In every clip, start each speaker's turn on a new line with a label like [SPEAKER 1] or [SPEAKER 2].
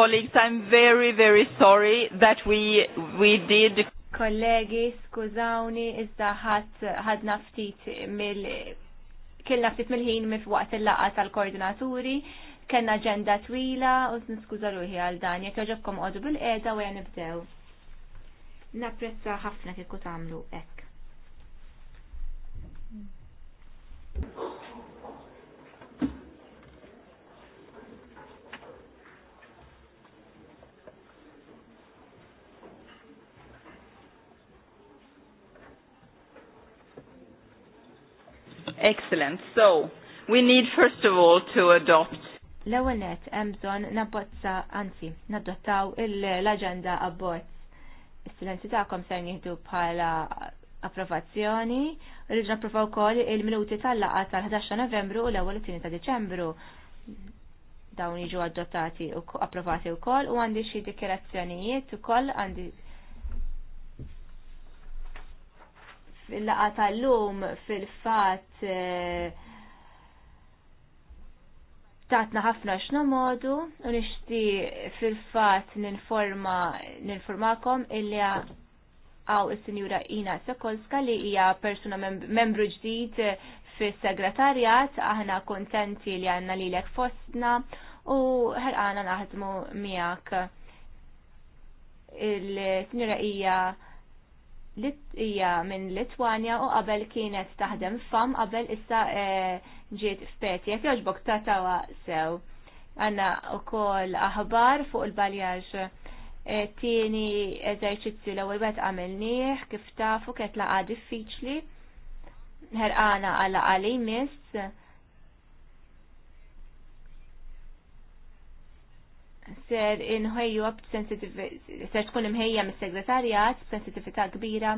[SPEAKER 1] colleagues, I'm very, very sorry that we, we did.
[SPEAKER 2] Kollegi, skużawni, iżda ħadna ftit mill kien naftit mill-ħin mif waqt il-laqa tal-koordinaturi, kellna ġenda twila u niskuża ruħi għal dan, jekk ġobkom għodu bil-qeda u nibdew. Napprezza ħafna kieku tagħmlu hekk.
[SPEAKER 1] Excellent. So, we need first of all to adopt
[SPEAKER 2] L-ewwel net hemm bżonn nabbozza anzi nadottaw l-aġenda abbozz. is ta'kom tagħkom se jieħdu bħala approvazzjoni, rriġna approvaw kol il-minuti tal-laqgħa tal-11 Novembru u l-ewwel it ta' Diċembru. Dawn jiġu adottati u approvati wkoll u għandi xi dikjerazzjonijiet ukoll għandi fil-laqa tal-lum fil-fat eh, tatna ħafna modu u nixti fil-fat ninforma ninformakom illi għaw is-sinjura Ina Sokolska li hija persuna membru ġdid eh, fis-segretarjat aħna kontenti li għandna lilek fostna u ħerqana naħdmu miegħek il-sinjura hija hija minn Litwania u qabel kienet taħdem fam qabel issa eh, ġiet f'peti. Jekk jogħġbok tatawa sew. Għanna wkoll aħbar fuq il-baljaġ eh, tieni eżerċizzju l-ewwel wet għamilnieh kif tafu kienet laqa diffiċli ħerqana għala għali miss ser inħejju għab ser tkun imħejja mis segretarjat sensitivita kbira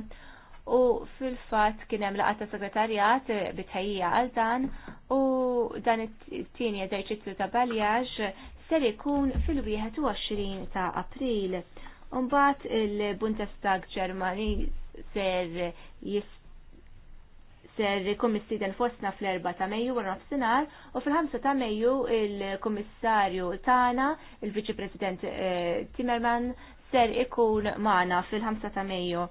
[SPEAKER 2] u fil-fat kienem laqat ta' segretarjat bitħejja għal dan u dan it-tieni eżerċizzju ta' baljaġ ser ikun fil-21 ta' april. Umbat il-Bundestag Ġermani ser jist ser komissi den fosna fl-4 ta' Mejju wara nofsinhar u fil-5 ta' Mejju il-Kummissarju tagħna, il-Viċi President eh, Timmerman ser ikun magħna fil-5 ta' Mejju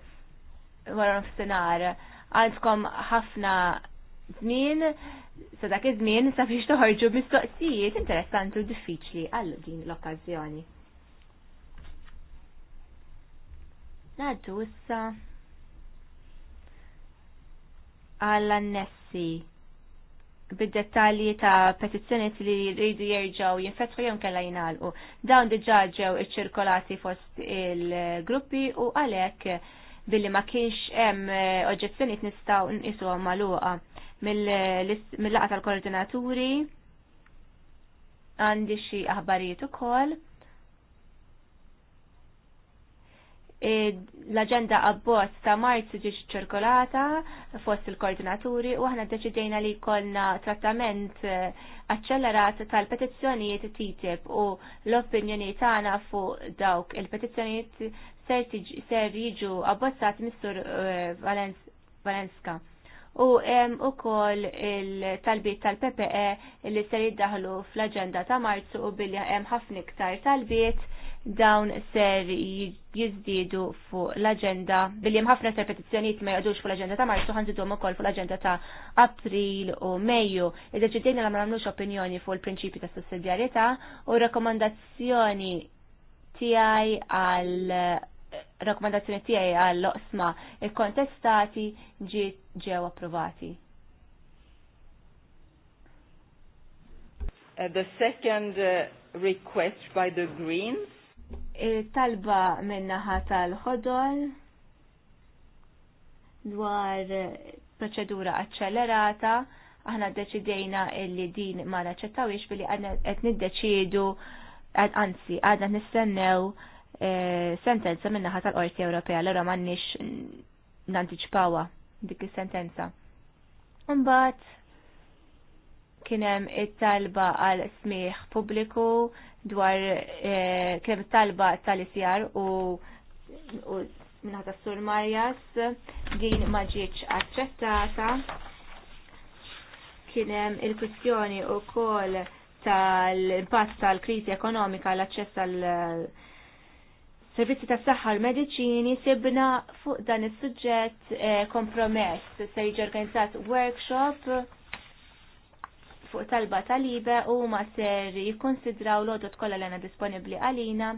[SPEAKER 2] wara nofsinhar. Għandkom ħafna żmien sa dak iż-żmien sabiex toħorġu mistoqsijiet interessanti u diffiċli għal din l-okkażjoni. Naġġu issa għall-annessi bid-dettalji ta' petizzjoniet li jridu jerġgħu jinfetħu jom kella jingħalqu. Dawn diġà ġew iċċirkolati fost il-gruppi u għalhekk billi ma kienx hemm eh, oġġezzjonijiet nistgħu nqisuhom magħluqa mill-laqgħa tal-koordinaturi għandi xi aħbarijiet ukoll. E, l-agenda abbozz ta' marzu ġiġ ċirkolata fost il-koordinaturi u aħna deċidejna li konna trattament e, accelerat tal-petizzjonijiet TTIP u l-opinjoni tagħna fuq dawk il-petizzjonijiet ser jiġu abbozzat Mistur e, Valenska. U hemm ukoll il-talbiet tal-PPE li ser jiddaħlu fl-aġenda ta' Marzu u bilja hemm ħafna iktar talbiet dawn ser jizdidu fuq l-agenda billi ħafna ser petizzjoniet ma jgħadux fuq l-agenda ta' Marzu ħanżidhom ukoll fuq l-agenda ta' April u Mejju. Id-deċidejna li ma nagħmlux opinjoni fuq il-prinċipju ta' sussidjarjetà u rakkomandazzjoni tijaj għal rakkomandazzjoni tiegħi għall kontestati ġiet ġew approvati.
[SPEAKER 1] Uh, the second uh, request by the Greens talba
[SPEAKER 2] minnaħa tal-ħodol dwar proċedura accelerata aħna deċidejna illi din ma naċċettawiex billi għadna qed niddeċiedu anzi għadna nistennew sentenza minnaħa tal-Qorti Ewropea l-ora m'għandniex nantiċpawa dik is-sentenza. Mbagħad kienem it-talba għal smieħ publiku dwar eh, kienem it-talba tal-isjar u minħata sur Marjas din aċċettata, accettata kienem il-kwistjoni u kol tal-impatt tal-krizi ekonomika l-aċċess tal- eh, Servizzi tas saħħa l-medicini sibna fuq dan is-suġġett eh, kompromess se jiġi organizzat workshop fuq talba tal u ma ser jikkonsidraw l-odot kolla l-għana disponibli għalina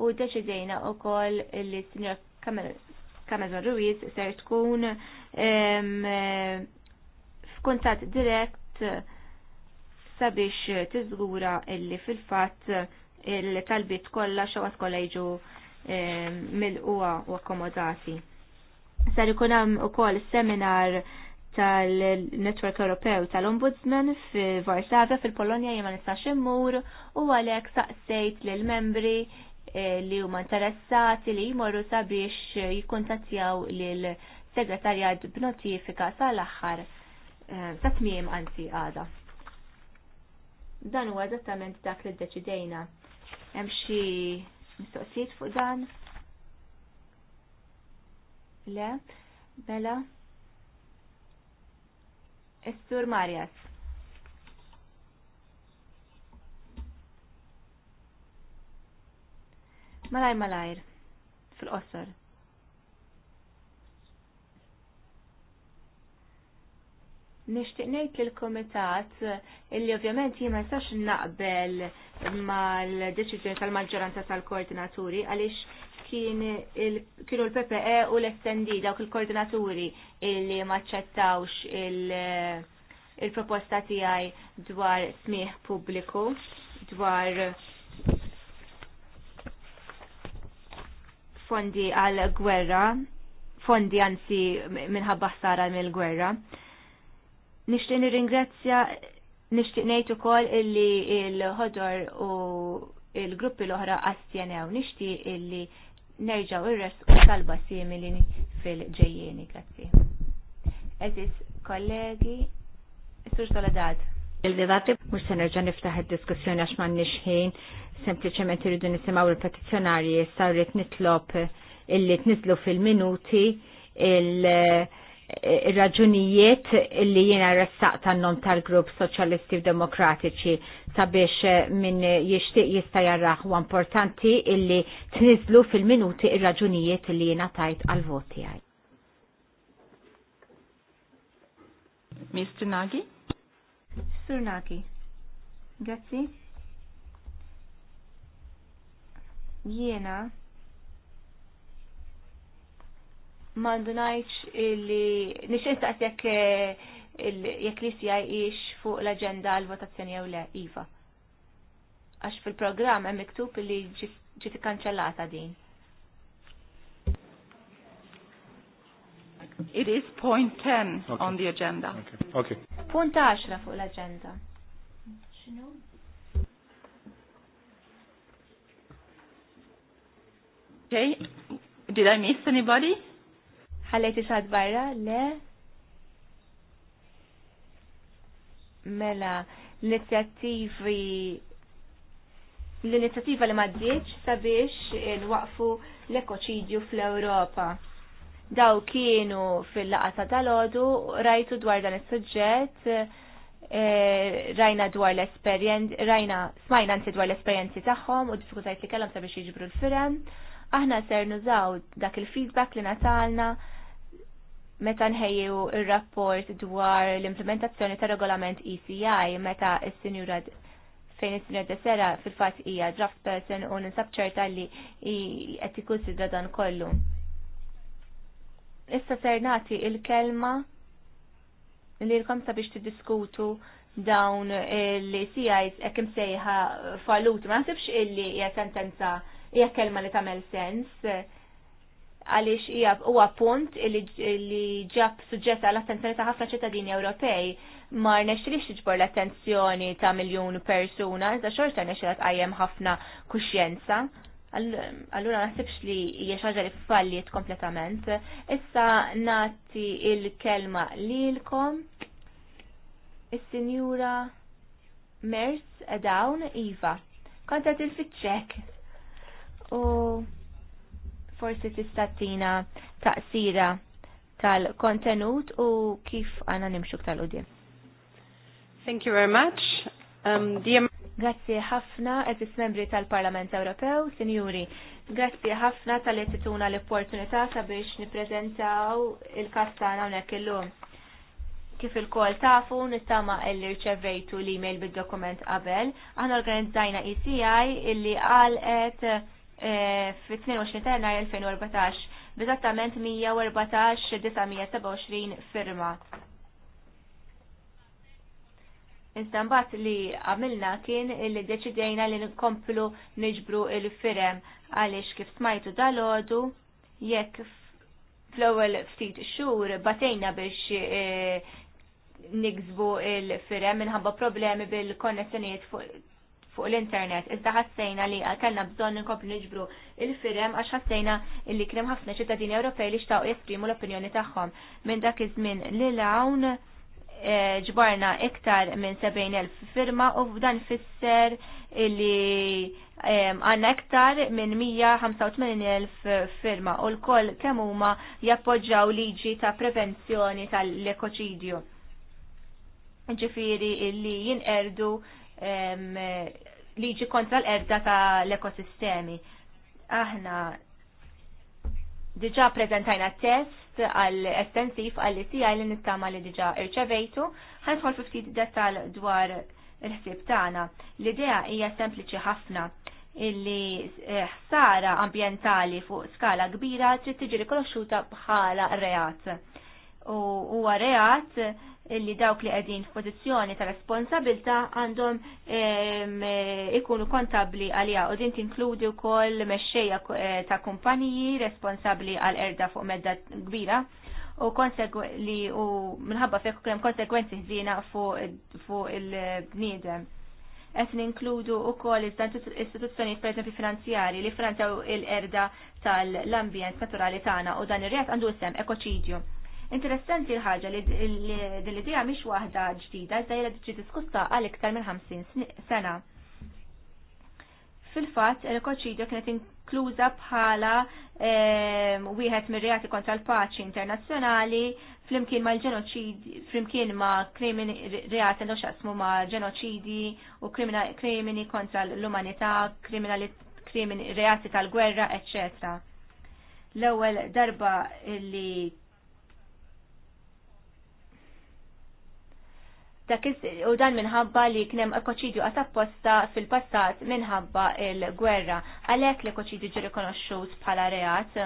[SPEAKER 2] u deċidejna u koll li s-Sinjor Ruiz ser tkun f'kontat direkt sabiex tiżgura illi fil-fat il-talbit kolla xawas kolla iġu mill-uwa u akkomodati. Sar ikun hemm ukoll seminar tal-Network Ewropew tal-Ombudsman fi Varsavia fil-Polonja jema nistax immur u għalek saqsejt lil membri eh, li huma interessati li jmorru sabiex jikkuntattjaw lil segretarjat b'notifika sal-aħħar eh, ta' tmiem anzi għada. Dan huwa eżattament dak li ddeċidejna. Hemm xi mistoqsijiet fuq dan? Le, bella. Estur Marias. Malaj Malajr fil-qosor. Nishtiq ngħid lill-Kumitat illi ovvjament jien ma naqbel naqbel mal-deċiżjoni tal-maġġoranza tal-koordinaturi għaliex kien kienu l-PPE u l-SND dawk il-koordinaturi li maċċettawx il-proposta tiegħi dwar smieħ pubbliku dwar fondi għal gwerra, fondi anzi minħabba ħsara mill-gwerra. Nixtieq nirringrazzja nixtieq ngħid ukoll illi l-ħodor u il-gruppi l-oħra astjenew nixtieq illi nerġaw irres u talba simili fil-ġejjeni, grazzi. Eżis kollegi, Sur Soledad.
[SPEAKER 3] Il-debatti mux se nerġa' niftaħ id-diskussjoni għax m'għandniex ħin, sempliċement irridu nisimgħu il-petizzjonarji issa rrid nitlob illi tniżlu fil-minuti il- raġunijiet li jiena rassaq tan tal-grupp Soċjalisti Demokratiċi sabiex eh, minn jixtieq jista' jarrah u importanti illi tniżlu fil-minuti il raġunijiet li jiena tajt għal voti għaj. Mr. Nagi?
[SPEAKER 2] Sur Nagi. Grazzi. Jiena mandunajċ li nixin taqt jek eh, li si jiex fuq l-agenda l-votazzjoni jew le Iva. Għax fil-programm hemm miktub li ġiti kanċellata din.
[SPEAKER 1] It is point 10 okay. on the agenda. Okay. okay.
[SPEAKER 2] Punt 10 fuq l-agenda. Okay, did I
[SPEAKER 1] miss anybody?
[SPEAKER 2] Ħallejti xaħat barra? Le? Mela, l-inizjattivi l-inizjattiva li maddiċ sabiex nwaqfu l-ekoċidju fl-Europa. Daw kienu fil-laqata tal-ħodu, rajtu dwar dan il-sujġet, eh, rajna dwar l-esperienzi, rajna smajna nsi dwar l-esperienzi tagħhom u diffikultajt li kellhom sabiex jiġbru l-firem. Aħna ser nużaw dak il-feedback li natalna meta nħejju il-rapport dwar l-implementazzjoni ta' regolament ECI meta s-sinjura fejn is-sinjura desera fil-fatt hija draft person u ninsab ċerta li qed ikkunsidra dan kollu. Issa ser nagħti il-kelma li l-kom sabiex tiddiskutu dawn il-CIs ekkim imsejħa falut. Ma naħsibx illi hija sentenza hija kelma li tagħmel sens għaliex hija huwa punt li ġab suġġetta l attenzjoni ta' ħafna ċittadini Ewropej ma rnexxilix tiġbor l-attenzjoni ta' miljun persuna, iżda xorta nexxilat qajjem ħafna kuxjenza. Allura naħsibx li hija xaġa li falliet kompletament. Issa nati il-kelma lilkom. Is-Sinjura Mers Dawn Iva. Kontet il-fitċek. U forsi tista' tina taqsira tal-kontenut u kif għana nimxu tal-qudiem. Thank you very much. Um, dear... Grazzi ħafna, eżis membri tal-Parlament Ewropew, sinjuri. Grazzi ħafna tal-li tituna l-opportunità sabiex niprezentaw il-kastana unek il-lum. Kif il-kol tafu, nittama illi rċevejtu l-email bil-dokument qabel. Aħna organizzajna ECI illi għalqet Eh, fit-22 ta' jannar 2014 b'eżattament 114,927 firma. Iżda mbagħad li għamilna kien li deċidejna li nkomplu niġbru il-firem għaliex kif smajtu dal ħodu jekk fl-ewwel ftit xhur batejna biex eh, niksbu il-firem minħabba problemi bil-konnessjonijiet fuq fuq l-internet, iżda ħassejna li kellna bżonn inkomplu niġbru il-firem għax ħassejna li krim ħafna ċittadini Ewropej li xtaqgħu jesprimu l-opinjoni tagħhom. Minn dak iż-żmien lil hawn eh, ġbarna iktar minn 70.000 firma u f'dan fisser li eh, għanna iktar minn 185.000 firma u l-koll kemm huma jappoġġaw liġi ta' prevenzjoni tal-ekoċidju. Ġifiri li jinqerdu liġi kontra l-erda tal ekosistemi Aħna diġa prezentajna test għal estensif għal li li nittama li diġa irċevejtu, tħol ftit dettal dwar il-ħsib tagħna. L-idea hija sempliċi ħafna illi eh, ħsara ambientali fuq skala kbira trid tiġi rikonoxxuta bħala reat. U huwa reat illi dawk li qegħdin f'pożizzjoni ta' responsabilta għandhom e, ikunu kontabli għalija u din tinkludi wkoll mexxejja eh, ta' kumpaniji responsabbli għal erda fuq medda kbira u li u minħabba fekk kemm konsekwenzi ħżiena fuq il-bniedem. Qed ninkludu wkoll istituzzjonijiet pereżempju finanzjari li frantaw il-erda tal-ambjent naturali tagħna u dan ir-rejat għandu sem ekoċidju Interessanti l-ħagġa li din l-idea mhix waħda ġdida, iżda jilha tiġi diskussa għal iktar minn 50 sena. Fil-fatt, il-koċidju kienet inkluża bħala ehm, wieħed mir-reati kontra l-paċi internazzjonali flimkien ma' l-ġenoċidi, flimkien ma' reati għandu xasmu ma' ġenoċidi u krimini kontra l-umanità, krimini reati tal-gwerra, eccetera l-ewwel darba li u dan minħabba li knem ekoċidju għat apposta fil-passat minħabba il-gwerra. Għalek li ekoċidju ġi rikonoxxut bħala reat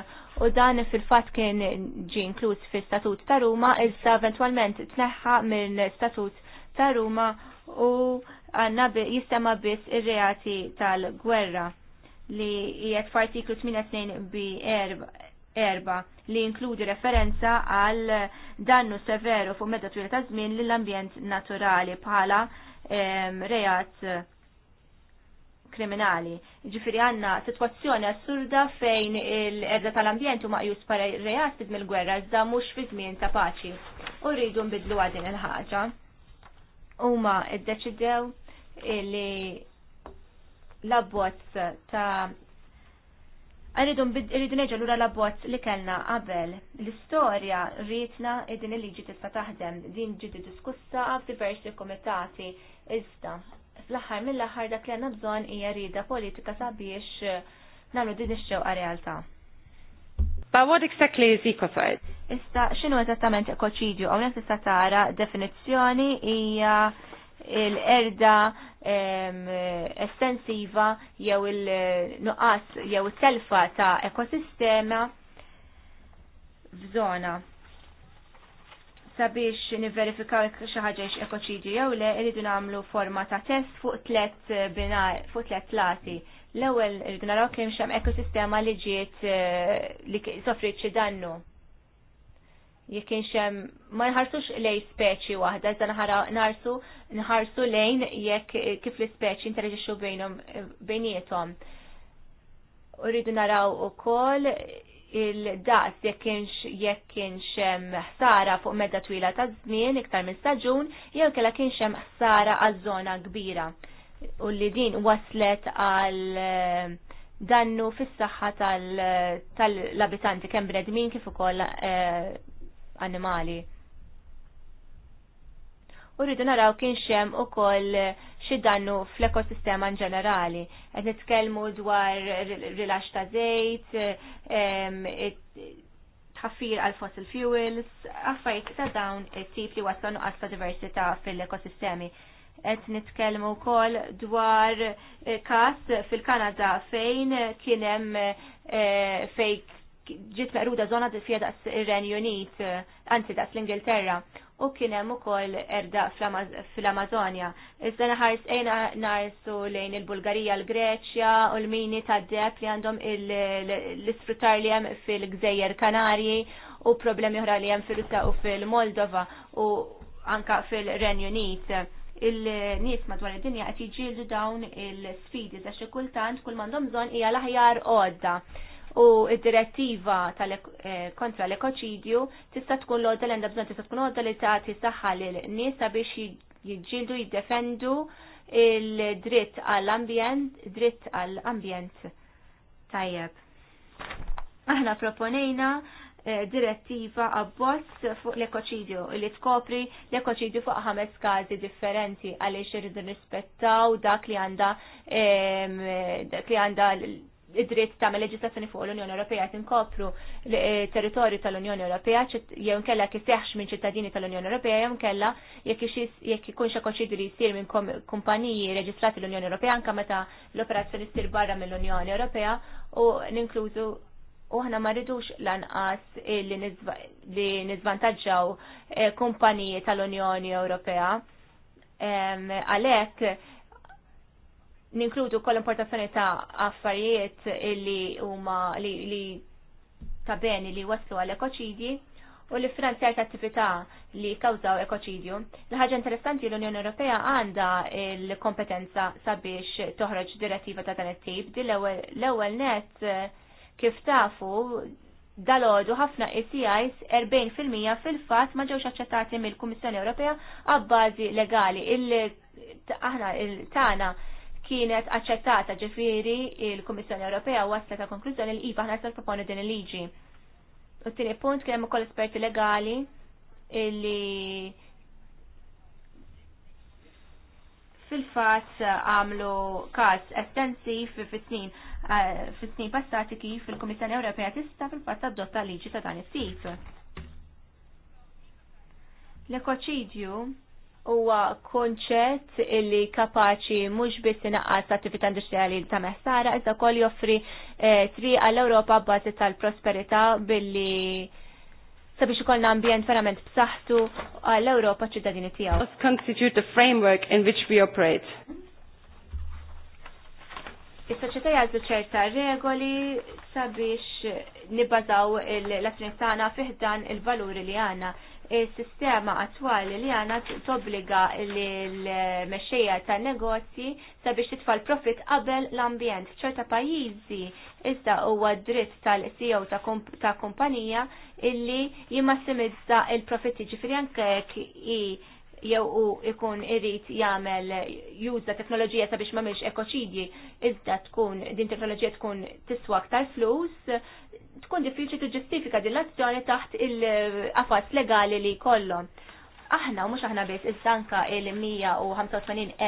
[SPEAKER 2] u dan fil-fat kien ġi inkluż fil-statut ta' Ruma, issa eventualment tneħħa minn statut ta' Ruma u għanna jistema biss ir-reati tal-gwerra li jgħet f'artiklu 82 b erba li inkludi referenza għal dannu severu fuq medda twila ta' żmien lill ambjent naturali bħala reat kriminali. Ġifiri għanna situazzjoni assurda fejn il-erda tal-ambjent u maqjus para reat mill gwerra iżda mhux fi żmien ta' paċi. U rridu nbidlu għadin il-ħaġa. Huma ddeċidew li l-abbozz ta' Rridu neġa lura la bot li kellna qabel. L-istorja rritna e din il-liġi tista' taħdem, din ġiet diskussa f'diversi komitati. Iżda, fl-aħħar mill-aħħar dak li għandna bżonn hija rieda politika sabiex nagħmlu din ix-xewqa realtà. But what exactly is ecocide? Issa x'inhu eżattament ekoċidju? Hawnhekk tista' tara definizzjoni hija il-erda estensiva jew il-nuqqas jew it-telfa ta' ekosistema f'żona sabiex niverifikaw xi ħaġa x ekoċiġi jew le irridu nagħmlu forma ta' test fuq tlet binar fuq tlet lati. L-ewwel irridu naraw kemm hemm ekosistema li ġiet eh, li sofrit xi dannu jekk inxem ma nħarsux lej speċi waħda, iżda nħarsu nħarsu lejn jekk kif l-speċi interaġixxu bejnhom bejniethom. Uridu naraw ukoll il-daqs jekk kienx jekk kienx hemm ħsara fuq medda twila ta' żmien iktar minn staġun jew kellha kienx hemm ħsara għal żona kbira u li din waslet għal dannu fis-saħħa tal-abitanti kemm bnedmin kif ukoll annimali. U rridu naraw kien xem u koll xi dannu fl-ekosistema in ġenerali. Qed nitkellmu dwar rilax ta' żejt, tħaffir għal fossil fuels, affarijiet ta' dawn it-tip li waslu nuqqas ta' diversità fil-ekosistemi. Qed nitkellmu wkoll dwar eh, każ fil-Kanada fejn kien hemm eh, ġiet meqruda zona fija daqs ir-Renju Unit, eh, anzi daqs l-Ingilterra, u kien hemm ukoll erda fl-Amazonja. Iżda naħars ejna narsu lejn il-Bulgarija, l-Greċja u l-mini tad-deb li għandhom l-isfruttar li hemm fil-Gżejjer Kanarji u problemi oħra li hemm fil-Russa u fil-Moldova u anka fil-Renju Unit il-nies madwar id-dinja qed jiġġieldu dawn il-sfidi ta' xi kultant kull m'għandhom bżonn hija l-aħjar għodda u id-direttiva eh, kontra l-ekoċidju tista' tkun l-għodda l għandha bżonn tista' tkun għodda li tagħti saħħa l nies sabiex jiġġieldu jiddefendu il-dritt għall-ambjent, dritt għall-ambjent tajjeb. Aħna proponejna eh, direttiva abbozz fuq l-ekoċidju li tkopri l-ekoċidju fuq ħames każi differenti għaliex irridu nispettaw dak li għandha ehm, dak li għandha id-dritt ta' leġislazzjoni fuq l-Unjoni Ewropea tinkopru eh, territorju tal-Unjoni Ewropea jew nkella jekk iseħħx minn ċittadini tal-Unjoni Ewropea jew nkella jekk ikun xi koċidu jsir minn kumpaniji reġistrati l-Unjoni Ewropea anke meta l-operazzjoni ssir barra mill-Unjoni Ewropea u ninkluzu u ħna ma rridux lanqas li nizvantaġġaw eh, kumpaniji tal-Unjoni Ewropea. Għalhekk ninkludu kol importazzjoni ta' affarijiet illi huma li, li ta' beni li waslu għal ekoċidji u li finanzjar ta' attività li kawżaw ekoċidju. L-ħaġa interessanti l-Unjoni Ewropea għandha l-kompetenza sabiex toħroġ direttiva ta' dan it-tip. Di l-ewwel net kif tafu dalodu ħafna ECIs 40% fil-fatt ma ġewx aċċettati mill-Kummissjoni Ewropea għabbażi legali. Il-tana il tana kienet aċċettata ġifiri il-Kummissjoni Ewropea waslet ta' konklużjoni li iva ħna proponi din il-liġi. U t-tieni punt kien hemm ukoll esperti legali illi fil-fatt għamlu każ estensiv fil snin eh, fil snin passati kif il-Kummissjoni Ewropea tista' fil-fatt adotta liġi ta' dan it-tip. L-ekoċidju huwa konċett illi kapaċi mhux biss inaqqas attività industrijali ta' meħsara, iżda wkoll joffri eh, tri għall-Ewropa bbażi tal-prosperità billi sabiex ikollna ambjent verament b'saħħtu għall-Ewropa ċittadini tiegħu.
[SPEAKER 4] constitute the framework in which we operate.
[SPEAKER 2] Is-soċjetà jgħidu ċerta regoli sabiex nibbażaw l-azzjoni tagħna fih dan il-valuri li għandna il-sistema attuali li għana t-obliga l-mexxejja ta' negozji sabiex titfal profit qabel l-ambjent. ċerta pajjiżi iżda huwa dritt tal-CEO ta' kumpanija illi jimassimizza il-profitti ġifri anke i jew u ikun irrit jagħmel juża teknoloġija sabiex m'għamilx ekoċidji, iżda tkun din teknoloġija tkun tiswa aktar flus, tkun diffiċli tiġġustifika din l-azzjoni taħt il-qafas legali li jkollhom. Aħna u mhux aħna biss iż-żanka il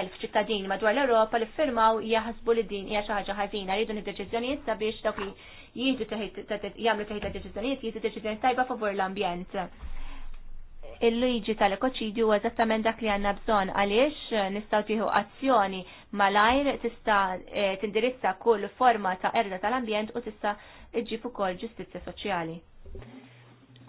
[SPEAKER 2] elf ċittadini madwar l-Ewropa li ffirmaw jaħsbu li din hija xi ħaġa ħażina rridu nid-deċiżjonijiet sabiex dawk li jiġu jagħmlu teħid ta' deċiżjonijiet jiġu deċiżjonijiet tajba favur l-ambjent il-liġi tal-ekoċidju u eżattament dak li għanna bżon għaliex nistaw tiħu azzjoni malajr tista' eh, tindirizza kull forma ta' erda tal-ambjent u tista' iġifu ukoll ġustizzja soċjali.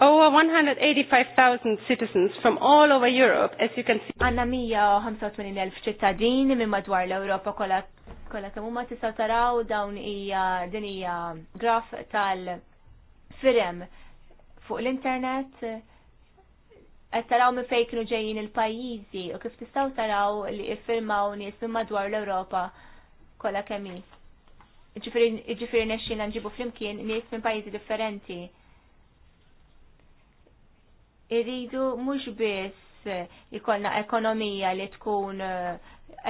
[SPEAKER 4] Over 185,000 citizens from all
[SPEAKER 2] over
[SPEAKER 1] Europe, as you can see.
[SPEAKER 2] Għanna 185,000 ċittadin minn madwar l-Europa kolla kolla kamuma tistaw taraw dawn hija din hija graf tal-firem fuq l-internet qed taraw minn fejn kienu ġejjin il-pajjiżi u kif tistgħu taraw li iffirmaw nies minn madwar l-Ewropa kollha kemm hi. Ġifieri nexxina nġibu flimkien nies minn pajjiżi differenti. Irridu mhux biss ikollna ekonomija li tkun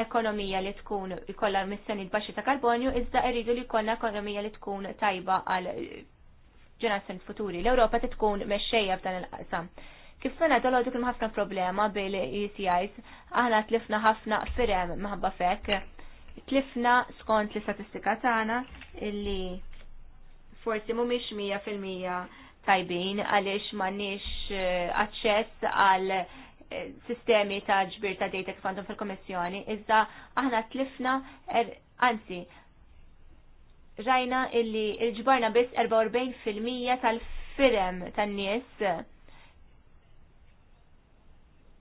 [SPEAKER 2] ekonomija li tkun ikollha mistennid baxxi ta' karbonju, iżda irridu li jkollna ekonomija li tkun tajba għal ġenerazzjoni futuri. L-Ewropa tkun mexxejja f'dan il-qasam. Kif mela tal-għodu kien ħafna problema bil ECIs, aħna tlifna ħafna firem maħba fek. Tlifna skont l-istatistika tagħna illi forsi mhumiex mija fil-mija tajbin għaliex m'għandniex eh, aċċess għal eh, sistemi ta' ġbir ta' data kif għandhom fil-Komissjoni, iżda aħna tlifna, er, anzi, rajna illi il-ġbarna biss 44% tal-firem tan-nies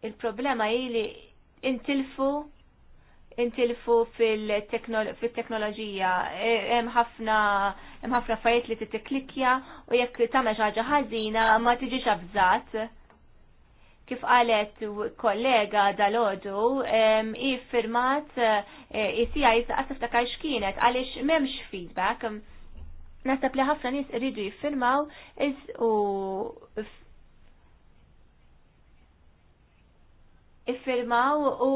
[SPEAKER 2] Il-problema hi li intilfu intilfu fil-teknoloġija, e, hemm ħafna hemm ħafna affarijiet li titiklikja u jekk tagħmel xi ħaġa ħażina ma tiġix abżat. Kif qalet kollega dalodu, e, i firmat isija jisqas tiftakar x'kienet għaliex m'hemmx feedback. Nasab li ħafna nies iridu jiffirmaw u iffirmaw u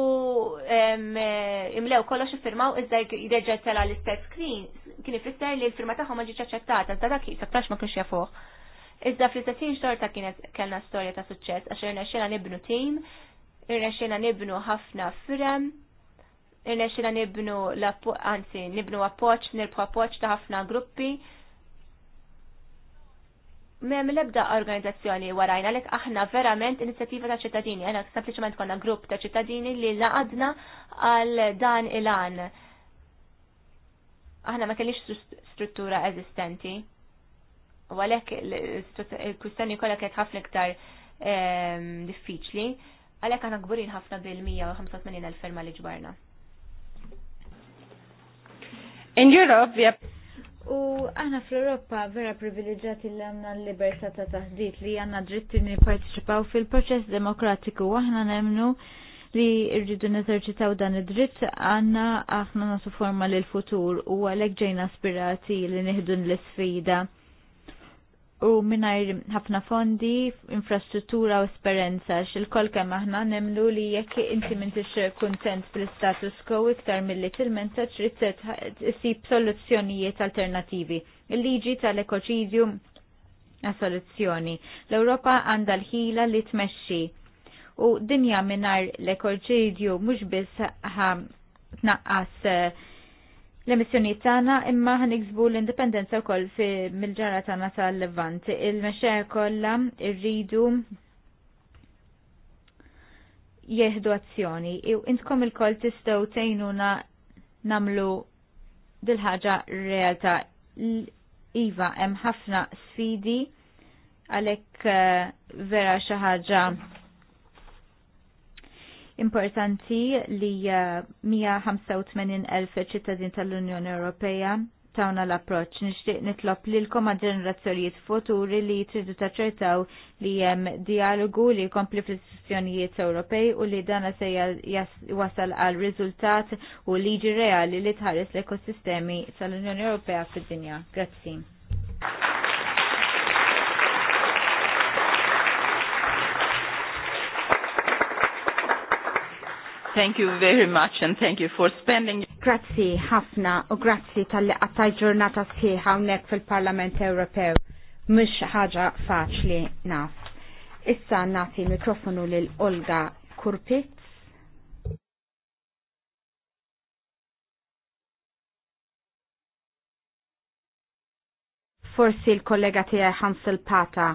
[SPEAKER 2] imlew kollox iffirmaw iżda jreġa tela l-istess screen. Kien ifisser li l-firma taħħom ma ġietx aċċettata, iżda dak saktax ma kienx jafuh. Iżda fl-istessin xorta kienet kellna storja ta' suċċess għax irnexxina nibnu tim, irnexxina nibnu ħafna firem, irnexxina nibnu l-appu anzi nibnu appoġġ, nirbħu appoġġ ta' ħafna gruppi Mem lebda organizzazzjoni warajna lek aħna verament inizjattiva ta' ċittadini, għana sempliciment konna grupp ta' ċittadini li laqadna għal dan il-għan. Aħna ma kellix struttura eżistenti. U għalek il-kustjoni kollha kienet ħafna iktar ehm, diffiċli, għalek aħna gburin ħafna bil-185 elf firma li ġbarna.
[SPEAKER 4] In Europe, we have
[SPEAKER 3] U aħna fl-Europa vera privileġġati li għanna l-libertà ta' taħdit li għanna dritti li partiċipaw fil-proċess demokratiku. Aħna nemnu li rridu neżerċitaw dan id-dritt għanna aħna nasu forma l futur u għalek ġejna aspirati li nihdun l-sfida u minnajr ħafna fondi, infrastruttura u esperienza, xil-kol kem aħna nemlu li jekk inti minti kuntent fil status quo iktar mill-li tilmenta trid tsib soluzzjonijiet alternativi. Il-liġi tal-ekoċidju soluzzjoni. L-Ewropa għandha l-ħila li tmexxi u dinja minar l-ekoċidju mhux biss tnaqqas eh, l emissjoniet tagħna imma ħaniksbu l-indipendenza wkoll mill-ġara tagħna tal-Levant. Il-mexxejja kollha rridu jieħdu azzjoni. Intkom il-koll tistgħu tgħinuna namlu dil-ħaġa realtà. Iva hemm ħafna sfidi għalhekk eh, vera xi ħaġa Importanti li 185.000 eh, ċittadin tal-Unjoni Ewropea tawna l-approċ nixtieq nitlob lilkom koma ġenerazzjonijiet futuri li tridu taċċertaw li hemm dialogu li jkompli fl sessjonijiet Ewropej u li dana se wasal għal riżultat u liġi reali li tħares l-ekosistemi tal-Unjoni Ewropea fid-dinja. Grazzi. Thank you very much and thank you for spending. Grazzi ħafna u grazzi tal-li għattaj ġurnata sħiħa hawnhekk fil-Parlament Ewropew. Mhux ħaġa faċli naf. Issa nagħti mikrofonu lil Olga Kurpit. Forsi l-kollega tiegħi Hansel Pata.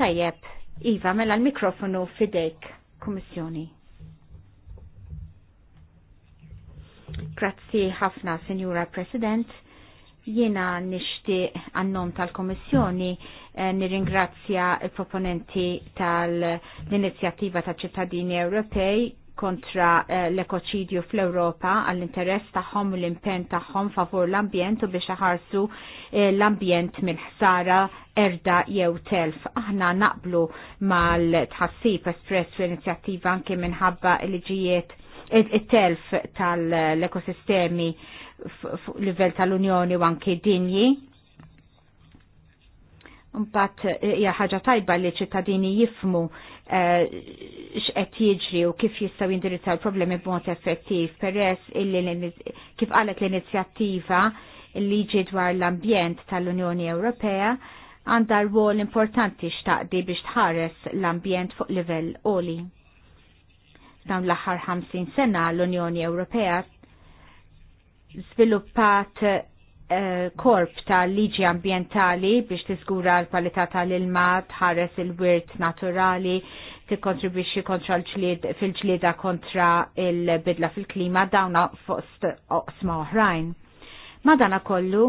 [SPEAKER 3] Tajjeb, Iva, mela l-mikrofonu fidejk, komissjoni. Grazzi ħafna, Senjura President. Jiena nixtieq għannom tal-Komissjoni eh, nirringrazzja il-proponenti tal-inizjattiva ta' ċittadini Ewropej kontra eh, l-ekoċidju fl-Europa għall-interess tagħhom u l-impenn tagħhom favur l-ambjent u biex eh, l-ambjent mill-ħsara erda jew telf. Aħna naqblu mal-tħassib espress fl inizjattiva anke minħabba l-ġijiet it-telf tal-ekosistemi fuq livell tal-Unjoni u anke dinji. Mbagħad eh, hija ħaġa tajba li ċittadini jifmu eh, x'qed jiġri u kif jistgħu jindirizzaw il-problemi b'mod effettiv peress illi kif qalet l-inizjattiva liġi dwar l-ambjent tal-Unjoni Ewropea għandha rwol importanti x'taqdi biex tħares l-ambjent fuq livell oli. Dawn l-aħħar 50 sena l-Unjoni Ewropea sviluppat eh, korp ta' liġi ambientali biex tiżgura l-kwalità tal-ilma, tħares il-wirt naturali, tikkontribwixxi kontra l-ġlied fil-ġlieda kontra il-bidla fil-klima dawna fost oqsma oħrajn. Madana kollu,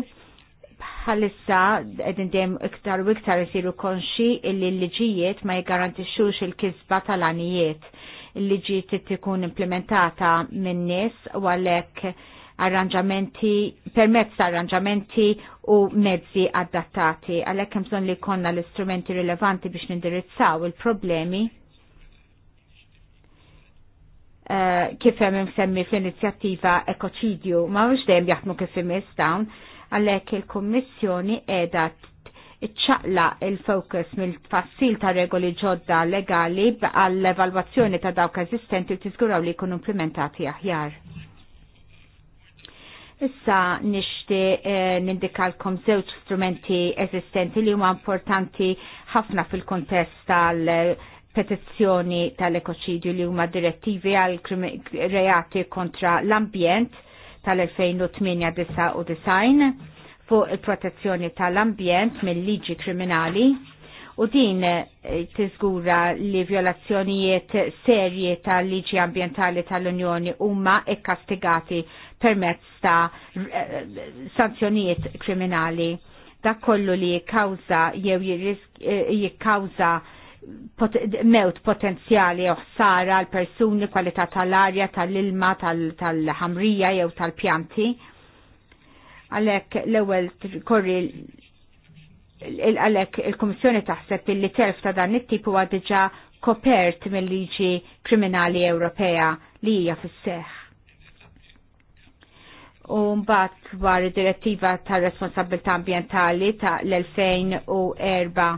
[SPEAKER 3] bħalissa qegħdin dejjem iktar u iktar isiru konxi illi l-liġijiet ma jgarantixxux il-kisba tal-anijiet il-liġi tkun implementata minn nies u għalhekk arranġamenti, permezz ta' arranġamenti u mezzi adattati. Għalhekk hemm bżonn li jkollna l-istrumenti rilevanti biex nindirizzaw il-problemi Uh, kif hemm semmi fl-inizjattiva ekoċidju ma mhux dejjem jaħdmu kif imiss dawn għalhekk il-Kummissjoni qiegħda iċċaqla il-fokus mill-tfassil ta' regoli ġodda legali għall-evalwazzjoni ta' dawk eżistenti u tiżguraw li jkunu implementati aħjar. Issa nixti eh, nindikalkom żewġ strumenti eżistenti li huma importanti ħafna fil-kontest tal- petizzjoni tal-ekoċidju li huma direttivi għal reati kontra l-ambjent tal-2008 u design fuq il-protezzjoni tal-ambjent mill-liġi kriminali u din eh, tiżgura li violazzjonijiet serji tal-liġi ambientali tal-Unjoni huma ikkastigati permezz ta' eh, sanzjonijiet kriminali. Dak kollu li jikkawza jew eh, jikkawza pot mewt potenzjali u ħsara għal persuni kwalità tal-arja, tal-ilma, tal-ħamrija jew tal-pjanti. tal arja tal ilma tal ħamrija jew tal pjanti tal jew tal pjanti Għalek l-ewel korri għalek il-Komissjoni taħseb li telf ta' dan it tipu għadġa diġà kopert mill-liġi kriminali Ewropea li hija fis seħ U mbagħad dwar id-direttiva tar responsabilità ambjentali ta' l-2004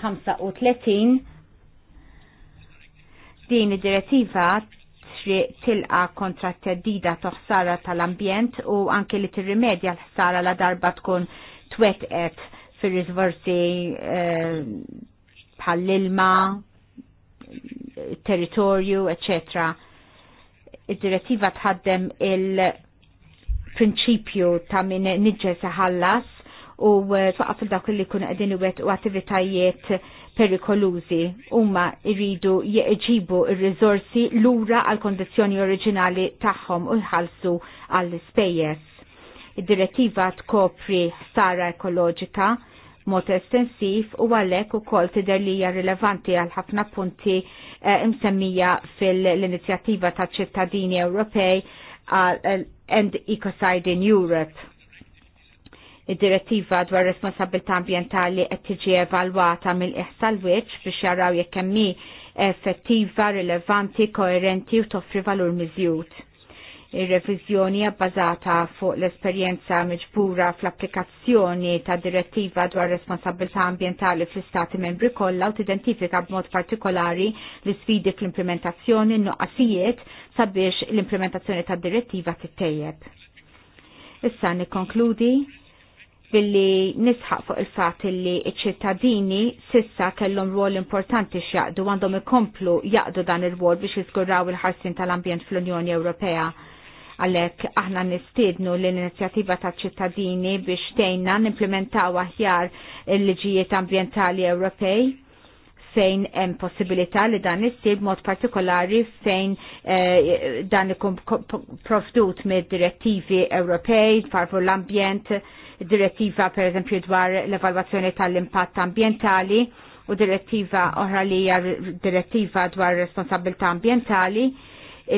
[SPEAKER 3] 35 eh, din id-direttiva triq tilqa kontra t-teddida toħsara tal-ambjent u anke li tirrimedja l-ħsara la darba tkun twetqet fir rizvorsi eh, bħall-ilma, territorju, etc. Id-direttiva tħaddem il-prinċipju ta' min nidġel ħallas u eh, twaqaf il-dawk li kun għedin u attivitajiet perikolużi huma jridu il-rizorsi l lura għal kondizjoni oriġinali tagħhom u jħallsu għall spejjeż. Id-direttiva tkopri sara ekoloġika mod estensiv u għalhekk ukoll tidher li hija rilevanti għal ħafna punti eh, imsemmija msemmija fil-inizjattiva ta' ċittadini Ewropej eh, and End Ecocide in Europe Id-direttiva dwar responsabilità ambientali qed tiġi evalwata mill-iħsal wiċċ biex jaraw jekk hemm effettiva, rilevanti, koerenti u toffri valur miżjud. Ir-reviżjoni bbażata fuq l-esperjenza miġbura fl-applikazzjoni ta' direttiva dwar responsabilità ambientali fl-Istati membri kollha u tidentifika b'mod partikolari l-sfidi fl-implementazzjoni n-nuqqasijiet sabiex l-implementazzjoni ta' direttiva tittejjeb. Issa nikkonkludi billi nisħaq fuq il-fat li iċ-ċittadini sissa kellhom rwol importanti x'jaqdu għandhom ikomplu jaqdu dan ir-rwol biex jiżguraw il-ħarsin tal-ambjent fl-Unjoni Ewropea. Għalhekk aħna nistiednu l-inizjattiva tal-ċittadini biex tgħinna nimplementaw aħjar il-liġijiet ambjentali Ewropej fejn hemm possibilità li dan issir mod partikolari fejn eh, dan ikun provdut mid-direttivi Ewropej farfu l-ambjent, direttiva per eżempju dwar l-evalwazzjoni tal-impatt ambientali u direttiva oħra li hija direttiva dwar responsabilità ambientali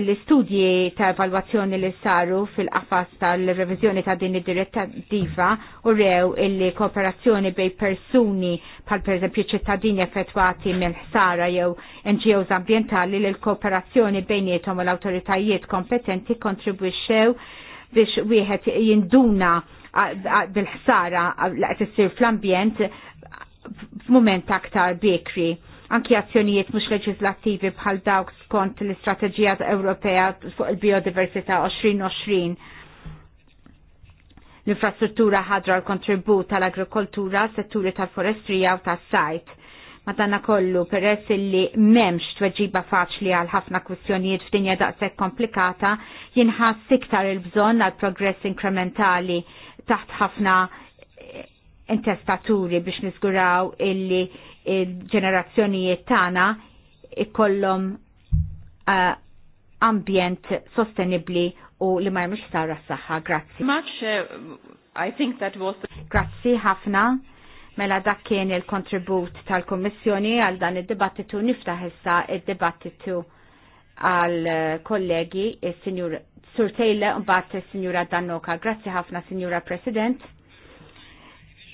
[SPEAKER 3] l-istudji ta' evalwazzjoni li saru fil-qafas tal-revizjoni ta' din id-direttiva u rew illi kooperazzjoni bej persuni pal per eżempju ċittadini effettwati mill ħsara jew NGOs ambientali li l-kooperazzjoni bejnietom u l-autoritajiet kompetenti kontribwixxew biex wieħed jinduna bil-ħsara li qed issir fl-ambjent f'mument aktar bikri anki azzjonijiet mhux leġislattivi bħal dawk skont l-Istrateġija Ewropea fuq il-Biodiversità 2020. L-infrastruttura ħadra l-kontribut tal-agrikoltura, setturi tal-forestrija u tas-sajt. Madanna kollu peress illi memx tweġiba faċli għal ħafna kwistjonijiet f'dinja daqshekk komplikata jinħass iktar il-bżonn għal progress inkrementali taħt ħafna intestaturi biex nizguraw illi il-ġenerazzjonijiet tagħna ikollhom eh, ambjent sostenibli u li ma jemx sara s-saxħa. Grazzi. Much, eh, I think that was... Grazzi ħafna. Mela dak kien il-kontribut tal-Kommissjoni għal dan id-dibattitu niftaħ issa id-dibattitu għal eh, kollegi il-Sinjur Sur Tejle u bat il-Sinjura Dannoka. Grazzi ħafna, Sinjura President.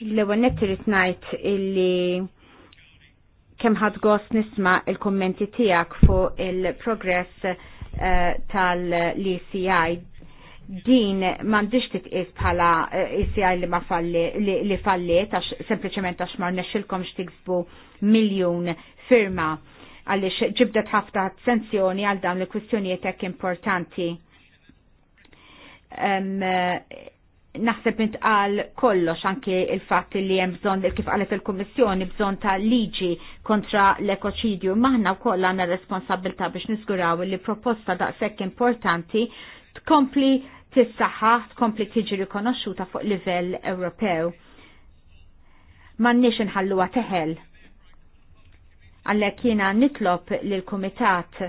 [SPEAKER 3] L-ewwel nettirit ngħid illi kem ħad gost nisma il-kommenti tijak fuq il-progress uh, eh, tal-ECI din mandiġ titqis bħala ECI eh, e li ma falli li, li falliet għax sempliciment għax ma nexxilkom xtiksbu miljun firma għalix ġibdet ħafna attenzjoni għal dawn il-kwistjonijiet hekk importanti. Um, naħseb intqal kollox anke il-fatt li hemm bżonn kif qalet il-Kummissjoni bżonn ta' liġi kontra l-ekoċidju. Maħna wkoll għandna responsabilità biex niżguraw li proposta daqshekk importanti tkompli tissaħħa, tkompli tiġi rikonoxxuta fuq livell Ewropew. M'għandniex inħalluha teħel. Għalhekk jiena nitlob lil kumitat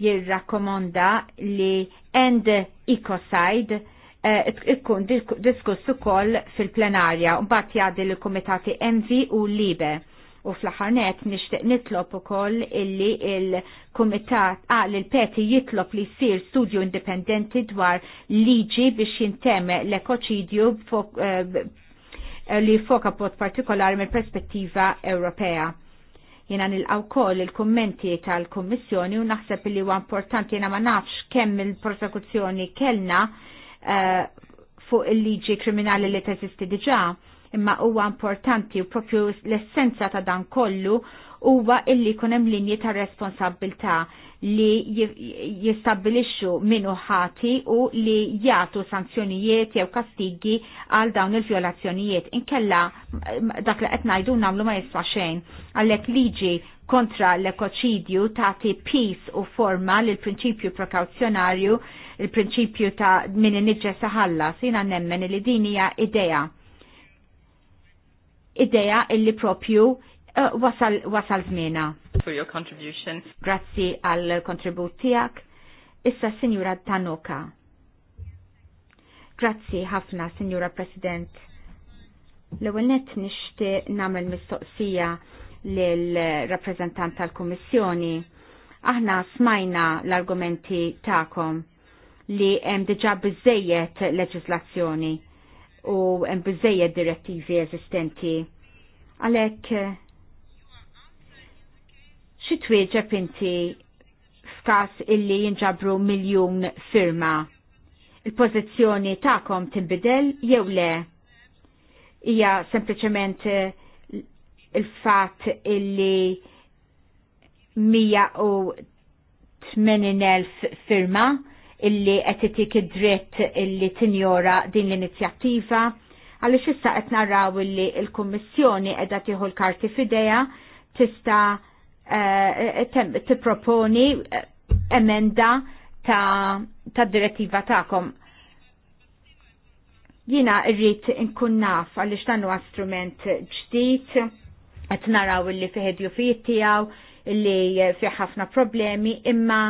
[SPEAKER 3] jirrakkomanda li end ecocide Eh, ikkun diskuss ukoll fil-plenarja u mbagħad jgħaddi lill kumitati Envi u Libe. U fl-ħarnet nixtieq nitlob ukoll illi il-kumitat għal ah, il-peti jitlob li jsir studju indipendenti dwar liġi biex jintemm l-ekoċidju eh, li foka pot partikolari mill-perspettiva Ewropea jena nilqaw koll il-kommenti tal-Kommissjoni u naħseb li huwa importanti jena ma nafx kemm il-prosekuzzjoni kellna Eh, fuq il-liġi kriminali li teżisti diġa, imma huwa importanti u propju l-essenza ta' dan kollu huwa illi kunem linji ta' responsabilta li jistabilixxu minu ħati u li jagħtu sanzjonijiet jew kastigi għal dawn il-vjolazzjonijiet. Inkella dak li qed ngħidu nagħmlu ma jiswa xejn. Għalhekk liġi kontra l-ekoċidju tagħti peace u forma lill prinċipju prekawzjonarju il-prinċipju ta' min nidġa saħalla, sina nemmen li din hija idea. Idea illi propju eh, wasal, wasal zmina.
[SPEAKER 1] For your contribution.
[SPEAKER 3] Grazzi għal kontribut Issa Signora Tanoka. Grazzi ħafna, Signora President. L-ewwel nett nixtieq nagħmel mistoqsija lill-rappreżentant tal-Kummissjoni aħna smajna l-argumenti ta'kom li hemm diġà biżejjed leġislazzjoni u hemm biżejjed direttivi eżistenti. Għalhekk xi twieġeb inti f'każ illi jinġabru miljun firma? Il-pożizzjoni tagħkom tinbidel jew le? Hija sempliċement eh, il-fatt illi 180.000 firma illi qed itik id-dritt illi tinjora din l-inizjattiva għaliex issa qed naraw illi l-Kummissjoni qiegħda tieħu l-karti fideja tista' eh, tipproponi eh, emenda ta' ta' direttiva ta'kom. Jina irrit inkun naf għalli xtannu strument ġdijt, għet naraw illi fiħedju fiħtijaw, illi fiħafna problemi, imma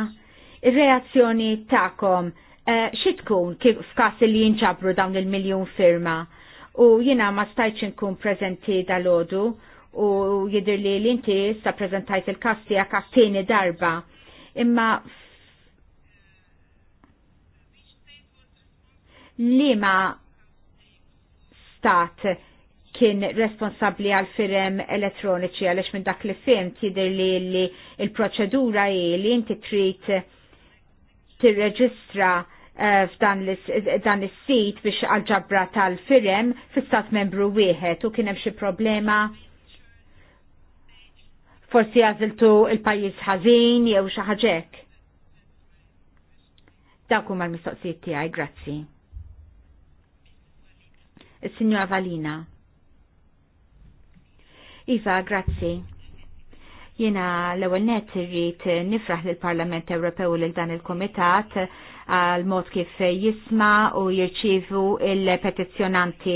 [SPEAKER 3] Ir-reazzjoni ta'kom eh, xi tkun kif f'każ li jinġabru dawn il-miljun firma u jiena ma stajtx inkun preżenti dal-għodu u jidir li l-inti sta prezentajt il-kas tiegħek għattini darba. Imma li ma stat kien responsabli għal firem elettroniċi għalix minn dak li fim jidir li l-proċedura li inti trid tirreġistra eh, f'dan is-sit biex għal-ġabra tal-firem fis-stat membru wieħed u kien hemm xi problema forsi għażiltu il-pajjiż ħażin jew xi ħaġek. Dawk huma l-mistoqsijiet tiegħi, grazzi. Is-Sinjora Valina. Iva, grazzi Jena l-ewel net irrit nifraħ l-Parlament Ewropew l dan il-Komitat għal mod kif jisma u jirċivu il-petizjonanti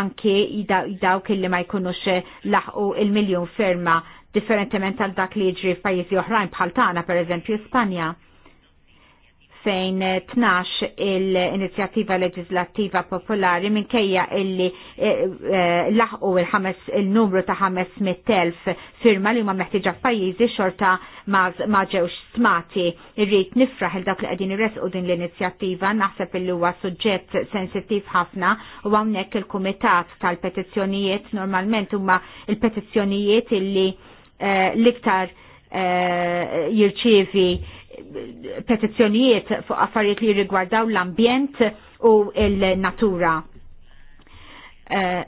[SPEAKER 3] anki dawk li ma jkunux laħqu il-miljon firma differentement għal dak li jġri f'pajjiżi oħrajn bħal tagħna pereżempju Spanja. 2012 il-inizjattiva leġislattiva popolari minkejja illi eh, eh, laħqu il-numru ta' 500.000 firma li huma meħtieġa f'pajjiżi xorta ma ġewx smati. Irrid nifraħ il dak li qegħdin irresqu din l-inizjattiva naħseb illi huwa suġġett sensittiv ħafna u hawnhekk il-kumitat tal-petizzjonijiet normalment huma il-petizzjonijiet illi eh, l-iktar jirċievi petizzjonijiet fuq affarijiet li rigwardaw l-ambjent u l-natura. Eh,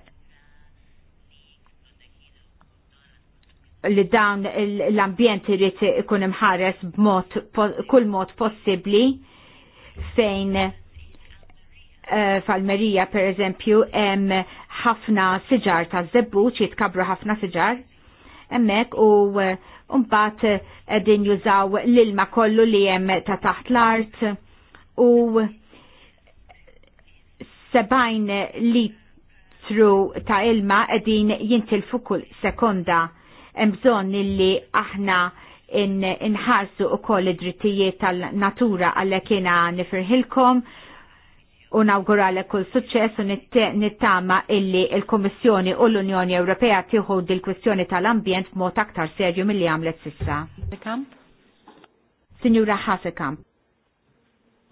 [SPEAKER 3] li dawn l-ambjent irrit ikun imħares b'mod kull mod possibbli fejn fal eh, f'Almerija per eżempju hemm ħafna siġar ta' zebbuċ, jitkabru ħafna siġar hemmhekk u uh, Umbat eh, din jużaw l-ilma kollu li jem ta' taħt l-art u 70 litru ta' ilma edin jintilfu kull sekonda. Mżon li aħna inħarsu in u koll id-drittijiet tal-natura għalla kiena nifirħilkom unawgurale kull suċċess u nittama illi il komissjoni u l-Unjoni Ewropea tiħu dil-kwistjoni tal-ambjent b'mod aktar serju mill-li għamlet sissa. Signora Hasekamp.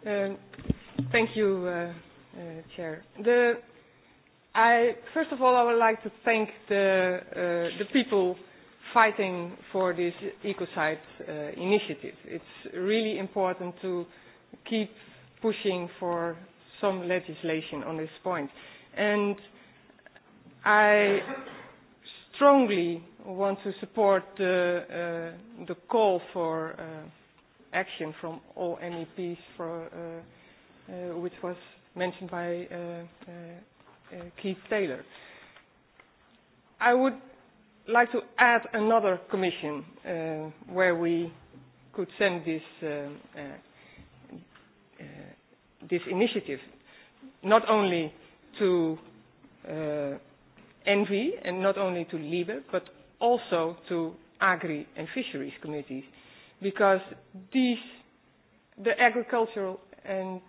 [SPEAKER 5] Uh, thank you, uh, uh, Chair. The, I, first of all, I would like to thank the, uh, the people fighting for this ecocide uh, initiative. It's really important to keep pushing for some legislation on this point. And I strongly want to support the, uh, the call for uh, action from all MEPs for, uh, uh, which was mentioned by uh, uh, uh, Keith Taylor. I would like to add another commission uh, where we could send this um, uh, uh, uh, this initiative, not only to uh, Envy and not only to LIBE, but also to Agri and Fisheries committees, because these, the agricultural and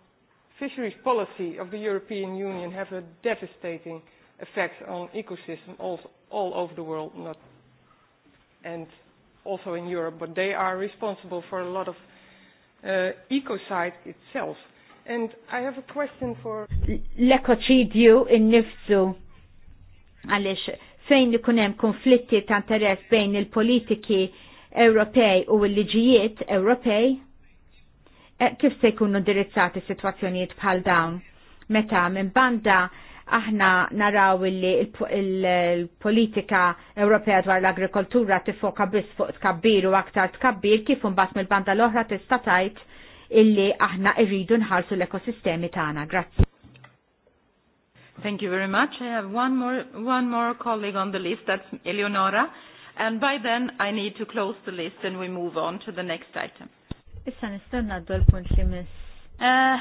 [SPEAKER 5] fisheries policy of the European Union have a devastating effect on ecosystems all, all over the world, not and also in Europe, but they are responsible for a lot of uh, ecocide itself. And I have a question for...
[SPEAKER 3] L-ekoċidju in-nifsu għalix fejn ikun hemm konflitti ta' interess bejn il-politiki Ewropej u l-liġijiet Ewropej, eh, kif se jkunu dirizzati situazzjonijiet bħal dawn? Meta minn banda aħna naraw li il-politika Ewropea dwar l-agrikoltura tifoka biss fuq tkabbir u aktar tkabbir kif imbagħad mill-banda l-oħra tista' tajt? illi aħna irridu nħarsu l-ekosistemi tagħna. Grazzi.
[SPEAKER 1] Thank you very much. I have one more, one more colleague on the list, that's Eleonora. And by then I need to close the list and we move on to the next item.
[SPEAKER 3] Issa nistanna għaddu punt li miss. Uh,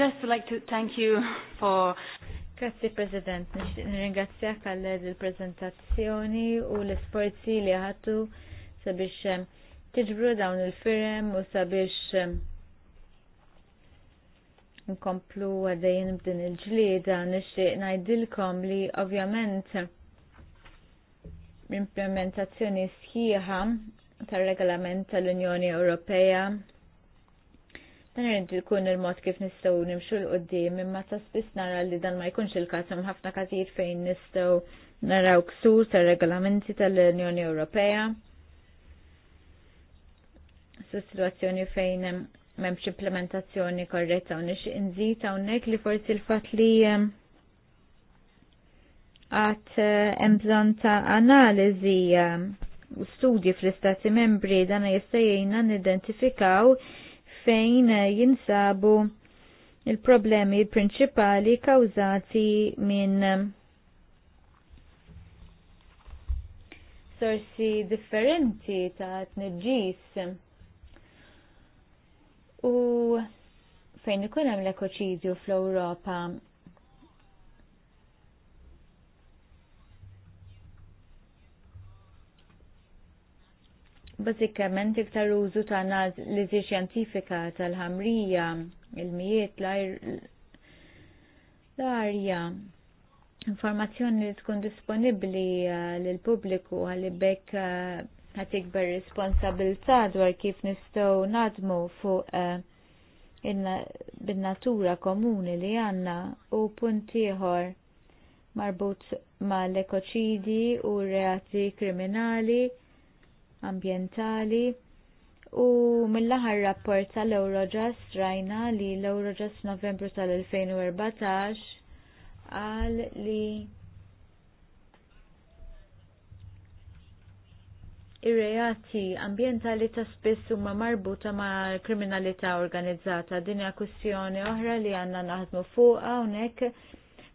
[SPEAKER 3] just like to thank you for Grazie President, nirringrazzjak għal il-prezentazzjoni u l-sforzi li ħattu sabiex eh, tiġbru dawn il-firem u sabiex eh, nkomplu għaddejjen b'din il-ġlieda nixtieq ngħidilkom li ovvjament l-implementazzjoni sħiħa tar-regolament tal-Unjoni Ewropea dan irid ikun il-mod kif nistgħu nimxu l qudiem imma ta' spiss nara li dan ma jkunx il-każ hemm ħafna każijiet fejn nistgħu naraw ksur tar-regolamenti tal-Unjoni Ewropea. Su situazzjoni fejn hemm memx implementazzjoni korretta u nix inżita unnek li forsi l-fat li ehm, għat eh, emżon ta' analizi ehm, u studji fl-istati membri dana jistajjina nidentifikaw fejn eh, jinsabu il-problemi prinċipali kawzati minn ehm, sorsi differenti ta' tneġġis u fejn ikun hemm l-ekoċidju fl-Ewropa Bażikament iktar użu ta' naż li xjentifika tal-ħamrija, il-mijiet, l-arja, informazzjoni li tkun disponibbli eh, l-pubbliku għalli bekk eh, ħat ikber responsabilta dwar kif nistgħu nadmu fuq uh, bin-natura komuni li għandna u puntiħor ieħor marbut mal ekoċidi u reati kriminali ambjentali u mill-aħħar rapport tal-Eurojust rajna li l-Eurojust Novembru tal-2014 qal li ir-reati ambientali ta' spiss huma marbuta ma' kriminalità organizzata. Din hija kwistjoni oħra li għandna naħdmu fuq hawnhekk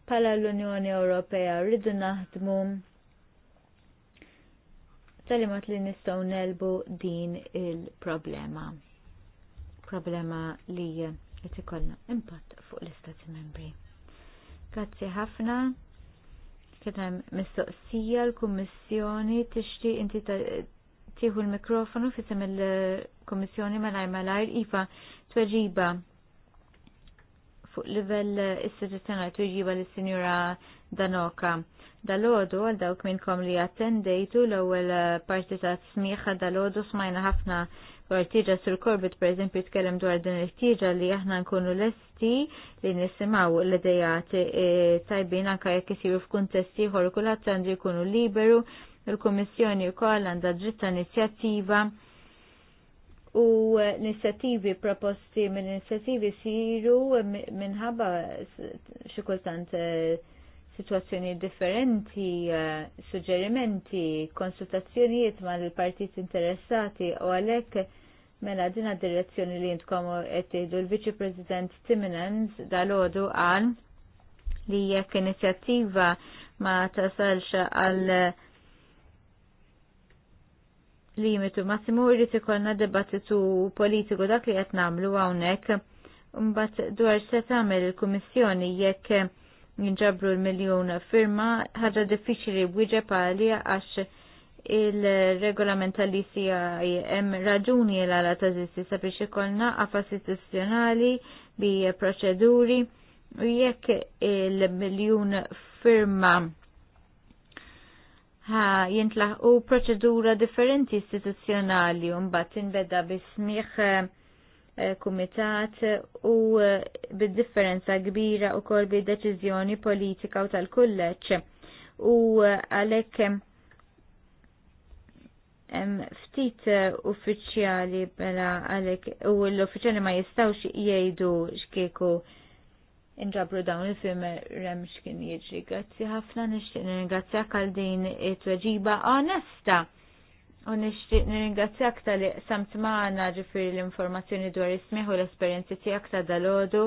[SPEAKER 3] bħala l-Unjoni Ewropea rridu naħdmu tal imot li nistgħu nelbu din il-problema. Problema li qed ikollna impatt fuq l-Istati Membri. Grazzi ħafna hemm mistoqsija l-Kummissjoni tixtieq inti tieħu l-mikrofonu fisem il-Komissjoni malajr malajr ifa tweġiba fuq livell eh, istituzzjonali tweġiba l sinjura Danoka. Dalodu għal dawk minnkom li attendejtu l-ewwel eh, parti ta' smieħa dalodu smajna ħafna dwar tiġa sur korbit per eżempju tkellem dwar din it-tiġa li aħna nkunu lesti li nisimgħu l-idejat eh, tajbin anke jekk isiru f'kuntesti ieħor kulħadd għandu jkunu liberu il-Kummissjoni wkoll għandha ġitta inizjattiva u inizjattivi proposti minn inizjattivi siru minħabba xi kultant eh, situazzjoni differenti, eh, suġġerimenti, konsultazzjonijiet ma' l-partit interessati u għalek mela dina direzzjoni li jintkomu għettidu l-Vice President Timmins dal-ħodu għal li jekk inizjattiva ma tasalx għal limitu massimu jrid ikollna dibattitu politiku dak li qed nagħmlu hawnhekk. Mbagħad dwar se tagħmel il-Kummissjoni jekk jinġabru l-miljun firma ħaġa diffiċli wieġeb pali għax il-regolament tal-ICI hemm raġuni l għala tażisti sabiex ikollna għafas istituzjonali bi proċeduri u jekk il-miljun firma ha jintlaħqu proċedura differenti istituzzjonali un bat inbeda bismiħ eh, kumitat u eh, bid-differenza kbira u kol bid-deċizjoni politika u tal-kulleċ. U eh, għalek ftit uffiċjali bela għalek u l-uffiċjali ma jistawx jgħidu xkieku inġabru dawn il-film rem xkien jiġri. Grazzi ħafna nixtieq nirringrazzjak għal din it-tweġiba onesta. U nixtieq nirringrazzjak tal-li samt maħna ġifiri l-informazzjoni dwar ismiħu l-esperjenzi tiegħek ta' dalodu.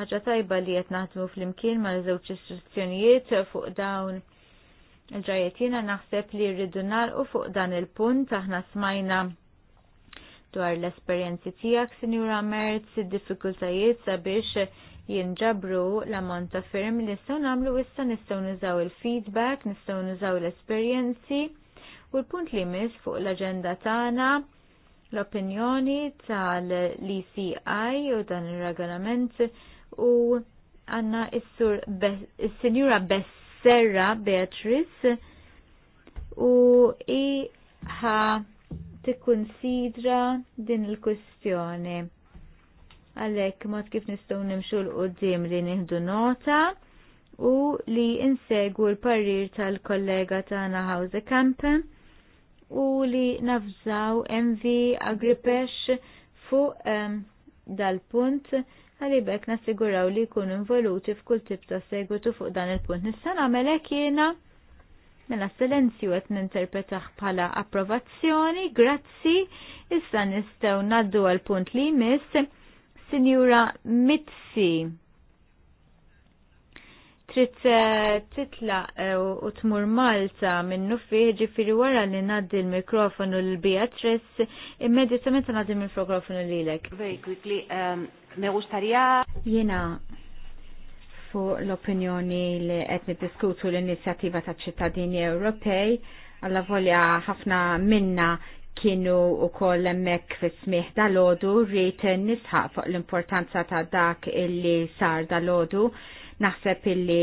[SPEAKER 3] Ħaġa tajba li qed naħdmu flimkien mal żewġ istruzzjonijiet fuq dawn il-ġajetina naħseb li rridu u fuq dan il-punt aħna smajna dwar l-esperjenzi tijak, Sinjura Merz, id-diffikultajiet sabiex jinġabru l-ammont ta' firm li nistgħu nagħmlu issa nistgħu nużaw il-feedback, nistgħu nużaw l-esperjenzi u l-punt li mis fuq l-aġenda tagħna l-opinjoni tal-ECI u dan ir-regolament u għanna is-sur is-sinjura Besserra Beatrice u iħa tikkunsidra din il-kustjoni għalek mod kif nistaw nimxu l-qoddim li nieħdu nota u li insegwu l-parir tal-kollega tagħna Hawze Kampen u li nafżaw MV Agripesh fuq um, dal-punt għalibek nasiguraw li jkunu involuti f'kull tip ta' segwitu fuq dan il-punt. Nista' għamelek jiena mela silenzju qed ninterpretaħ bħala approvazzjoni, grazzi, issa nistgħu naddu għal punt li jmiss Sinjura Mitzi trid eh, titla eh, u tmur Malta minnu fih ġifiri wara li naddi l-mikrofonu l-Beatrice immedjatament naddi l-mikrofonu lilek. Very quickly, um, me gustaria... Jena fu l-opinjoni li qed niddiskutu l-inizjattiva ta' ċittadini Ewropej għalla volja ħafna minna kienu u koll emmek fismiħ dal-ħodu rritin nisħaq fuq l-importanza ta' dak illi sar dal-ħodu naħseb illi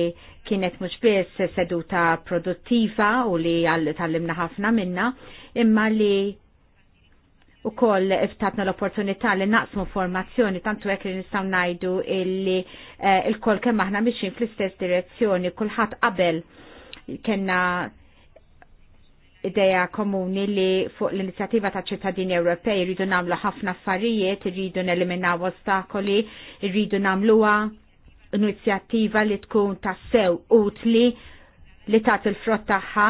[SPEAKER 3] kienet mux biss seduta produttiva u li tal-limna ħafna minna imma li u koll iftatna l-opportunità li naqsmu formazzjoni tantu għek li nistaw najdu illi eh, il-koll kemm aħna miexin fl-istess direzzjoni kullħat qabel kena ideja komuni li fuq l-inizjattiva ta' ċittadini Ewropej rridu namlu ħafna affarijiet, rridu neliminaw ostakoli, rridu namluwa inizjattiva li tkun ta' sew utli li ta' il-frott tagħha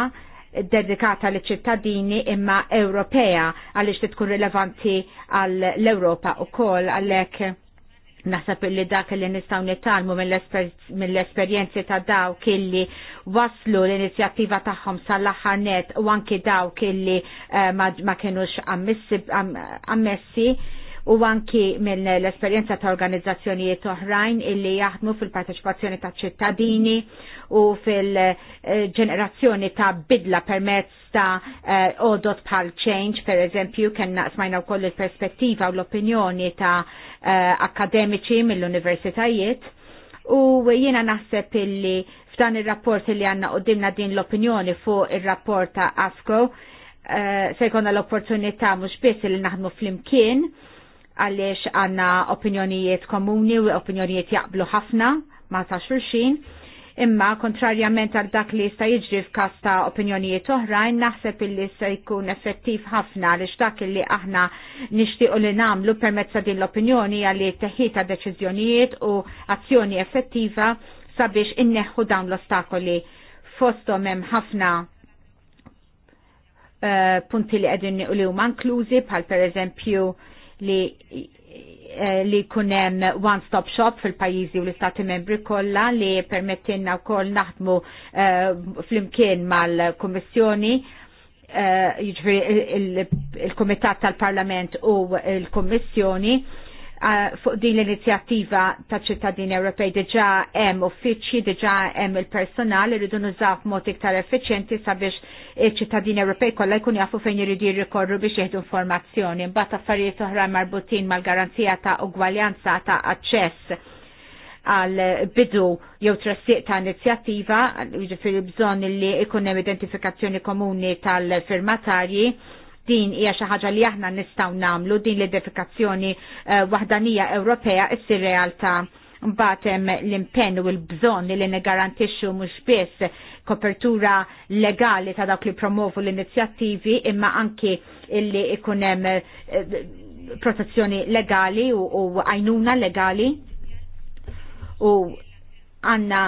[SPEAKER 3] dedikata li ċittadini imma Ewropea għaliex li tkun rilevanti għall-Ewropa u għalhekk Nasab li dak li nistaw nitalmu mill-esperienzi ta' dawk killi waslu l-inizjattiva tagħhom sal-aħħar net u anki daw illi eh, ma kienux ammessi u anki minn l-esperienza ta' organizzazzjonijiet oħrajn illi jaħdmu fil-parteċipazzjoni ta' ċittadini u fil-ġenerazzjoni ta' bidla permezz ta' eh, odot pal change, per eżempju, kena smajna u koll il-perspettiva u l-opinjoni ta' uh, akademiċi mill-universitajiet u jiena naħseb illi f'dan il-rapport li għanna dimna din l-opinjoni fuq il-rapport ta' ASCO, uh, eh, se jkollna l-opportunità mhux biss li naħdmu flimkien għaliex għanna opinjonijiet komuni u opinjonijiet jaqblu ħafna ma ta' xulxin, imma kontrarjament għal dak li sta' jiġri f'kas ta' opinjonijiet oħrajn, naħseb illi se jkun effettiv ħafna għaliex dak li aħna nixtiequ li namlu permezz din l-opinjoni għalli teħita deċiżjonijiet u azzjoni effettiva sabiex inneħħu dawn l-ostakoli fostom hemm ħafna uh, punti li qegħdin li huma inklużi bħal pereżempju li eh, li kunem one-stop shop fil-pajizi u l-istati membri kolla li permettinna u koll naħdmu flimkien eh, fl-imkien mal-Kommissjoni eh, jiġifieri il komitat tal parlament u il-Kommissjoni fuq din l-inizjattiva ta' ċittadini Ewropej diġà hemm uffiċċji, diġà hemm il-personal irridu nużaw f'mod iktar effiċjenti sabiex iċ-ċittadini Ewropej kollha jkun jafu fejn iridu jirrikorru biex jieħdu informazzjoni. Imbagħad affarijiet oħra marbutin mal-garanzija ta' ugwaljanza ta' aċċess għal bidu jew trassiq ta' inizjattiva, jiġifieri bżonn li jkun hemm identifikazzjoni komuni tal-firmatarji din hija xi ħaġa li aħna nistgħu nagħmlu din l edifikazzjoni uh, eh, waħdanija Ewropea issir realtà mbagħad hemm l-impenn u l-bżonn li niggarantixxu mhux biss kopertura legali ta' dawk li promovu l-inizjattivi imma anki illi ikun hemm eh, protezzjoni legali u għajnuna legali u għanna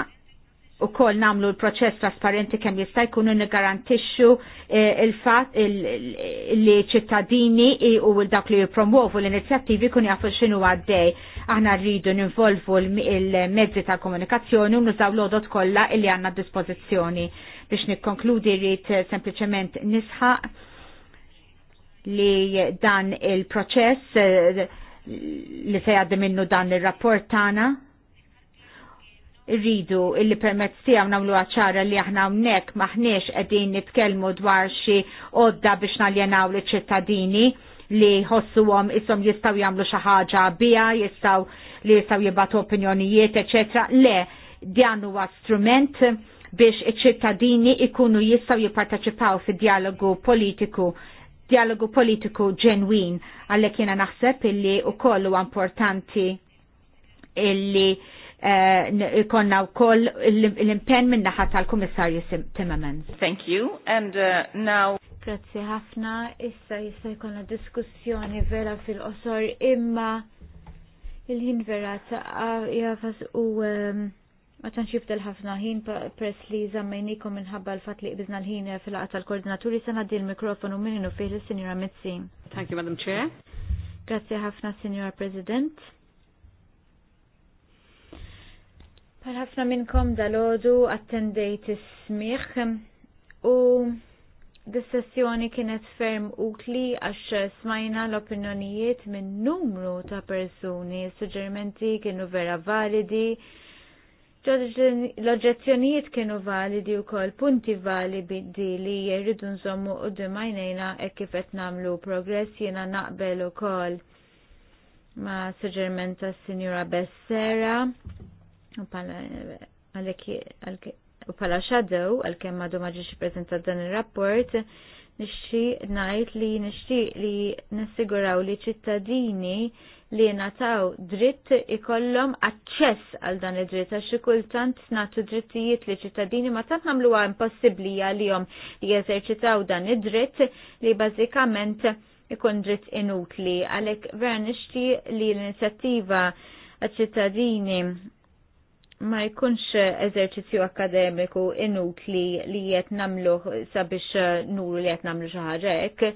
[SPEAKER 3] u kol namlu l-proċess trasparenti kem jista' jkunu nigarantixxu eh, il-fatt li ċittadini u l-dak li jipromuovu l-inizjattivi kun jafu x'inhu għaddej. Aħna rridu ninvolvu l-mezzi ta' komunikazzjoni u nużaw l-odot kollha li għandna dispożizzjoni. Biex nikkonkludi rrit eh, sempliċement nisħaq li dan il-proċess eh, li se jgħaddi minnu dan il-rapport tagħna rridu illi permezz tiegħu nagħmlu ċara li aħna hawnhekk maħniex qegħdin nitkellmu dwar xi għodda biex naljenaw liċ ċittadini li ħossuhom ishom jistgħu jagħmlu xi ħaġa biha, jistgħu li jistgħu jibgħatu opinjonijiet, eċetera. Le, dan huwa strument biex iċ-ċittadini ikunu jistgħu jipparteċipaw fi dialogu politiku dialogu politiku ġenwin għallek jena naħseb illi u kollu importanti illi ikonna eh, u koll l-impen minnaħat tal-Komissarju Timmermans. Thank you, and uh, now... Grazie ħafna, issa jista jkollna diskussjoni vera fil-qosor imma il-ħin vera jafas u għatan um, xiftel ħafna ħin press li zammajnikom minħabba l-fat li bizna l-ħin fil-qata tal-koordinaturi sena di l-mikrofonu minnu fih l-Sinjora Mitzi. Thank you, Madam Chair. Grazie ħafna, Sinjora President. Pal ħafna minnkom dal-ħodu attendejt is-smiħ u dis-sessjoni kienet ferm utli għax smajna l-opinjonijiet minn numru ta' persuni, suġġerimenti kienu vera validi, l-oġġezzjonijiet kienu validi u kol punti validi li jirridu nżommu u d-dimajnejna e kifet namlu progress jena naqbel u kol ma suġġerment s sinjura Bessera u pala shadow għal-kem madu maġiġi prezenta dan il-rapport nixxi najt li nixxi li nassiguraw li ċittadini li nataw dritt ikollhom aċċess għal dan id-dritt għaxi kultant nagħtu drittijiet li ċittadini ma tant possibli impossibbli jom li jeżerċitaw dan id-dritt li bażikament ikun dritt inutli għalhekk vera nixti li l-inizjattiva ċittadini ma jkunx eżerċizzju akademiku inutli li qed namluh sabiex eh, nuru li qed namlu xi ħaġa hekk.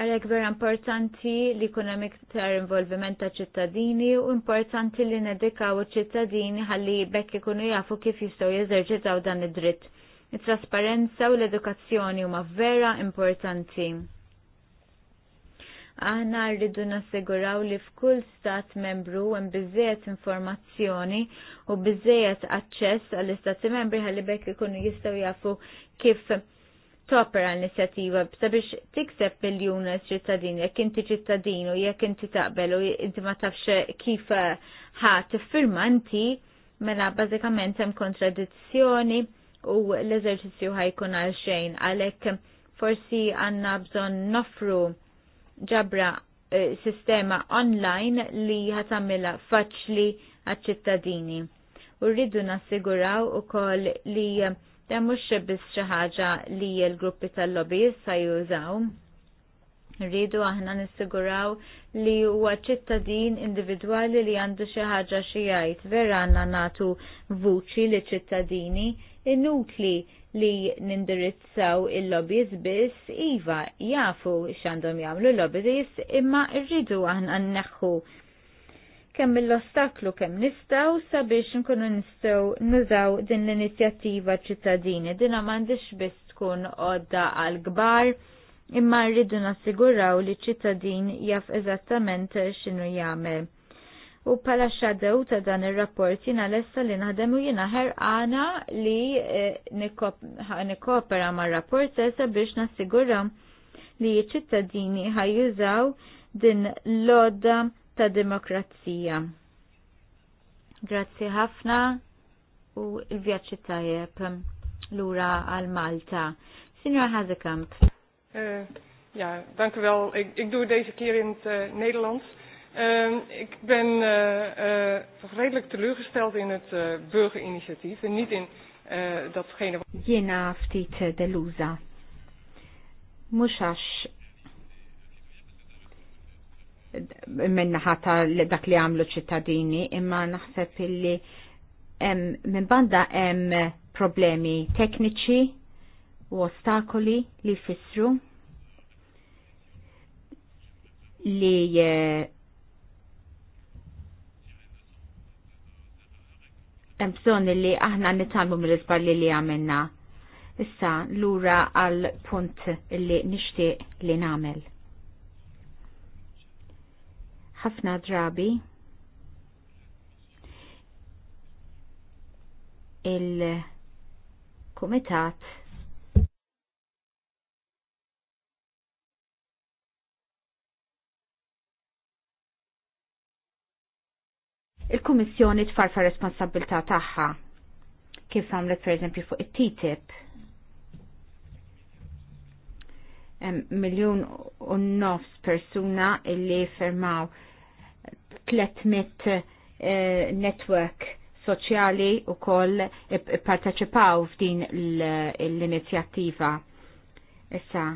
[SPEAKER 3] Għalhekk vera importanti li jkun hemm iktar involviment ta' ċittadini u importanti li nedikaw iċ-ċittadini ħalli bekk ikunu jafu kif jistgħu jeżerċitaw dan id-dritt. It-trasparenza u l-edukazzjoni huma vera importanti. Aħna rridu nassiguraw li f'kull stat membru hemm biżejjed informazzjoni u biżejjed aċċess għall-istati membri ħalli bekk ikunu jistgħu jafu kif topper għall inizjattiva sabiex tikseb biljun ċittadin, jekk inti ċittadin u jekk inti taqbel u inti ma tafx kif ħadd tiffirma inti, mela bażikament hemm kontradizzjoni u l-eżerċizzju ħajkun għal xejn għalhekk forsi għandna bżonn nofru ġabra eh, sistema online li ħatamela faċli għal-ċittadini. U rridu nassiguraw u koll li da mux biss xi ħaġa li l-gruppi tal-lobby sa jużaw. Rridu aħna nissiguraw li huwa ċittadin individwali li għandu xi ħaġa xi jgħid vera għandna nagħtu vuċi li ċittadini inutli li nindirizzaw il-lobbies biss iva jafu jamlu jagħmlu lobbies imma rridu aħna nneħħu kemm l-ostaklu kemm nistaw sabiex nkunu nistaw nużaw din l-inizjattiva ċittadini. din m'għandix biss tkun għodda għal kbar imma rridu nassiguraw li ċittadin jaf eżattament x'inhu jagħmel u pala xadew ta' dan il-rapport jina lessa li naħdemu u jina ħerqana li eh, nikopera ma' rapport sessa biex nassigura li ċittadini ħajjużaw din l-odda ta' demokrazija. Grazzi ħafna u il-vjaċċi tajjeb lura għal Malta. Signora Hazekamp.
[SPEAKER 5] Eh, ja, dank Ik, doe deze keer in het eh, Nederlands. Uh, ik ben uh, eh, uh, eh, toch redelijk teleurgesteld in het uh, burgerinitiatief en niet in uh, datgene wat...
[SPEAKER 3] Jena ftit Luza. Muxax minna ħata dak li għamlu ċittadini imma naħseb illi minn banda hemm problemi tekniċi u ostakoli li fissru li uh, hemm bżonn li aħna nitalmu mill-iżballi li għamilna. Issa lura għal punt li nixtieq li nagħmel. Ħafna drabi il-kumitat il-Kummissjoni tfarfa responsabilità tagħha kif għamlet pereżempju fuq it-TTIP. Miljun u nofs persuna illi fermaw 300 eh, network soċjali u koll parteċipaw f'din l-inizjattiva. Issa,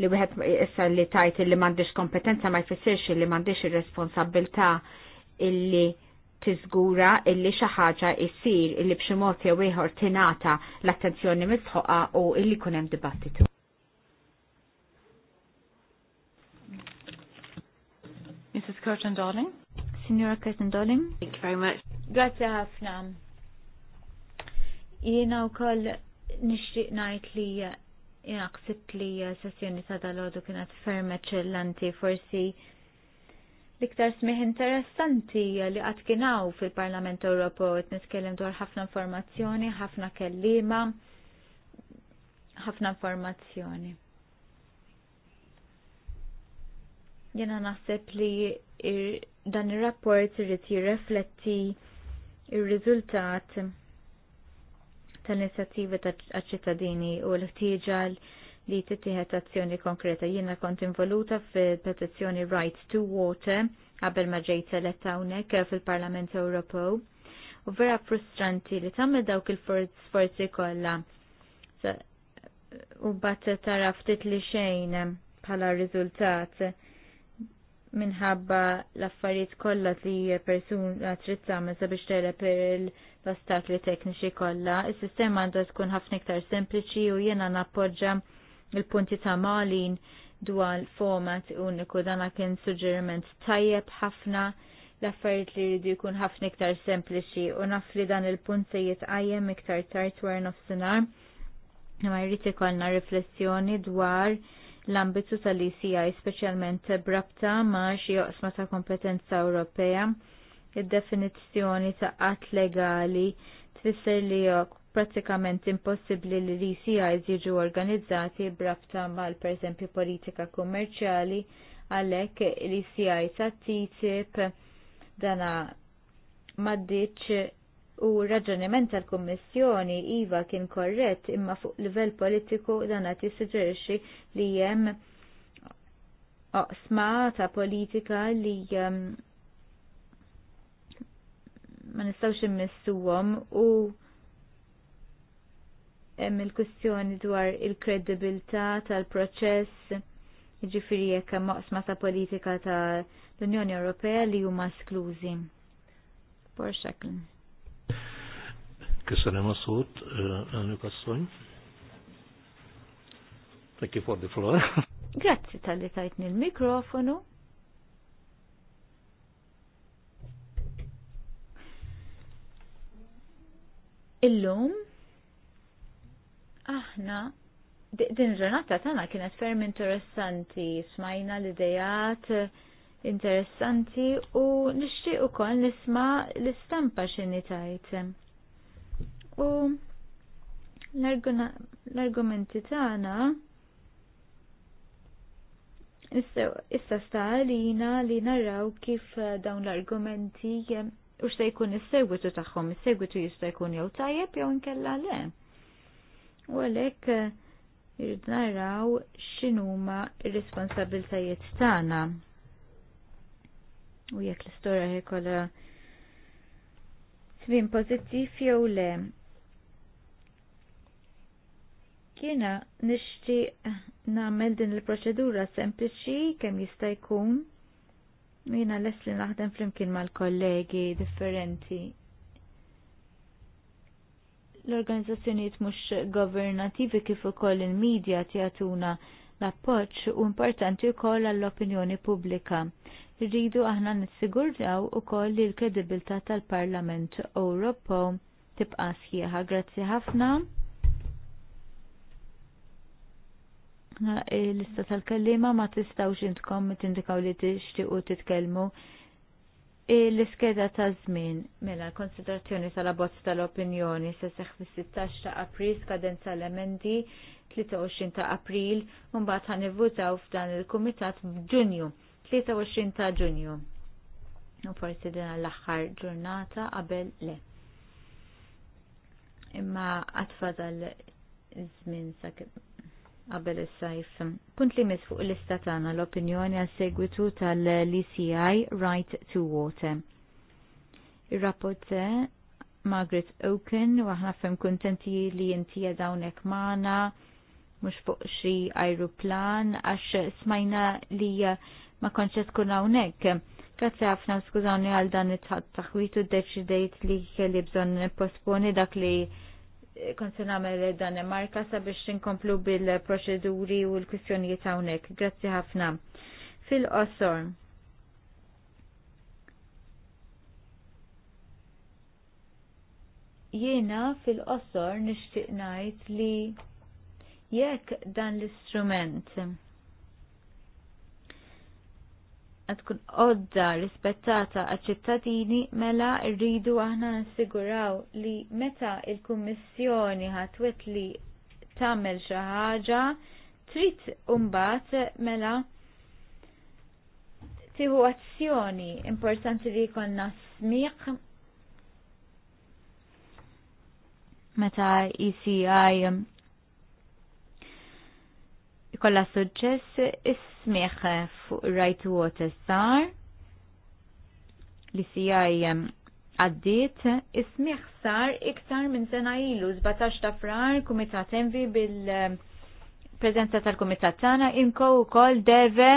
[SPEAKER 3] li wieħed issa li tajt li m'għandix kompetenza ma jfissirx li m'għandix ir-responsabilità illi tiżgura illi xi ħaġa jsir illi b'xi mod jew ieħor tingħata l-attenzjoni misħoqa u illi jkun hemm dibattitu. Mrs. Curtin Darling. Signora Curtin Darling. Thank you very much. Grazie ħafna. Jiena wkoll nixtieq ngħid li jiena ħsibt li sessjoni ta' dalodu kienet ferm eċċellenti forsi L-iktar smih interessanti li għad kienaw fil-Parlament Ewropew qed niskellem dwar ħafna informazzjoni, ħafna kellima, ħafna informazzjoni. Jena naħseb li ir, dan ir-rapport irid jirrefletti il riżultat tal-inizjattivi tal-ċittadini u l-ħtieġa li tittieħed azzjoni konkreta. Jiena kont involuta fil-petizzjoni Right to Water qabel ma ġejt eletta hawnhekk fil-Parlament Ewropew. U vera frustranti li tagħmel dawk il-sforzi kollha. U bat tara ftit li xejn bħala riżultat minħabba l-affarijiet kollha li persuna trid tagħmel sabiex telep l-ostakli tekniċi kollha. Is-sistema għandha tkun ħafna iktar sempliċi u jiena nappoġġa il-punti ta' malin dwar format uniku dan kien suġġeriment tajjeb ħafna l-affarijiet li jridu jkun ħafna iktar sempliċi u naf li dan il-punt se jitqajjem iktar tard wara nofsinhar. Ma jrid ikollna riflessjoni dwar l-ambitu tal-ECI speċjalment brabta ma xi joqsma ta' kompetenza Ewropea id-definizzjoni ta' qatt legali tfisser li pratikament impossibbli li l-ECIs jiġu organizzati brabta mal pereżempju politika kummerċjali għalhekk l-ECI ta' TTIP dana maddiċ u raġuniment tal-Kummissjoni iva kien korrett imma fuq livell politiku dana tissuġġerixxi li hemm oqsma ta' politika li ehm, ma nistawx immissuhom u hemm il-kwistjoni dwar il-kredibilità tal-proċess ġifiri jekk maqsma ta' politika ta' l-Unjoni Ewropea li huma sklużi. Borxaklin.
[SPEAKER 5] Kissanem għasut, għanju kasson. Thank you for the floor.
[SPEAKER 3] Grazzi tal-li tajtni l-mikrofonu. Illum, Aħna din ġurnata tagħna kienet ferm interessanti, smajna l-idejat interessanti u nixtieq ukoll nisma' l-istampa x'inhi tajt. U l-argumenti tagħna issa sta għalina li narraw kif dawn l-argumenti u xta jkun is-segwitu tagħhom, is-segwitu jista' jkun jew tajjeb jew inkella le. U għalhekk eh, irrid naraw x'inhuma r-responsabiltajiet tagħna. U jekk l-istorja kollha tmien pożittiv jew le. Kiena nixtieq nagħmel din il-proċedura sempliċi kemm jista' jkun jiena les li naħdem flimkien mal-kollegi differenti l-organizzazzjonijiet mhux governativi kif ukoll il-medja tjatuna l-appoġġ u importanti wkoll għall-opinjoni pubblika. Irridu aħna nissigurdaw ukoll li l-kredibilità tal-Parlament Ewropew tibqa' sħiħa. Grazzi ħafna. L-lista tal-kellima ma tistawx intkom tindikaw li tixtiequ titkellmu l-iskeda ta' żmien mela konsiderazzjoni tal-abbozz tal-opinjoni se seħ fis-16 ta' April skadenza l-emendi 23 ta' April u mbagħad ħanivvutaw f'dan il-kumitat f'Ġunju 23 ta' Ġunju. U forsi din l-aħħar ġurnata qabel le. Imma fadal żmien sa' qabel is-sajf. Kunt li mis fuq l-lista tagħna l-opinjoni għal segwitu tal-ECI Right to Water. Ir-rapport Margaret Oaken u aħna fem kuntenti li inti dawnek magħna mhux fuq xi ajruplan għax smajna li ma konċet kun hawnhekk. Grazzi ħafna skużawni għal dan it-taħwitu d-deċidejt li kelli bżonn posponi dak li kont se nagħmel Danimarka sabiex nkomplu bil-proċeduri u l-kwistjonijiet hawnhekk. Grazzi ħafna. Fil-qosor. Jiena fil-qosor nixtieq ngħid li jekk dan l-istrument għatkun tkun odda rispettata għal-ċittadini mela rridu aħna nsiguraw li meta il-Kummissjoni ħatwet li tagħmel xi ħaġa trid mbagħad mela tieħu azzjoni importanti li jkollna smiq meta ECI ikolla suċċess ismiħ fuq Right to Water Star li CI um, għaddit ismiħ sar iktar minn sena ilu 17 ta' frar kumitat envi bil um, prezenza tal-kumitat tana inko u kol deve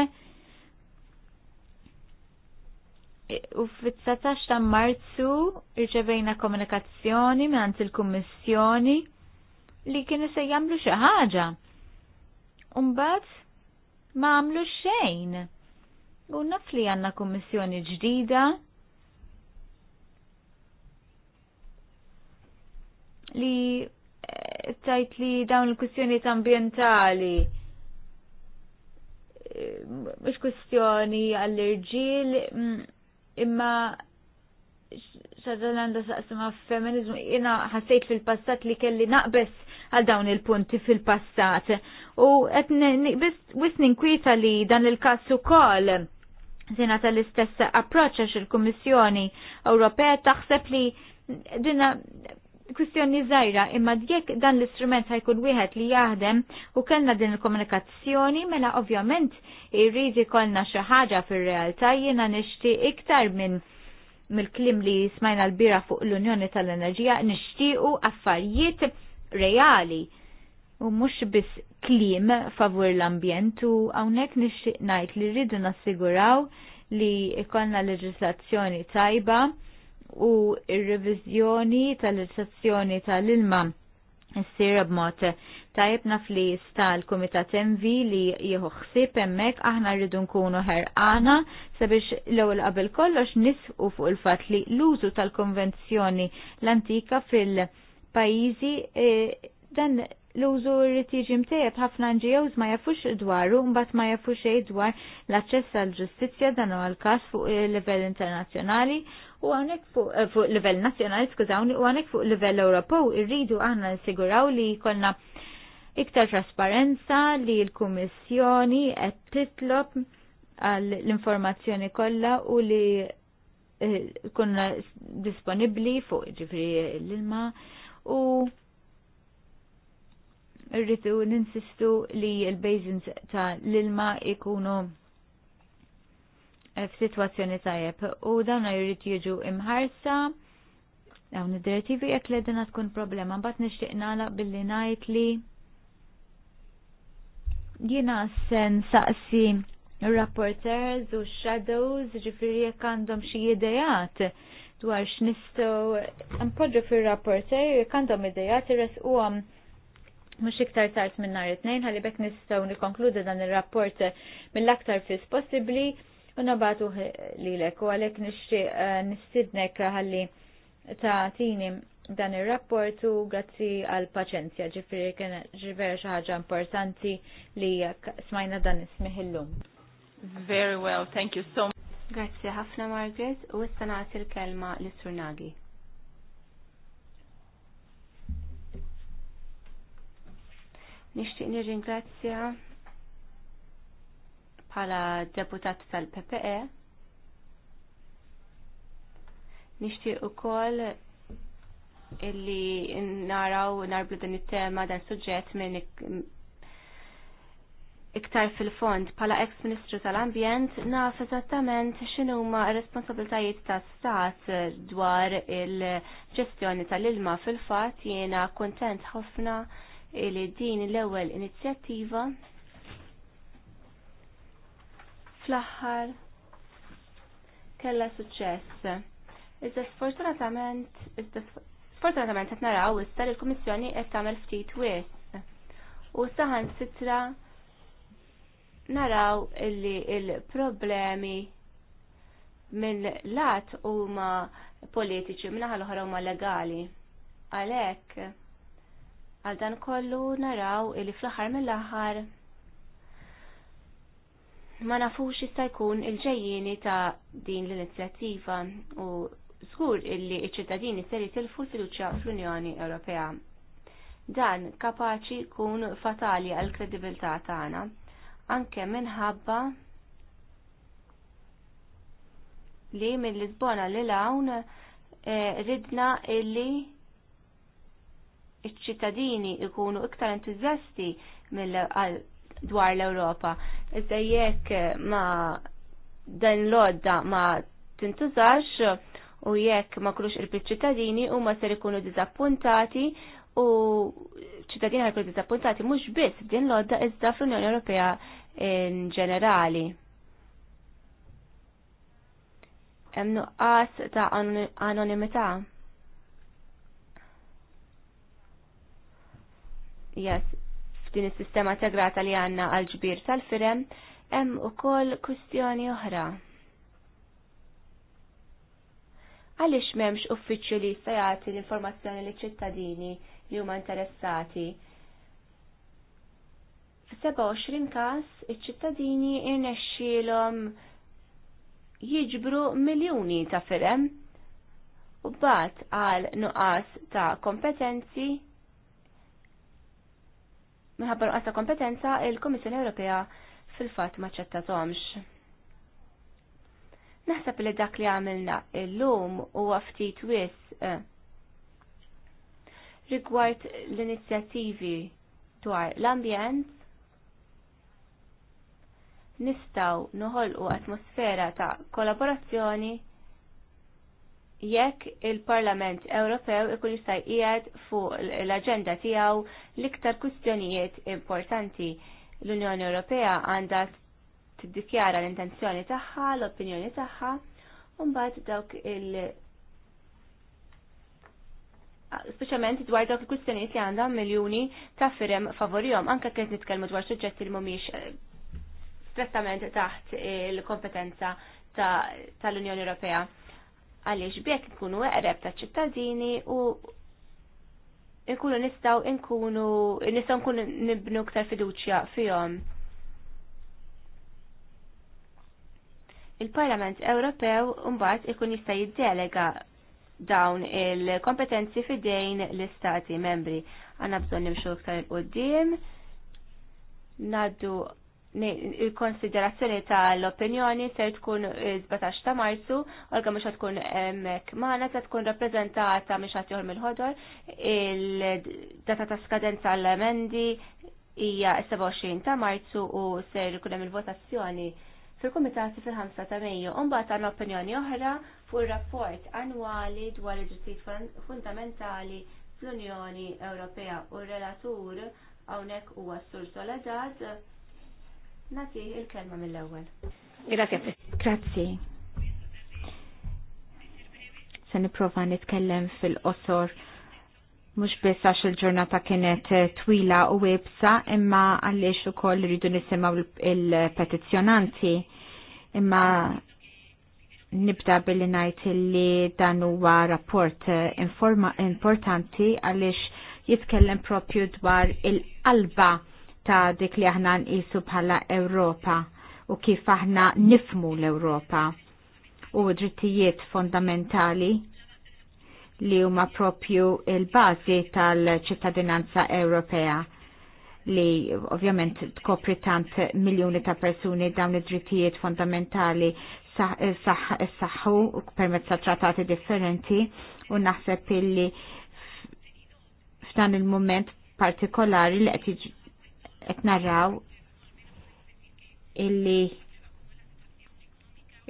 [SPEAKER 3] u f 19 ta' marzu irċevejna komunikazzjoni minn il-kummissjoni li kienu se jamlu xi ħaġa. Umbat ma għamlu xejn. U naf li għanna kommissjoni ġdida li eh, tajt li dawn il-kwistjoniet ambientali eh, mux kustjoni għall-irġil mm, imma għanda saqsima f-feminizmu jina ħassajt fil-passat li kelli naqbess għal dawn il-punti fil-passat u qed biss ninkwita li dan il-każ ukoll zina tal-istess approċa għax il-Kummissjoni Ewropea taħseb li dina kwistjoni żgħira imma jekk dan l-istrument ħajkun wieħed li jaħdem u kellna din il-komunikazzjoni mela ovvjament irridi ikollna xi ħaġa fir-realtà jiena nixtieq iktar minn mill-klim li smajna l-bira fuq l-Unjoni tal-Enerġija nixtiequ affarijiet reali u mux biss klim favur l-ambjent u għawnek nixtieq ngħid li rridu nassiguraw li ikonna leġislazzjoni tajba u il-revizjoni tal-leġislazzjoni tal-ilma ssir b'mod tajb naf li sta l-Kumitat MV li jieħu ħsieb hemmhekk aħna rridu nkunu ħerqana sabiex l-ewwel qabel kollox nisqu fuq il-fatt li l-użu tal-konvenzjoni l-antika fil-pajjiżi eh, dan l-użu rrid jiġi mtejjeb ħafna NGOs ma jafux dwaru mbagħad ma jafux xejn dwar l-aċċess għall-ġustizzja dan huwa l-każ fuq il-livell internazzjonali u għanek eh, fuq livell nazzjonali skużawni u għanek fuq livell Ewropew irridu aħna nsiguraw li jkollna iktar trasparenza li l-Kummissjoni qed titlob l-informazzjoni kollha u li eh, kunna disponibli fuq ġifri l-ilma u rritu ninsistu li l-basins ta' l-ilma ikunu eh, f'sitwazzjoni tajjeb u dan jrid jiġu imħarsa dawn id-direttivi jekk li dina tkun problema mbagħad nixtieq nagħlaq billi najt li jiena sen saqsi rapporters u shadows ġifiri jek għandhom xi idejat dwar x'nistgħu impoġġu fir-rapporter jek għandhom idejat għam mux iktar tard minn nar it-tnejn għalli bekk nistgħu nikonkludi dan ir-rapport mill-aktar fis possibbli u nabatu lilek u għalhekk nixtieq eh, nistidnek ħalli tini dan ir-rapport u grazzi għal paċenzja ġifri kien ġivera xi ħaġa importanti li smajna dan ismih
[SPEAKER 1] Very
[SPEAKER 2] well,
[SPEAKER 3] thank you so much. Grazzi ħafna Margaret u issa nagħti l-kelma lis-Surnagi.
[SPEAKER 2] Nixtieq nirringrazzja bħala deputat tal-PPE. Nixtieq ukoll illi naraw narblu din it-tema dan suġġett minn iktar fil-fond pala ex-Ministru tal-Ambjent naf eżattament x'inhuma r-responsabiltajiet ta' stat dwar il-ġestjoni tal-ilma fil-fatt jiena kuntent ħafna li din l-ewwel inizjattiva fl-aħħar kellha suċċess. Iżda sfortunatament, iżda sfortunatament qed naraw issa li l-Kummissjoni qed tagħmel ftit wis. U saħan sitra naraw li il-problemi minn lat huma politiċi, minn l-oħra huma legali. Għalhekk Għal dan kollu naraw li fl-aħħar mill-aħħar ma nafux jista' jkun il-ġejjieni ta' din l-inizjattiva u żgur illi ċ-ċittadini ser jitilfu fiduċja fl-Unjoni Ewropea. Dan kapaċi jkun fatali għal kredibilità tagħna anke minħabba li mill-Lisbona li hawn eh, ridna illi iċ-ċittadini ikunu iktar entużjasti dwar l-Ewropa. Iżda jekk eh, ma dan l-odda ma tintużax u jekk ma kulux irbit ċittadini u ma ser ikunu dizappuntati u ċittadini ħajkunu dizappuntati mhux biss din l-odda iżda fl-Unjoni Ewropea in ġenerali. Hemm nuqqas ta' anonimità. jas f'din is-sistema integrata li għandna għal ġbir tal-firem hemm ukoll kwistjoni oħra. Għaliex m'hemmx uffiċċju li jista' jagħti l-informazzjoni liċ ċittadini li huma interessati. F-27 każ iċ-ċittadini irnexxielhom jiġbru miljuni ta' firem u bat għal nuqqas ta' kompetenzi minħabba nuqqas ta' kompetenza il-Komissjoni Ewropea fil-fatt ma ċettatomx. Naħseb li dak li għamilna il-lum huwa ftit wis eh, rigward l-inizjattivi dwar l-ambjent nistaw nuħolqu atmosfera ta' kollaborazzjoni jekk il-Parlament Ewropew ikun jista' jqiegħed fuq l-aġenda tiegħu l-iktar kwistjonijiet importanti. L-Unjoni Ewropea għandha tiddikjara l-intenzjoni tagħha, l-opinjoni tagħha, u mbagħad dawk il- speċjalment dwar dawk il-kwistjonijiet li għandhom miljuni ta' firem favorihom, anke kien nitkellmu dwar suġġetti li mhumiex eh, strettament taħt il-kompetenza tal-Unjoni Ewropea għaliex bekk nkunu eqreb ta' ċittadini u nkunu nistaw nkunu nistaw nkunu nibnu ktar fiduċja fihom. Il-Parlament Ewropew mbagħad ikun jista' jiddelega dawn il-kompetenzi fidejn l-istati membri. Għanna bżon nimxu ktar il-qoddim, naddu il-konsiderazzjoni tal-opinjoni ser tkun 17 ta' marzu, għalga mux tkun hemmhekk maħna, ta' tkun rappresentata mux għatjol mill-ħodor, il-data ta' skadenza l-emendi hija 27 ta' marzu u ser ikun hemm il-votazzjoni fil-komitati fil-5 ta' Mejju. Umbagħad għandna opinjoni oħra fuq ir-rapport annwali dwar id-drittijiet fundamentali fl-Unjoni Ewropea u r-relatur hawnhekk huwa Sur Soledad Nati il-kelma mill-ewwel. Grazie.
[SPEAKER 3] Grazie. Se nipprova nitkellem fil-qosor mux biss għax il-ġurnata kienet eh, twila u websa imma għalliex u koll rridu nisimaw il-petizjonanti imma nibda billi najt li dan huwa rapport eh, importanti għalliex jitkellem propju dwar il-qalba ta' dik li aħna nqisu bħala Ewropa u kif aħna nifmu l-Ewropa u drittijiet fondamentali li huma propju il-bażi tal-ċittadinanza Ewropea li ovvjament tkopri tant miljoni ta' persuni dawn id-drittijiet fondamentali saħħu permezz ta' trattati differenti u naħseb illi f'dan il-moment partikolari li qed qed illi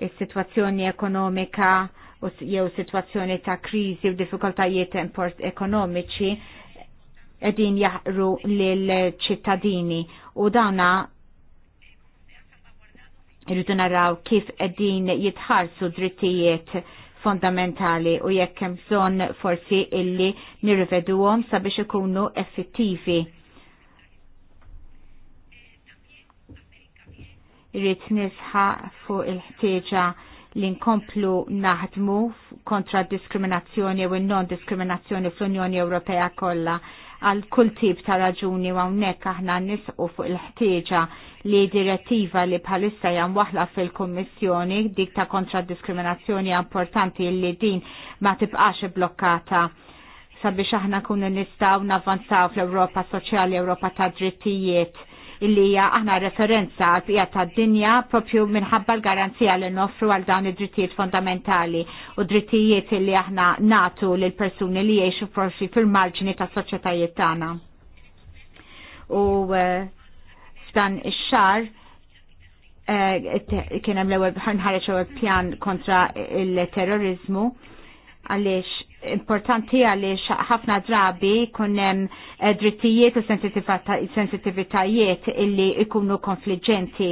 [SPEAKER 3] il sitwazzjoni ekonomika jew sitwazzjoni ta' kriżi u diffikultajiet ekonomiċi edin jaħru l-ċittadini u dawna irridu naraw kif edin jitħarsu drittijiet fondamentali u jekk hemm bżonn forsi illi nirriveduhom sabiex ikunu effettivi rrit nisħa fuq il-ħtieġa li nkomplu naħdmu kontra diskriminazzjoni u non-diskriminazzjoni fl-Unjoni Ewropea kollha għal kull tip ta' raġuni u hawnhekk aħna nisqu fuq il-ħtieġa li direttiva li bħalissa jam waħla fil kummissjoni dik ta' kontra diskriminazzjoni importanti li din ma tibqax blokkata sabiex aħna kunu nistaw navvanzaw fl ewropa soċjali, Ewropa ta' drittijiet illi hija aħna referenza għal bqija tad-dinja propju minħabba l-garanzija li noffru għal dawn id-drittijiet fondamentali u drittijiet illi aħna natu lil persuni li jgħixu forsi fil-marġini ta' soċjetajiet tagħna. U eh, f'dan ix-xar eh, kien hemm l-ewwel ħareġ ewwel pjan kontra il-terrorizmu għaliex importanti għaliex ħafna drabi kunem eh, drittijiet u sensitivitajiet illi ikunu konfliġenti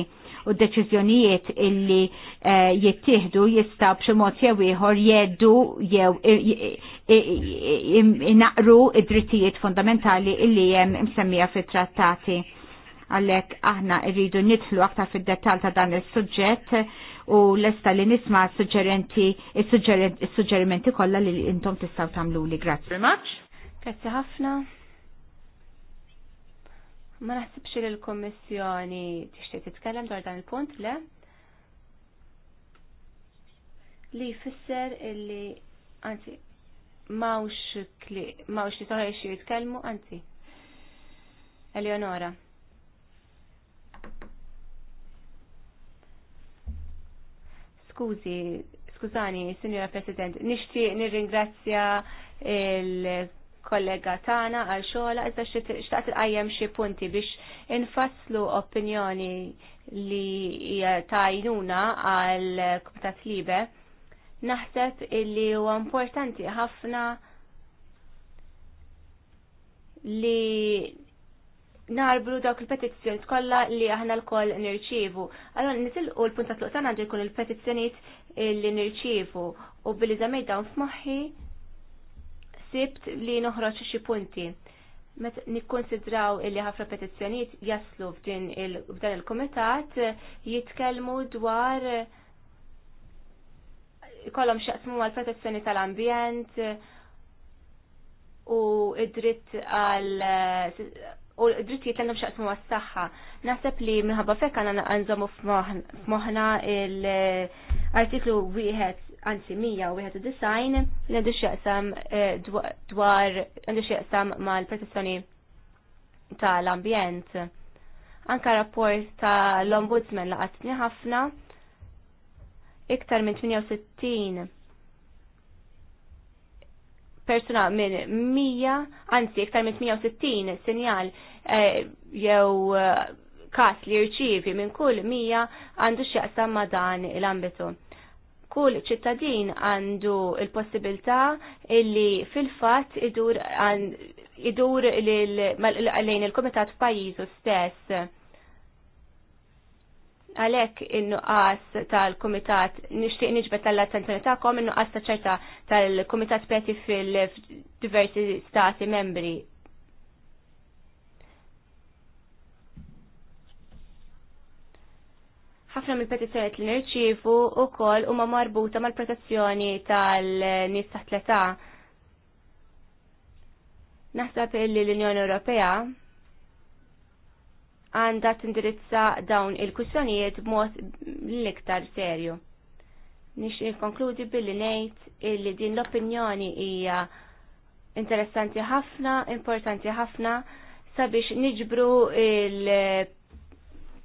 [SPEAKER 3] u deċiżjonijiet illi eh, jittieħdu jistaw b'xi mod jew ieħor jeddu jew inaqru id-drittijiet fundamentali illi hemm imsemmija fit-trattati għallek aħna irridu nidħlu aktar fid dettall ta' dan il suġġett u lesta li nisma s-suġġerimenti kollha li intom tistaw tamlu li grazzi. Grazzi ħafna.
[SPEAKER 2] Ma naħsibx li l-Kommissjoni tixtieq titkellem dwar dan il-punt le. Li jfisser illi anzi mawx kli mawx li toħroġ jitkellmu anzi. Eleonora. Skużi, skużani, signora President, nixtieq nirringrazzja il-kollega Tana għal xogħla iżda xtaqt il-qajjem xi punti biex infasslu opinjoni li tajnuna għal Kumitat Libe. Naħseb illi huwa importanti ħafna li narbru dawk il-petizzjoni kollha li aħna l-koll nirċievu. Allora u l-punta tluq tagħna għandu jkun il-petizzjonijiet li nirċievu u billi zamej dawn f'moħħi sibt li noħroġ xi punti. Met nikkonsidraw illi ħafna petizzjonijiet jaslu f'din il-f'dan il-kumitat jitkellmu dwar kollhom xaqsmu mal-protezzjoni tal-ambjent u id-dritt għal u drittijiet għandhom għandhom xaqsmu s saħħa Naħseb li minħabba fek għandna għanżomu f'moħna l-artiklu wieħed anzi mija u wieħed design li għandu xaqsam eh, dwar għandu xaqsam mal-protezzjoni tal-ambjent. Anka rapport tal ombudsman laqatni ħafna iktar minn 68 persuna minn 100, anzi iktar minn 160 sinjal eh, jew eh, kas li rċivi minn kull 100 għandu x'jaqsam ma' dan l-ambitu. Kull ċittadin għandu il-possibilità illi fil-fatt idur idur lejn il-komitat f'pajjiżu stess għalek in-nuqqas tal-Kumitat, nishtiq nġbet tal-attenzjoni ta'kom, in-nuqqas ta' ċerta tal-Kumitat peti fil-diversi stati membri. ħafna mill-petizzjoniet li nirċivu u koll huma marbuta mal-protezzjoni tal-nies taħt l-età. Naħseb illi l-Unjoni Ewropea għandha tindirizza dawn il-kussjonijiet b'mod l-iktar serju. Nix konkludi billi ngħid illi din l-opinjoni hija interessanti ħafna, importanti ħafna sabiex niġbru il-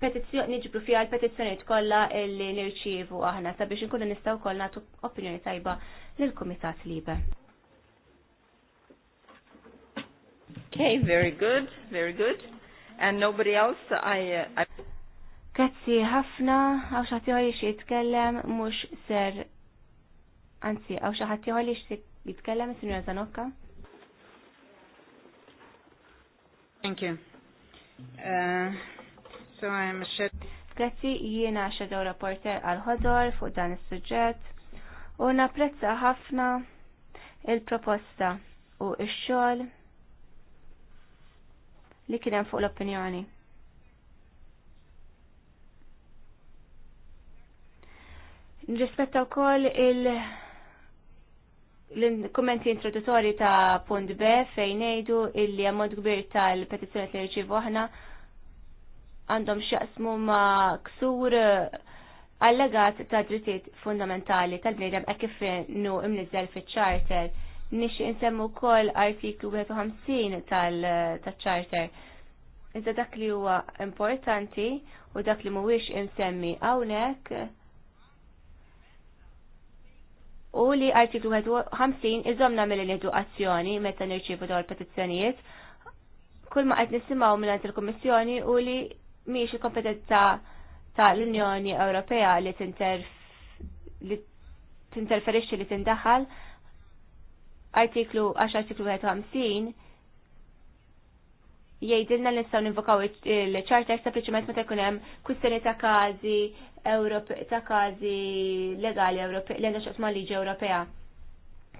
[SPEAKER 2] petizzjoni niġbru fiha l-petizzjonijiet kollha li nirċievu aħna sabiex inkunu nistgħu wkoll nagħtu opinjoni tajba lill-Kumitat Libe.
[SPEAKER 1] Okay, very good, very good and nobody else I, uh, I
[SPEAKER 2] Grazzi ħafna, għaw xaħti għalli xie jitkellem, mux ser, anzi, għaw xaħti għalli xie jitkellem, sinjora Zanokka. Thank you. Uh, so I'm a shed. Grazzi jiena xedaw rapporter għal-ħodor fuq dan is-suġġett u napprezza ħafna il-proposta u ix-xogħol li kien hemm fuq l-opinjoni. Nrispetta wkoll il l-kommenti introduttori ta' punt B fejn ngħidu illi mod kbir tal-petizzjoni li rċivu aħna għandhom x'jaqsmu ma' ksur allegat ta' drittijiet fundamentali tal-bniedem hekk kif nu imniżżel fiċ-charter nix insemmu kol artiklu 50 tal-charter. Iżda dak li huwa importanti u dak li mhuwiex insemmi hawnhekk u li artiklu 50 iżomna mill-edukazzjoni meta nirċievu dawn petizzjonijiet kull ma qed nisimgħu mingħand il-Kummissjoni u li mhijiex il-kompetenza tal-Unjoni Ewropea li tinterferixxi li tindaħħal artiklu 10 artiklu 51 jgħidilna li nistgħu nivokaw il-charter sempliċement meta jkun hemm ta' każi ta' każi legali Ewropej l għanda ma' liġi Ewropea.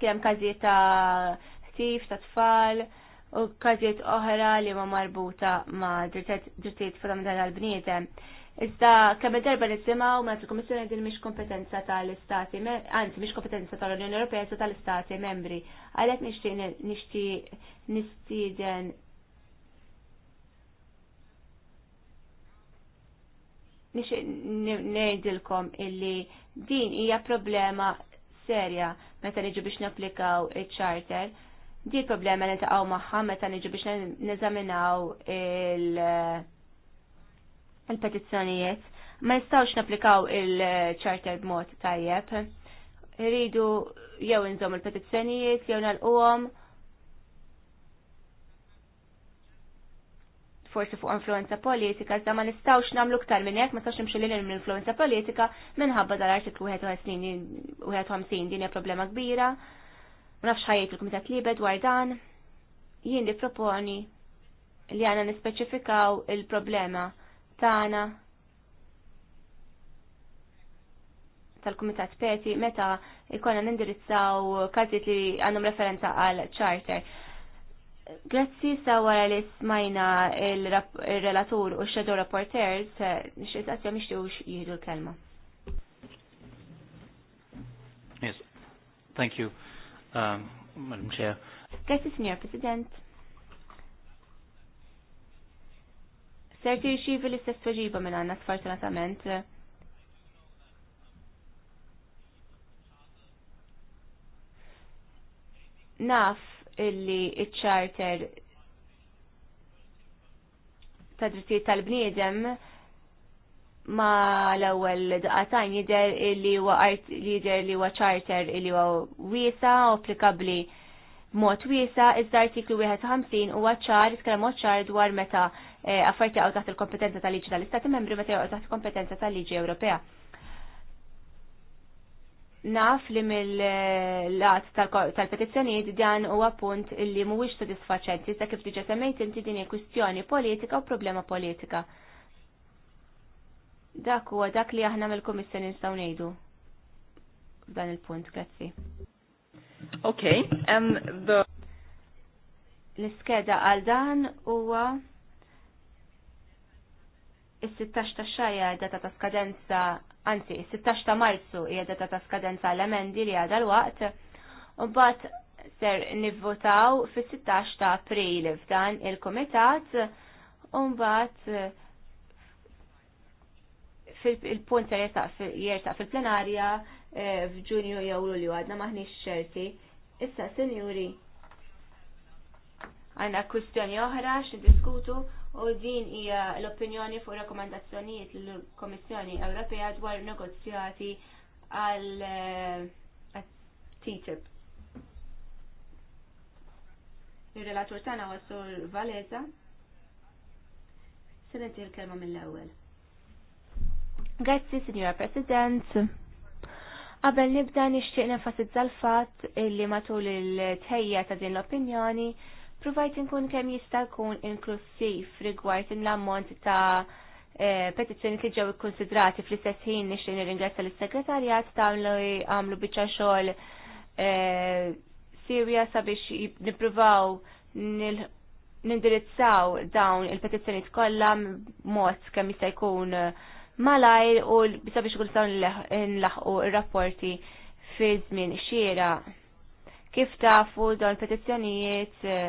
[SPEAKER 2] Kienem kazi każijiet ta' ħtif, ta' tfal u każijiet oħra li ma' marbuta ma' drittijiet fundamentali għal bniedem Iżda kemm darba nisimgħu ma mela l-Kummissjoni din mhix kompetenza tal-Istati, anzi mhix kompetenza tal-Unjoni Ewropea sa tal-Istati membri. Għalhekk nixtieq nixtieq nistieden nixtieq ngħidilkom illi din hija problema serja meta niġu biex napplikaw iċ-charter. Di problema li taqgħu magħha meta niġu biex neżaminaw il- il-petizzjonijiet ma jistawx naplikaw il-charter b'mod tajjeb. Rridu jew inżom il-petizzjonijiet jew nalquhom forsi fuq influenza politika, iżda ma nistawx nagħmlu ktar minn hekk, ma nistawx nimxu lil minn influenza politika minħabba dal-artiklu 51 din hija problema kbira. u nafx ħajjed il-Kumitat Libed dwar dan. Jien li proponi li għana nispeċifikaw il-problema Tana, tal-Kumitat Peti meta ikonna nindirizzaw każijiet li għandhom referenza għal charter. Grazzi sa wara li smajna il-relatur u shadow reporters, eh, nixtiet għasja mixtiewx jihdu l-kelma.
[SPEAKER 4] Yes, thank you, um, Madam
[SPEAKER 6] Chair.
[SPEAKER 2] Grazzi, Signor President. ser tirċivi l-istess tweġiba minn għandna sfortunatament. Naf illi iċ-charter ta' drittijiet tal-bniedem ma l-ewwel daqatajn jidher li huwa art jidher li huwa charter illi huwa wiesa u applikabbli mod wiesa iżda artiklu 51 huwa ċar iskellem mod ċar dwar meta Eh, affarijiet jaqgħu taħt il-kompetenza tal-liġi tal-Istati membri meta jaqgħu taħt kompetenza tal-liġi Ewropea. Naf li mill-lat tal-petizzjonijiet dan huwa punt li mhuwiex sodisfaċenti sa kif diġa semmejt inti din kwistjoni politika u problema politika. Dak huwa dak li aħna mill-Kummissjoni nistgħu ngħidu Dan il-punt, grazzi.
[SPEAKER 1] Ok, and
[SPEAKER 2] the l-iskeda għal dan huwa Is-16 ta' xajja data ta' skadenza, anzi, is-16 ta' marzu hija data ta' skadenza l-emendi li għadha l-waqt, u bat ser nivvotaw fis-16 ta' april f'dan il-komitat, u mbagħad fil-punt ser jersaq fil-plenarja eh, f'Ġunju jew Lulju għadna maħniex ċerti. Issa, sinjuri, għandna kwistjoni oħra xin diskutu u din hija l-opinjoni fuq rakkomandazzjonijiet l-Komissjoni Ewropea dwar negozjati għal eh, TTIP. Il-relatur tagħna wasur Valeza. Se l-kelma mill-ewwel. Grazzi, Signora President. Qabel nibda nixtieq nenfasizza l-fatt li matul il-tejja ta' din l-opinjoni provajt inkun kemm jista' jkun inklusiv rigward l-ammont ta' eh, petizjoni li ġew ikkonsidrati fl-istess ħin nixtieq nirringrazzja lis-segretarjat ta' li għamlu biċċa xogħol eh, Sirja sabiex nippruvaw nindirizzaw dawn il petizzjonijiet kollha mod kemm jista' jkun malajr u sabiex kull dawn nlaħqu ir-rapporti fi żmien xiera. Kif tafu dawn il-petizzjonijiet eh,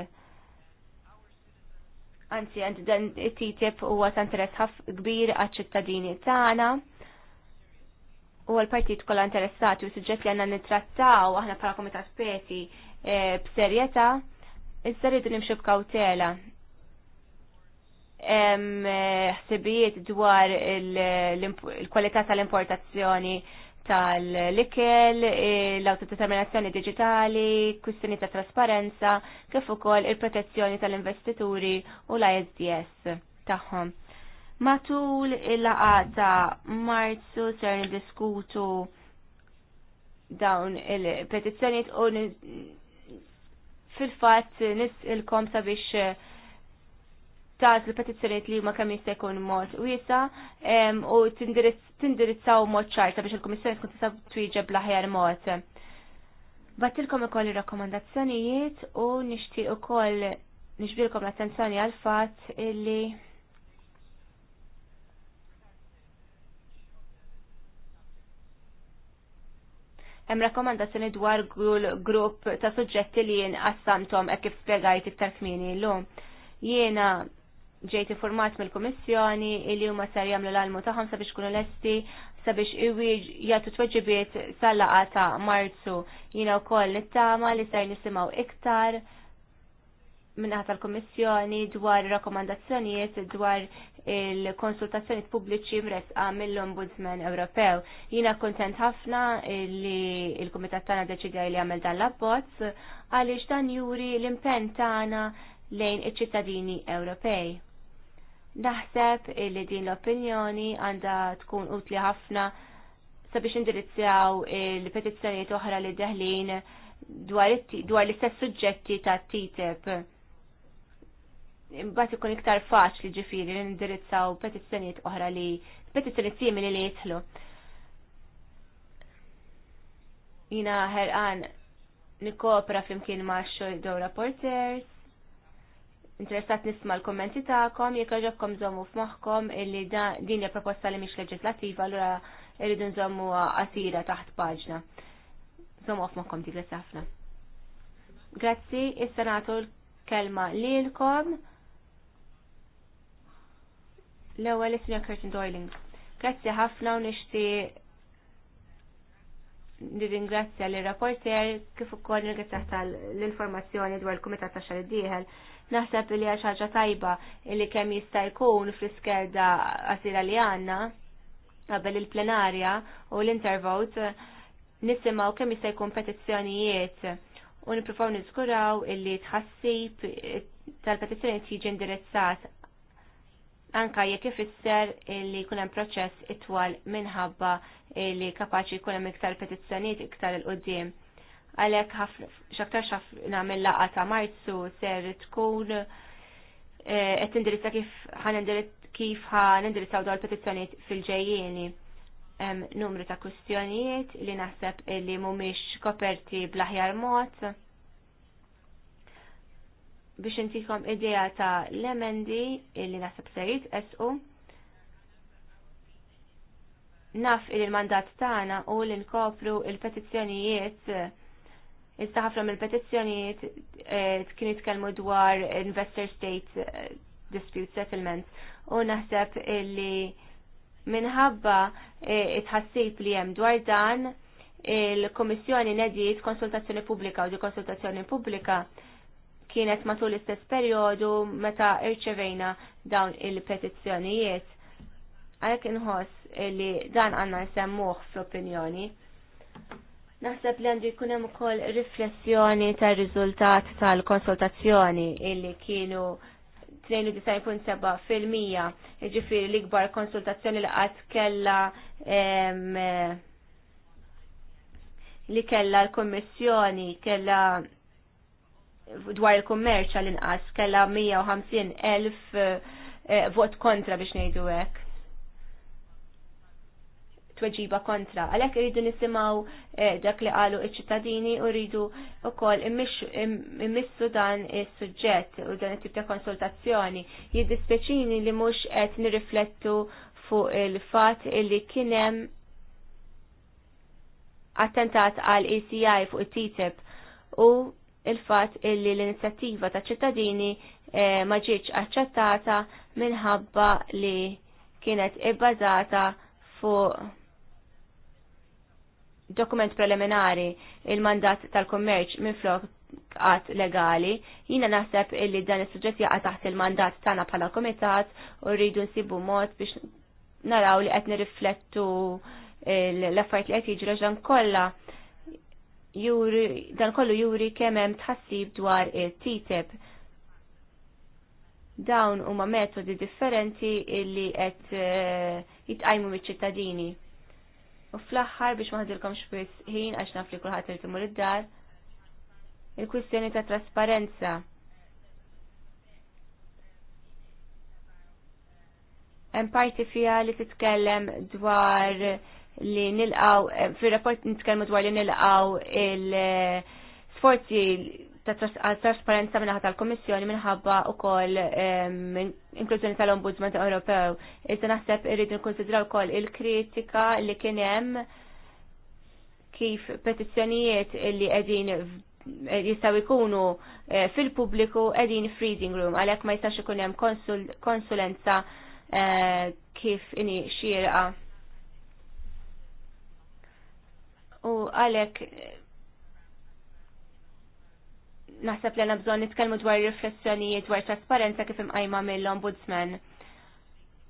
[SPEAKER 2] anzi għand dan it-TTIP huwa ta' interess ħaf kbir għaċ-ċittadini tagħna. U l-partit kollha interessati u suġġet li għandna nittrattaw aħna bħala speti b eh, b'serjetà, issa rridu nimxu b'kawtela. Eh, ħsibijiet dwar il-kwalità tal-importazzjoni tal-likel, e, l-autodeterminazzjoni digitali, kwistjoni ta' trasparenza, kif ukoll il-protezzjoni tal-investituri u l-ISDS tagħhom. Matul il-laqa ta' marzu ser diskutu dawn il petizzjonijiet u fil-fatt nis il-kom sabiex Taħt l-petizzjoniet li huma kemm jista' jkun mod wiesa u tindirizzaw mod ċarta biex il-Kummissjoni tkun tista' twieġeb l-aħjar mod. Battilkom ukoll ir-rakkomandazzjonijiet u nixtieq ukoll nixbilkom l-attenzjoni għal fatt illi hemm rakkomandazzjoni dwar grupp ta' suġġetti li jien qassamtom hekk kif spjegajt iktar kmieni llum. Jiena ġejt informat mill-Komissjoni li huma ser jagħmlu l-almu tagħhom sabiex kunu lesti sabiex iwieġ jagħtu tweġibiet sal laqgħa ta' Marzu. Jiena wkoll nittama li ser nisimgħu iktar minnaħa tal-Komissjoni dwar rakkomandazzjonijiet dwar il-konsultazzjoni pubbliċi mresqa mill-Ombudsman Ewropew. Jina kontent ħafna li il-Komitat tagħna deċidja li jagħmel dan l-abbozz għaliex dan juri l-impenn tagħna lejn iċ-ċittadini Ewropej. Naħseb li din l-opinjoni għandha tkun utli ħafna sabiex indirizzjaw il-petizzjonijiet oħra li deħlin dwar l-istess suġġetti ta' TTIP. Imbagħad ikun iktar faċli ġifieri li indirizzaw petizzjonijiet oħra li petizzjonijiet simili li jidħlu. Jina ħerqan nikopra flimkien ma' xogħol do rapporters interessat nisma l-kommenti ta'kom, jek ġobkom zomu f'moħkom illi din hija proposta li mhix leġislativa, allura irridu nżommu għasira taħt paġna. Zomu f'moħkom dik ħafna. Grazzi, issa nagħtu l-kelma lilkom. L-ewwel ismija Curtin Doiling. Grazzi ħafna u nixtieq nirringrazzja l-rapporter kif ukoll nirringrazzja l informazzjoni dwar il-Kumitat ta' xar id-dieħel Naħseb li għax ħaġa tajba li kemm jista' jkun fl-iskerda għasira li għandna qabel il-plenarja u l-intervot nisimgħu kemm jista' jkun petizzjonijiet u nippruvaw niżguraw illi tħassib tal-petizzjoni tiġi indirizzat anka jekk ifisser li jkun hemm proċess itwal minħabba li kapaċi jkun hemm iktar petizzjonijiet iktar il qudiem għalek xaktar xaf namel laqa ta' marzu ser tkun eh, qed indirizza kif ħan kif ħan indirizzaw dawn petizzjonijiet fil-ġejjieni. Numru ta' kwistjonijiet li naħseb li mhumiex koperti bl-aħjar mod. Biex intikom idea ta' l-emendi li naħseb sejt esqu. Naf il-mandat tagħna u li nkopru il-petizzjonijiet Issa ħafna mill-petizzjonijiet eh, kienu jitkellmu dwar investor state eh, dispute settlement u naħseb li minħabba eh, tħassib li hemm dwar dan il-Komissjoni nediet konsultazzjoni pubblika u di konsultazzjoni pubblika kienet matul l-istess perjodu meta irċevejna dawn il-petizzjonijiet. Għalhekk inħoss li dan għandna nsemmuh fl-opinjoni Naħseb li għandu jkun hemm ukoll riflessjoni tar riżultat tal-konsultazzjoni illi kienu 92.7 fil-mija, ġifiri l-ikbar konsultazzjoni li qatt kella li kella l-Kommissjoni kella dwar il-kummerċ l inqas kella 150.000 eh, vot kontra biex ngħidu hekk tweġiba kontra. Għalhekk irridu nisimgħu eh, dak li qalu iċ-ċittadini u rridu wkoll immissu dan is-suġġett u dan it-tip ta' konsultazzjoni. Jiddispjaċini li mhux qed nirriflettu fuq il-fatt li kien hemm attentat għal ECI fuq it-TTIP u il-fatt illi l-inizjattiva ta' ċittadini eh, ma ġietx aċċettata minħabba li kienet ibbażata fuq dokument preliminari il-mandat tal-kommerċ minn flok għat legali, jina naħseb illi dan is-suġġett jaqa' taħt il-mandat tagħna bħala komitat u rridu nsibu mod biex naraw li qed nirriflettu l-affarijiet li qed jiġri dan kollha juri dan kollu juri kemm hemm tħassib dwar it-TTIP. Dawn huma metodi differenti illi qed eh, jitqajmu miċ-ċittadini U fl-aħħar biex maħdilkom ħadilkom ħin għax naf li kulħadd irid timur id-dar. Il-kwistjoni ta' trasparenza. Hemm parti fiha li titkellem dwar li nilqaw eh, fir-rapport nitkellmu dwar li nilqaw il- sforzi trasparenza minnaħat tal-Komissjoni minħabba u koll inklużjoni tal-Ombudsman Ewropew. Iżda naħseb irridu nkonsidraw koll il-kritika li kienem kif petizzjonijiet li qegħdin jistaw ikunu eh, fil-pubbliku qegħdin freezing room għalhekk ma jistax ikun hemm konsulenza eh, kif ini xierqa. U għalhekk naħseb li għanna bżonn nitkellmu dwar riflessjonijiet dwar trasparenza kif imqajma mill-ombudsman.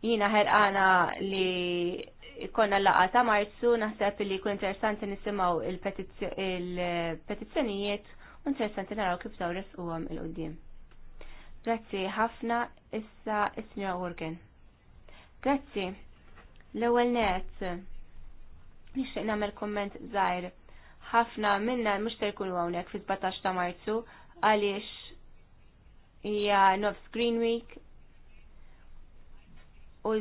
[SPEAKER 2] Jiena ħerqana li konna laqata ta' marzu naħseb li jkun interessanti nisimgħu il-petizzjonijiet u interessanti naraw kif daw resquhom il-qudiem. Grazzi ħafna issa is-Sinjora Organ. Grazzi. L-ewwel net nixtieq nagħmel komment żgħir ħafna minna mux jkunu għawnek fil 17 ta' marzu għaliex hija Novs Green Week u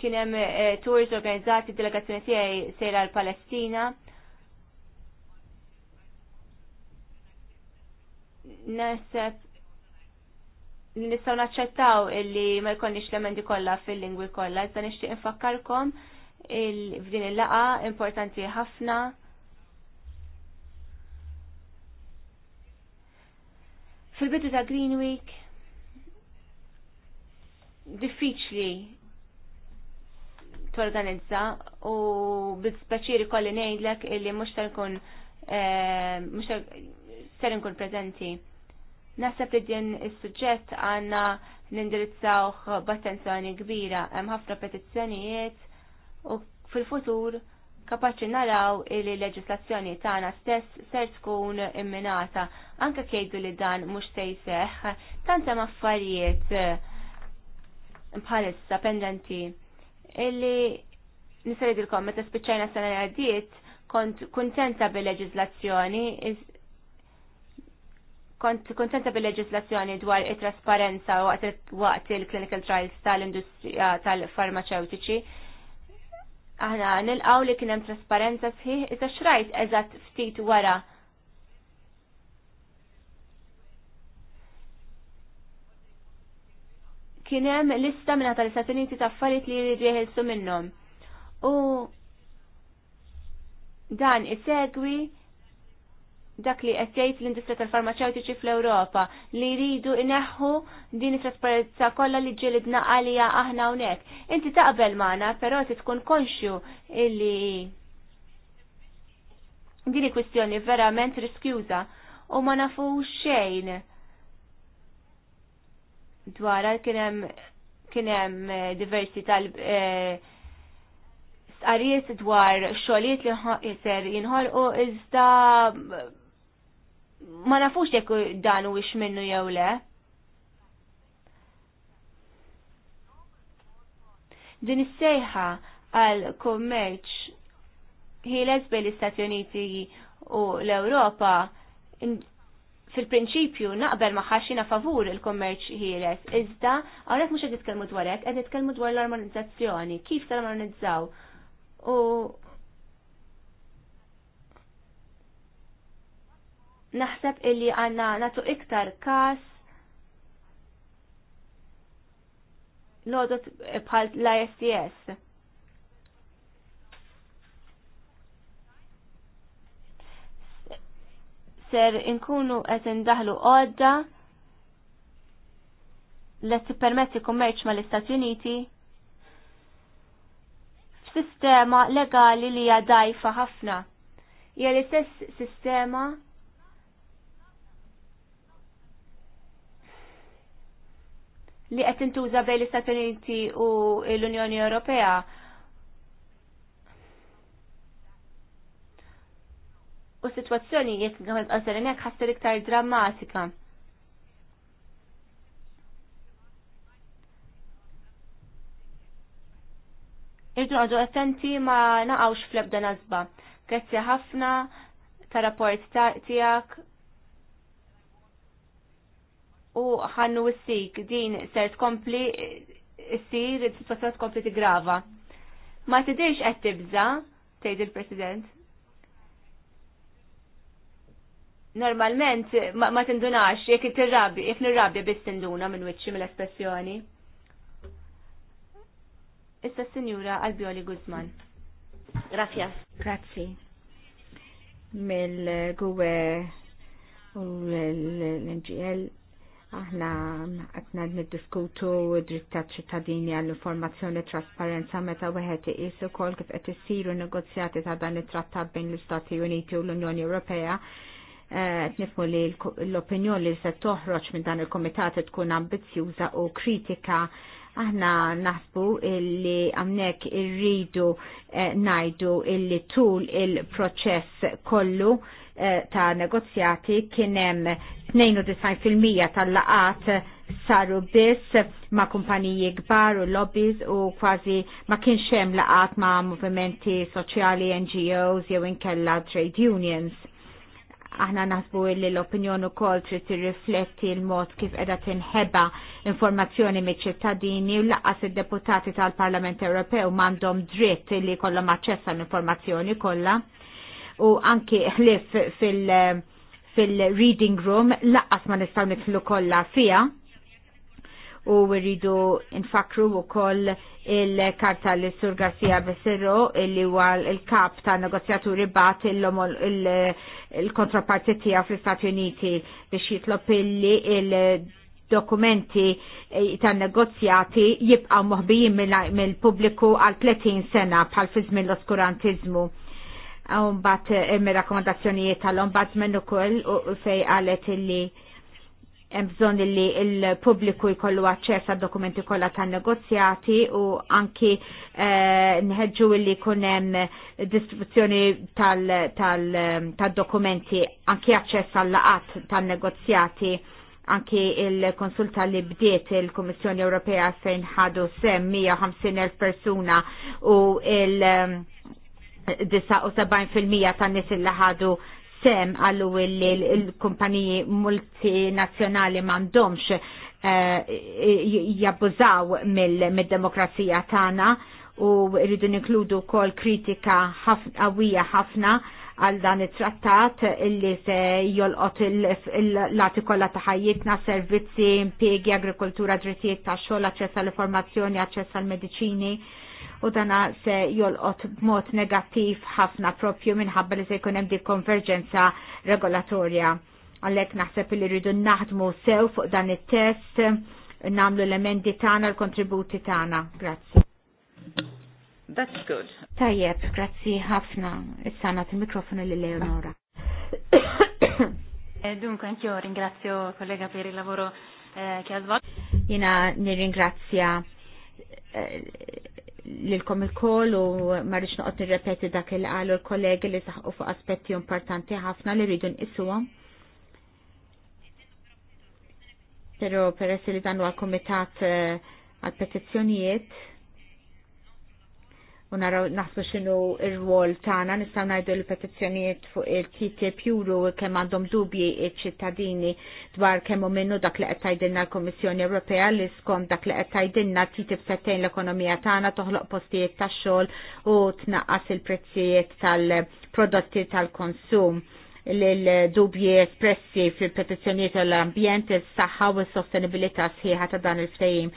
[SPEAKER 2] kien hemm eh, tours organizzati delegazzjoni tiegħi sejra l-Palestina. Naseb li nistgħu naċċettaw illi ma jkollniex l-emendi kollha fil-lingwi kollha, iżda nixtieq infakkarkom f'din il-laqa importanti ħafna Fil-bidu ta' Green Week, diffiċli torganizza u bit-speċiri kolli nejdlek illi mux tal-kun eh, mux tal-kun prezenti. Nasab li din il sujġet għanna nindirizzawħ b'attenzjoni kbira, hemm ħafna petizzjonijiet u fil-futur kapaċi naraw li leġislazzjoni tagħna stess ser tkun imminata anke kejdu li dan mhux se jseħħ tant hemm affarijiet eh, bħalissa pendenti illi nisa meta spiċċajna sena għaddiet kont kontenta bil-leġislazzjoni kont kontenta bil-leġislazzjoni dwar it-trasparenza waqt il-clinical trials tal-industrija tal-farmaceutiċi aħna nilqaw li kienem trasparenza sħiħ, iżda xrajt eżatt ftit wara. Kienem lista minna tal-Istat ta' affarijiet li jriħilsu minnhom. U dan isegwi dak li qed jgħid l-industrija tal-farmaceutiċi fl-Ewropa li jridu ineħħu din it-trasparenza kollha li ġilidna għalija aħna hawnhekk. Inti taqbel magħna, però ti tkun konxju illi din kwistjoni verament riskjuża u ma nafu xejn dwar kien hemm kien hemm eh, diversi tal eh, dwar xogħlijiet li jinħolqu iżda ma nafux jekk dan u minnu jew le. Din is-sejħa għal kummerċ ħieles bejn l-Istati Uniti u l-Ewropa fil-prinċipju naqbel ma ħaxina favur il-kommerċ ħieles, iżda għawrek mux għed dwar dwarek, għed nitkelmu dwar l-armonizzazzjoni, kif tal-armonizzaw. U naħseb illi għanna natu iktar kas lodot bħal l-ISCS. Ser inkunu qed indahlu għodda li tippermetti kummerċ mal-Istati Uniti f'sistema legali li hija ħafna. Hija l-istess sistema li qed tintuża bejn l-Istati Uniti u l-Unjoni Ewropea. U situazzjoni jekk qasar hekk ħassir iktar drammatika. Irdu għadu attenti ma naqawx fl-ebda nazba. Grazzi ħafna ta' rapport tiegħek u ħannu s-sik din ser tkompli s-sir situazzjoni tkompli tigrava. Ma tidirx qed tibża, tgħid il-President. Normalment ma tindunax jekk tirrabbi, rabbi nirrabja biss tinduna minn wiċċi mill-espressjoni. Issa s-Sinjura Albioli Guzman. Grazie.
[SPEAKER 3] Grazzi. Mill-Gwe u l-NGL Aħna għatna niddiskutu dritta ċittadini għall-informazzjoni trasparenza meta wieħed iqis ukoll kif qed issiru negozjati ta' dan it-trattat bejn l-Istati Uniti u l-Unjoni Ewropea. Għet eh, nifmu li l-opinjoni li se toħroġ minn dan il-komitat tkun ambizjuża u kritika aħna naħsbu li għamnek irridu eh, najdu illi tul il-proċess kollu Eh, ta' negozjati kienem 92% tal-laqat saru biss ma' kumpaniji kbar u lobbies u kważi ma' kienx hemm laqat ma' movimenti soċjali, NGOs jew inkella trade unions. Aħna nasbu li l-opinjoni wkoll trid tirrifletti l-mod kif qiegħda tinħeba informazzjoni miċ-ċittadini u laqas id-deputati tal-Parlament Ewropew m'għandhom dritt li jkollhom aċċess għall-informazzjoni kollha u anki ħlif fil-reading fil room laqqas ma nistaw nitlu kollha fija u rridu nfakru u koll il-karta li Sur Garcia Becerro illi huwa il-kap ta' negozjaturi bat il-kontraparti tiegħu fl-Istati Uniti biex jitlob illi il-dokumenti ta' negozjati jibqa' moħbijin mill-pubbliku għal 30 sena bħal fi żmien l-oskurantizmu Għum eh, bat il-rakomandazzjonijiet tal-ombudsman u fej għalet illi bżon li il-publiku jkollu għacċess għad dokumenti kollha tan negozjati u anki eh, nħedġu illi kunem distribuzzjoni tal-dokumenti tal, anki għacċess għall-laqat tan negozjati anki il-konsulta li bdiet il komissjoni Ewropea fejn ħadu sem 150.000 persuna u il- 79% ta' nis illi ħadu sem għallu li l-kumpaniji multinazzjonali mandomx eh, jabbużaw mill-demokrazija tagħna u rridu inkludu kol kritika qawwija ħafna għal dan it-trattat illi se jolqot l artikolla kollha ta' ħajjitna servizzi, impiegi, agrikoltura, drittijiet ta' xogħol, aċċess għall-informazzjoni, aċċess għall-mediċini u dana se jolqot b'mod negattiv ħafna propju minħabba li se jkun hemm dik konverġenza regolatorja. Għalhekk naħseb li rridu naħdmu sew fuq dan it-test namlu l-emendi tagħna l-kontributi tagħna. Grazzi. That's good. Tajjeb, grazzi ħafna. Issa nagħti il-mikrofonu li Leonora.
[SPEAKER 2] Eh, dunque, anch'io ringrazio collega per il lavoro eh, che ha svolto.
[SPEAKER 3] Jina nirringrazzja eh, lilkom il-koll u marriċ noqot nirrepeti dak il qalu l-kollegi li saħqu fuq aspetti importanti ħafna li rridu nqisuhom. Pero peress li dan huwa komitat eh, għal petizzjonijiet u naraw naħsbu xinu il rwol tagħna nistgħu ngħidu l-petizzjonijiet fuq il-TTIP juru kemm għandhom dubji iċ-ċittadini dwar kemm hu minnu dak li qed l-Kummissjoni Ewropea li skom dak li qed tgħidilna TTIP settejn l-ekonomija tagħna toħloq postijiet tax-xogħol u tnaqqas il-prezzijiet tal-prodotti tal-konsum l-dubji espressi fil-petizzjoniet tal-ambjent, il saxħa u s-sostenibilità sħiħa ta' dan il ftajim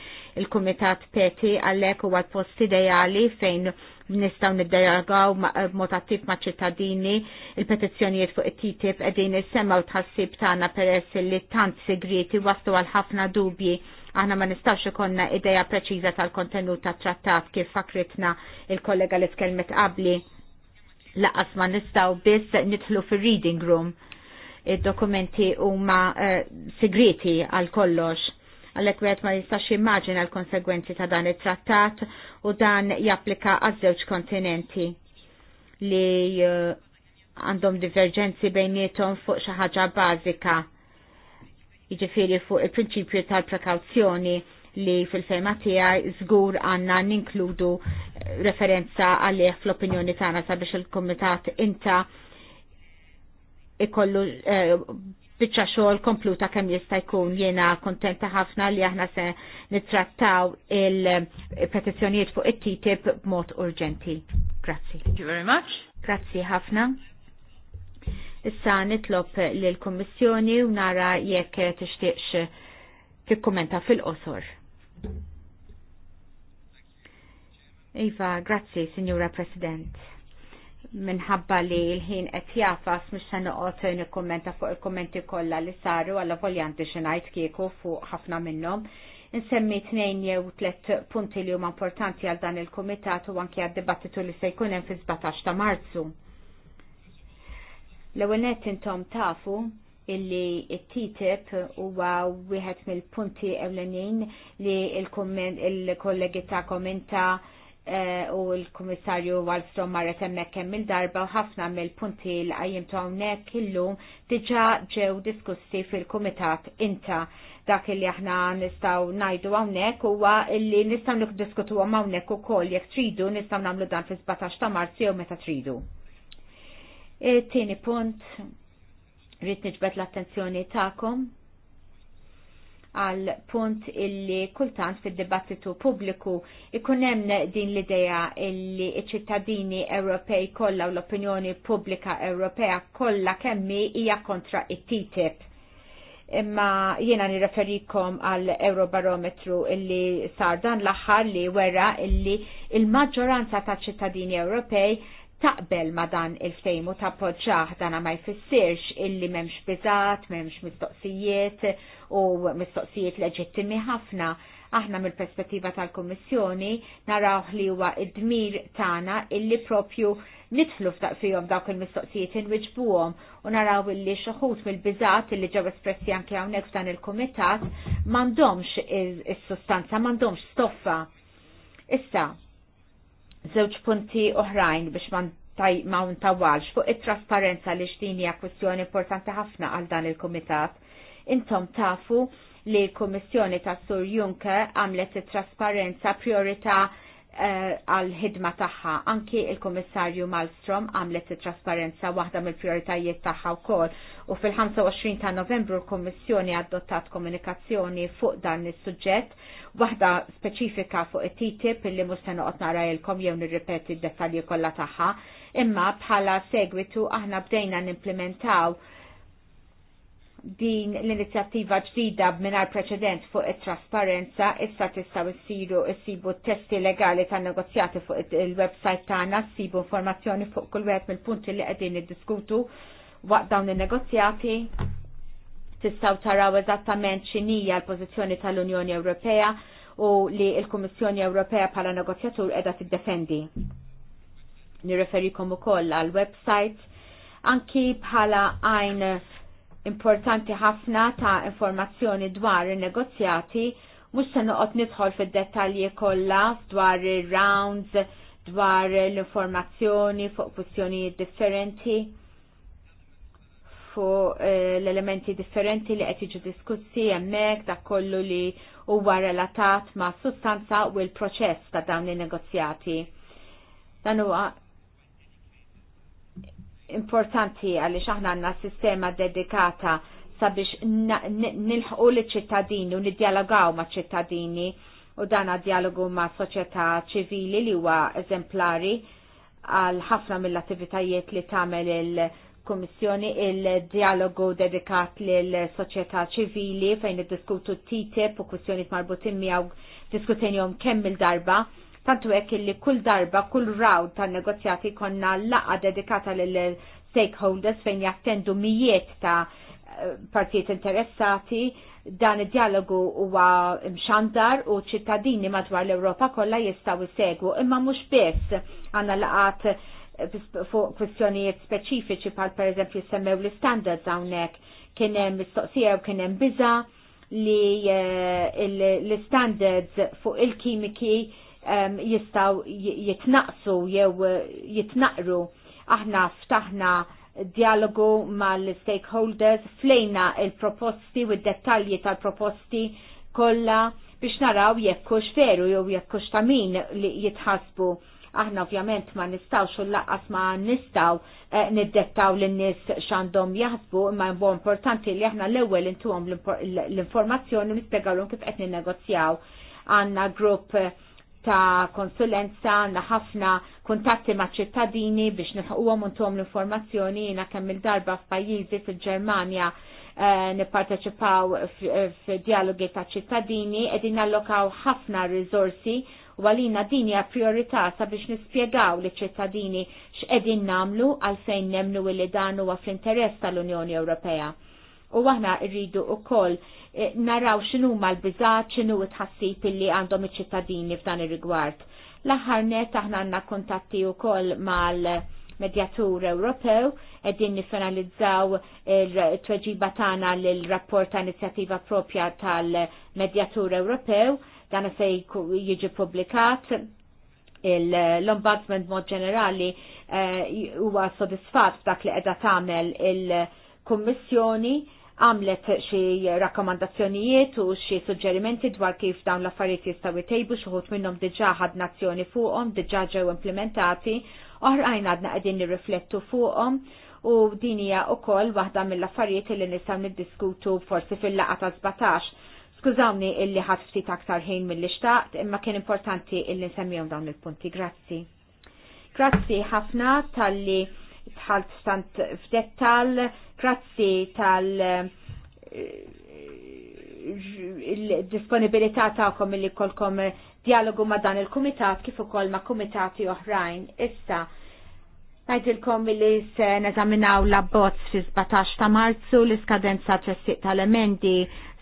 [SPEAKER 3] Il-Kumitat Peti għallek u għal-post ideali fejn nistaw nid mod attiv ma' ċittadini il-petizzjonijiet fuq it-TTIP il-semma u tħassib tagħna peress li tant segreti waslu għal ħafna dubji aħna ma nistax ikonna ideja preċiża tal-kontenut tat-trattat kif fakritna il-kollega li tkellmet qabli laqas ma nistaw biss nidħlu fir reading room id-dokumenti huma uh, segreti għal kollox għalek wieħed ma jistax immaġina l-konsegwenzi ta' dan it-trattat u dan japplika għaż-żewġ kontinenti li eh, għandhom uh, diverġenzi bejnietom fuq xi ħaġa bażika. Jiġifieri fuq il-prinċipju tal-prekawzjoni li fil fejma tiegħi żgur għandna ninkludu referenza għalih fl-opinjoni tagħna sabiex il-Kumitat inta ikollu bieċa eh, biċċa xogħol kompluta kemm jista' jkun jiena kontenta ħafna li aħna se nittrattaw il-petizzjonijiet fuq it-TTIP b'mod urġenti. Grazzi. Thank you very much. Grazzi ħafna. Issa nitlob lill-Kummissjoni u nara jekk tixtieqx tikkumenta fil-qosor. Iva, grazzi, Signora President. Minħabba li l-ħin qed jafas mhux se noqgħod nikkummenta fuq il-kummenti kollha li saru għal voljanti xi ngħid kieku fuq ħafna minnhom. Insemmi tnejn jew tliet punti li huma importanti għal dan il-kumitat u anke għad-dibattitu li se jkun hemm fi 17 ta' Marzu. L-ewwel nett intom tafu illi t ttip huwa wieħed mill-punti ewlenin li il-kollegi ta' kommenta Eh, u l-Komissarju Wallstrom marret hemmhekk hemm il-darba u ħafna mill-punti l qajjimtu hawnhekk illum diġà ġew diskussi fil-Kumitat Inta dak li aħna nistgħu ngħidu hawnhekk huwa li nistgħu niddiskutuhom hawnhekk ukoll jekk tridu nistgħu nagħmlu dan fil 17 ta' Marzu jew meta tridu. Eh, tieni punt rrid niġbed l-attenzjoni tagħkom għal punt illi kultant fil-dibattitu publiku ikunem din l-ideja illi iċ-ċittadini Ewropej kollha u l-opinjoni pubblika Ewropea kollha kemmi hija kontra it-TTIP. Imma jiena nirreferikom għal Eurobarometru illi sar dan l-aħħar li wera illi il-maġġoranza ta' ċittadini Ewropej taqbel ma dan il-ftejmu u tappoġġaħ dana ma jfissirx illi memx bizat, memx mistoqsijiet u mistoqsijiet leġittimi ħafna. Aħna mill-perspettiva tal-Kommissjoni naraw li huwa id-dmir tagħna illi propju nitħlu f'daqfijom dawk il-mistoqsijiet inwiġbuhom u naraw illi ħud mill-biżat illi ġew espressi anke hawnhekk f'dan il-kumitat m'għandhomx is-sustanza, m'għandhomx stoffa. Issa, żewġ punti oħrajn biex ma ma fuq it-trasparenza li xtini hija kwestjoni importanti ħafna għal dan il-Kumitat. Intom tafu li l-Kummissjoni ta' Sur Juncker għamlet it-trasparenza priorità Eh, għal ħidma tagħha. Anki il-Kummissarju Malmstrom għamlet it-trasparenza waħda mill-prijoritajiet tagħha wkoll u fil-25 ta' Novembru l-Kummissjoni adottat komunikazzjoni fuq dan is-suġġett, waħda speċifika fuq it-TTIP illi mhux se noqgħod narajlkom jew nirripeti d-dettalji kollha tagħha, imma bħala segwitu aħna bdejna nimplementaw din l-inizjattiva ġdida b'minar preċedent fuq it-trasparenza issa tistgħu issiru issibu testi legali tan negozjati fuq il-website tagħna, ssibu informazzjoni fuq kull wieħed mill-punti li qegħdin niddiskutu waqt dawn in-negozjati. Tistgħu taraw eżattament x'inhija l-pożizzjoni tal-Unjoni Ewropea u li l-Kummissjoni Ewropea bħala negozjatur qiegħda tiddefendi. Nirreferikom ukoll għal website anki bħala għajn importanti ħafna ta' informazzjoni dwar il-negozjati, mux se noqot nidħol fil-dettalji kollha dwar il-rounds, dwar l-informazzjoni fuq kwistjonijiet differenti, fuq eh, l-elementi differenti li qed jiġu diskussi hemmhekk dak kollu li huwa relatat ma' sustanza u l-proċess ta' dawn in-negozjati. Dan huwa importanti għalli xaħna għanna sistema dedikata sabiex nilħu li ċittadini u nidjalogaw ma ċittadini u dana dialogu ma soċjetà ċivili li huwa eżemplari għal ħafna mill-attivitajiet li tagħmel il-Kummissjoni il-dialogu dedikat lil soċjetà ċivili fejn iddiskutu TTIP u kwistjonijiet marbutin miegħu diskutejhom kemm il-darba Tantu hekk illi kull darba, kull round tan negozjati konna laqa dedikata lill stakeholders fejn jattendu mijiet ta' partijiet interessati, dan id-dialogu huwa mxandar u ċittadini madwar l-Ewropa kollha jistgħu jsegwu, imma mhux biss għandna laqat fuq kwistjonijiet speċifiċi bħal pereżempju semmew l-standards hawnhekk kien hemm mistoqsija u kien hemm biża' li eh, l-standards fuq il-kimiki jistaw jitnaqsu jew eh, jitnaqru. Aħna ftaħna dialogu mal-stakeholders, flejna il-proposti u dettalji tal-proposti kollha biex naraw jekkux veru jew jekkux ta' min li jitħasbu. Aħna ovvjament ma nistawx u laqqas ma nistaw eh, niddettaw l-nis xandom jaħsbu imma jimbo importanti li aħna l-ewwel intuhom l-informazzjoni l-un kif qed ninnegozjaw. Għandna grupp eh, ta' konsulenza għanna ħafna kuntatti ma' ċittadini biex nilħquhom untom l-informazzjoni jiena kemm il-darba f'pajjiżi fil-Ġermanja eh, nipparteċipaw f'dialogi ta' ċittadini qegħdin nallokaw ħafna rizorsi u għalina din hija priorità sabiex nispjegaw li ċittadini x'qegħdin namlu għalfejn nemnu li dan huwa fl-interess tal-Unjoni Ewropea U aħna rridu wkoll eh, naraw x'inhu l-biżat, x'inhu tħassib illi għandhom iċ-ċittadini f'dan ir-rigward. L-aħħar net aħna għandna kuntatti wkoll mal medjatur Ewropew qegħdin nifinalizzaw il-tweġiba tagħna lill-rapport ta' inizjattiva propja tal-Medjatur Ewropew dan se jiġi publikat l-Ombudsman mod ġenerali eh, huwa uh, f'dak dak li qiegħda tagħmel il-Kummissjoni għamlet xie rakkomandazzjonijiet u xie suġġerimenti dwar kif dawn l-affarijiet jistaw jtejbu xuħut minnhom diġà ħad nazzjoni fuqhom, diġà ġew implementati, oħrajn għadna qegħdin nirriflettu fuqhom u din hija wkoll waħda mill-affarijiet li nistgħu niddiskutu forsi fil-laqgħa ta' 17. Skużawni illi ħadd ftit aktar ħin mill xtaqt, imma kien importanti illi nsemmihom dawn il-punti. Grazzi. Grazzi ħafna tal-li tħalt stant f'dettal, prazzi tal eh, il-disponibilità ta'kom li kolkom dialogu ma dan il-komitat kif ukoll ma komitati oħrajn. Issa, Għajdilkom li se neżaminaw l-abbozz fi 17 ta' marzu l-iskadenza tressiq tal-emendi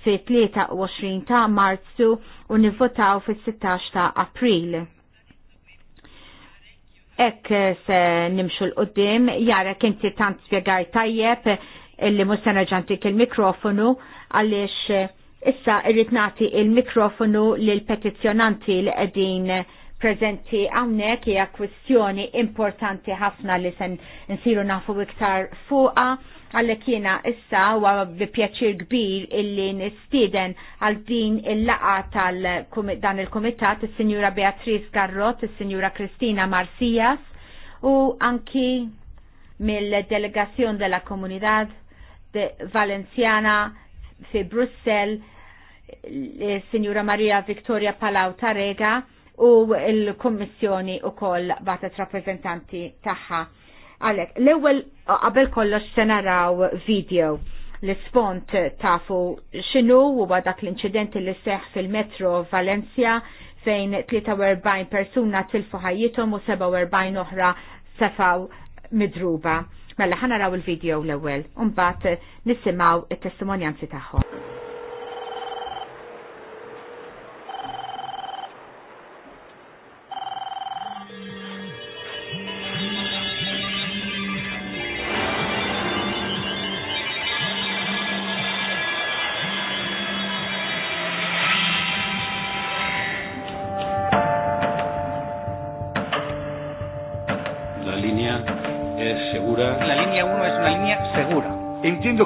[SPEAKER 3] fi 23 ta' marzu u nivvotaw fi 16 ta' april. Ek eh, se nimxu l-qoddim, jara kinti tant spiegar tajjeb eh, illi mustana ġantik il-mikrofonu għalix eh, issa irrit nati il-mikrofonu l-petizjonanti li qegħdin prezenti għawnek hija kwestjoni importanti ħafna li sen nsiru nafu iktar fuqa għallek jena issa huwa bi pjaċir kbir illi nistieden għal din il-laqa tal dan il-komitat is-Sinjura Beatriz Garrot, is-Sinjura Kristina Marcias, u anki mill-delegazzjon della Comunidad de Valenciana fi Brussel, Sinjura Maria Victoria Palau Tarega u l-Kommissjoni u koll batet rappresentanti taħħa Għalek, l-ewel qabel kollox se naraw video l-spont tafu xinu u dak l-inċidenti li seħ fil-metro Valencia fejn 43 persuna tilfu ħajjithom u 47 oħra sefaw midruba. Mela ħanaraw il-video l-ewwel, u mbagħad nisimgħu il testimonjanzi tagħhom.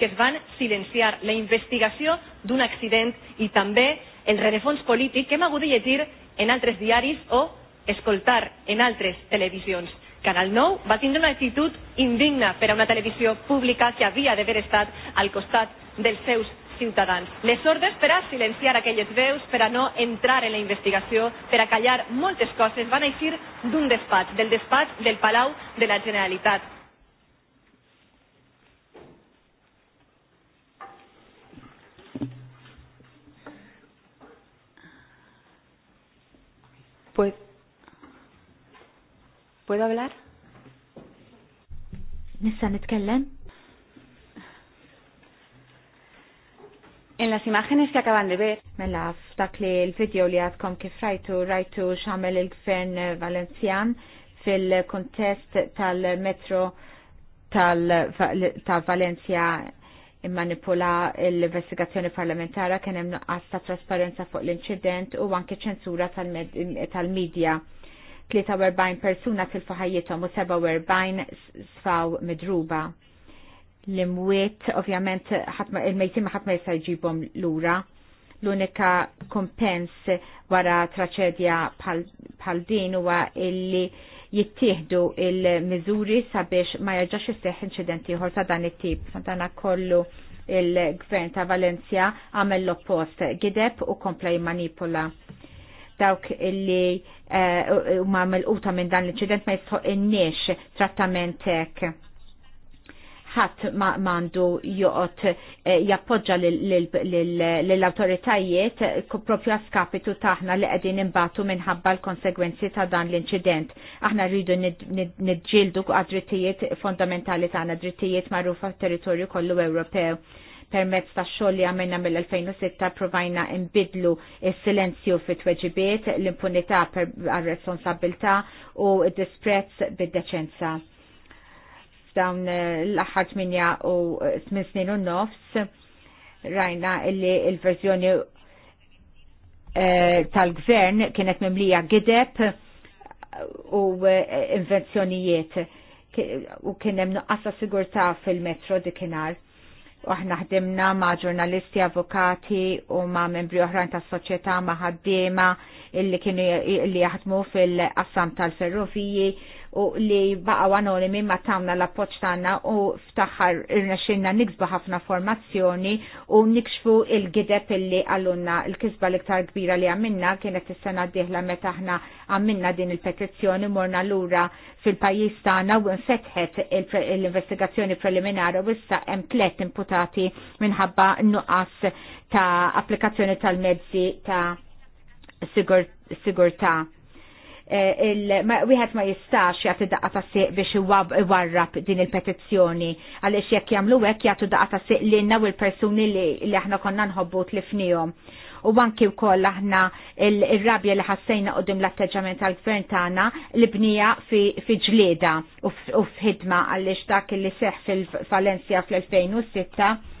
[SPEAKER 7] que van silenciar la investigación de un accidente y también el renefons polític que hem hagut de llegir en altres diaris o escoltar en altres televisions. Canal 9 va tindre una actitud indigna per a una televisió pública que havia d'haver estat al costat dels seus ciutadans. Les ordres per a silenciar aquelles veus, per a no entrar en la investigació, per a callar moltes coses, van eixir d'un despatx, del despatx del Palau de la Generalitat. Pues, ¿Puedo hablar? Nissa nitkellem?
[SPEAKER 3] En las imágenes que acaban de ver. Mela, f'dak li l-video li għadkom kif rajtu, rajtu xamel il-gvern valenzjan fil-kontest tal-metro tal-Valencia immanipula l-investigazzjoni parlamentara kien hemm nuqqas ta' trasparenza fuq l-inċident u anke ċensura tal-medja. 43 persuna tilfu ħajjithom u 47 sfaw midruba. L-imwiet ovvjament il-mejtim ħadd ma jista' jġibhom lura. L-unika kompens wara traċedja bħal din huwa illi jittieħdu il-miżuri sabiex ma jerġax isseħ incidenti ieħor ta' dan it-tip. Santana kollu il-gvern ta' Valencia għamel l-oppost gideb u komplej manipola dawk illi huma eh, uh, mel-uta minn dan l-inċident ma jistħoq in trattament hekk ħadd m'għandu joqgħod eh, jappoġġa lill-awtoritajiet eh, propju skapitu taħna li qegħdin imbatu minħabba l-konsegwenzi ta' dan l-inċident. Aħna rridu niġġieldu għad-drittijiet fondamentali tagħna drittijiet magħrufa territorju kollu Ewropew permezz ta' xogħol li għamilna mill-2006 provajna imbidlu il-silenzju fit tweġibiet l-impunità għal responsabilità u d disprezz bid-deċenza f'dawn eh, l-aħħar 8 u 8 eh, snin u nofs rajna illi il-verżjoni eh, tal-gvern kienet mimlija gideb u invenzjonijiet u kienem nuqqasa sigurta fil-metro dikinar. U aħna ħdimna ma' ġurnalisti, avokati u ma' membri oħrajn ta' soċjetà ma' ħaddiema illi kienu illi jaħdmu fil-qassam tal-ferroviji u li baqgħu anonimi ma tagħna l-appoġġ tagħna u ftaħar irnexxinna niksbu ħafna formazzjoni u nikxfu il-gideb illi għallunna l-kisba l-iktar kbira li għamilna kienet is-sena diħla meta għamilna din il-petizzjoni morna lura fil-pajjiż tagħna u nfetħet l-investigazzjoni preliminari u issa hemm tliet imputati minħabba nuqqas ta' applikazzjoni tal-mezzi ta' sigurtà. Eh, wieħed ma jistax jagħti daqqa ta' sieq biex iwarrab din il-petizzjoni għaliex jekk jagħmlu hekk jagħtu daqqa ta' sieq lilna u l-persuni li aħna konna nħobbu tlifniehom. U anki wkoll aħna il-rabja li ħassejna qudiem l-atteġġament tal-gvern tagħna li bnija fi ġlieda u f'ħidma għaliex dak li seħħ fil-Valencia fl-2006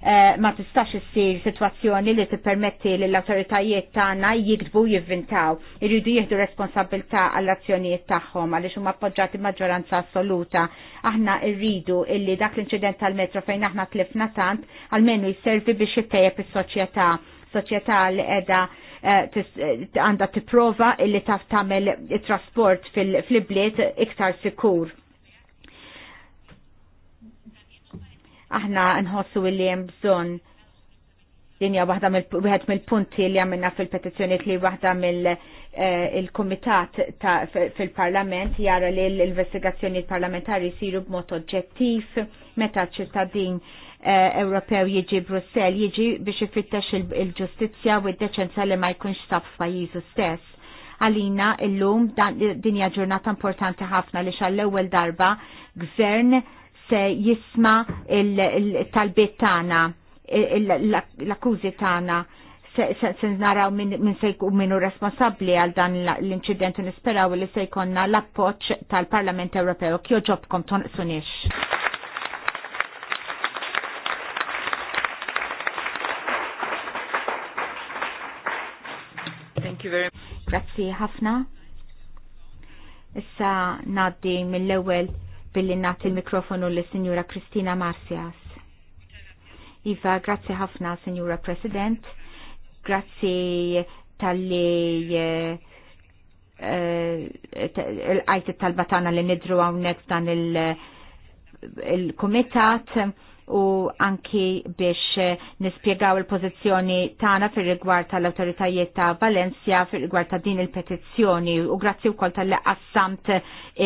[SPEAKER 3] Eh, ma tistax issir situazzjoni li tippermetti li l-autoritajiet tagħna jiktbu jivvintaw, irridu jieħdu responsabilità għall-azzjonijiet tagħhom għaliex huma appoġġati maġġoranza assoluta. Aħna rridu illi dak l-inċident tal-metro fejn aħna tlifna tant għalmenu jisservi biex jittejjeb is-soċjetà, soċjetà li qiegħda eh, għandha tipprova illi taf tagħmel it-trasport fil-bliet iktar sikur aħna nħossu li hemm bżonn dinja waħda wieħed mill-punti li għamilna fil-petizzjoniet li waħda mill-komitat eh, fil-parlament jara li l-investigazzjoni parlamentari jisiru b'mod oġġettiv meta ċittadin eh, Ewropew jiġi Brussell jiġi biex ifittex il-ġustizzja u d-deċenza li ma jkunx taf f'pajjiżu stess. Għalina illum dinja ġurnata importanti ħafna li xall-ewwel darba gvern se jisma il-talbiet tagħna, l-akkużi tagħna se naraw minn se jkun minnu responsabbli għal dan l-inċident u nisperaw li se jkollna l-appoġġ tal-Parlament Ewropew kjo ġobkom tonqsunix. Thank you Grazzi ħafna. Issa naddi mill-ewwel billi nat il-mikrofonu li signora Kristina Marcias. Iva, grazie ħafna, Signora President. Grazzi tal-li eh, eh, l-għajt tal-batana li nidru għawnek dan il-komitat. il komitat u anki biex eh, nispiegaw il-pozizjoni tana fir rigward tal-autoritajiet ta' Valencia fir rigward ta' din il-petizzjoni u grazzi wkoll tal assamt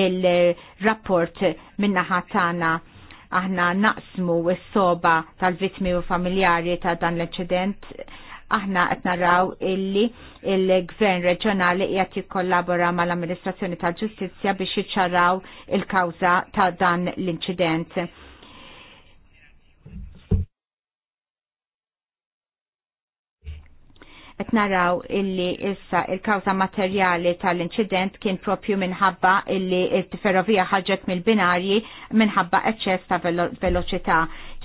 [SPEAKER 3] il-rapport minnaħa tana aħna naqsmu s-soba tal-vitmi u familjari ta' dan l incident aħna qed naraw illi il-Gvern Reġjonali qiegħed jikkollabora mal-Amministrazzjoni tal-Ġustizzja biex jiċċaraw il-kawża ta' dan l-inċident qed naraw illi issa il-kawża materjali tal-inċident kien propju minħabba illi il-ferrovija ħaġet mill-binarji minħabba eċċess ta' veloċità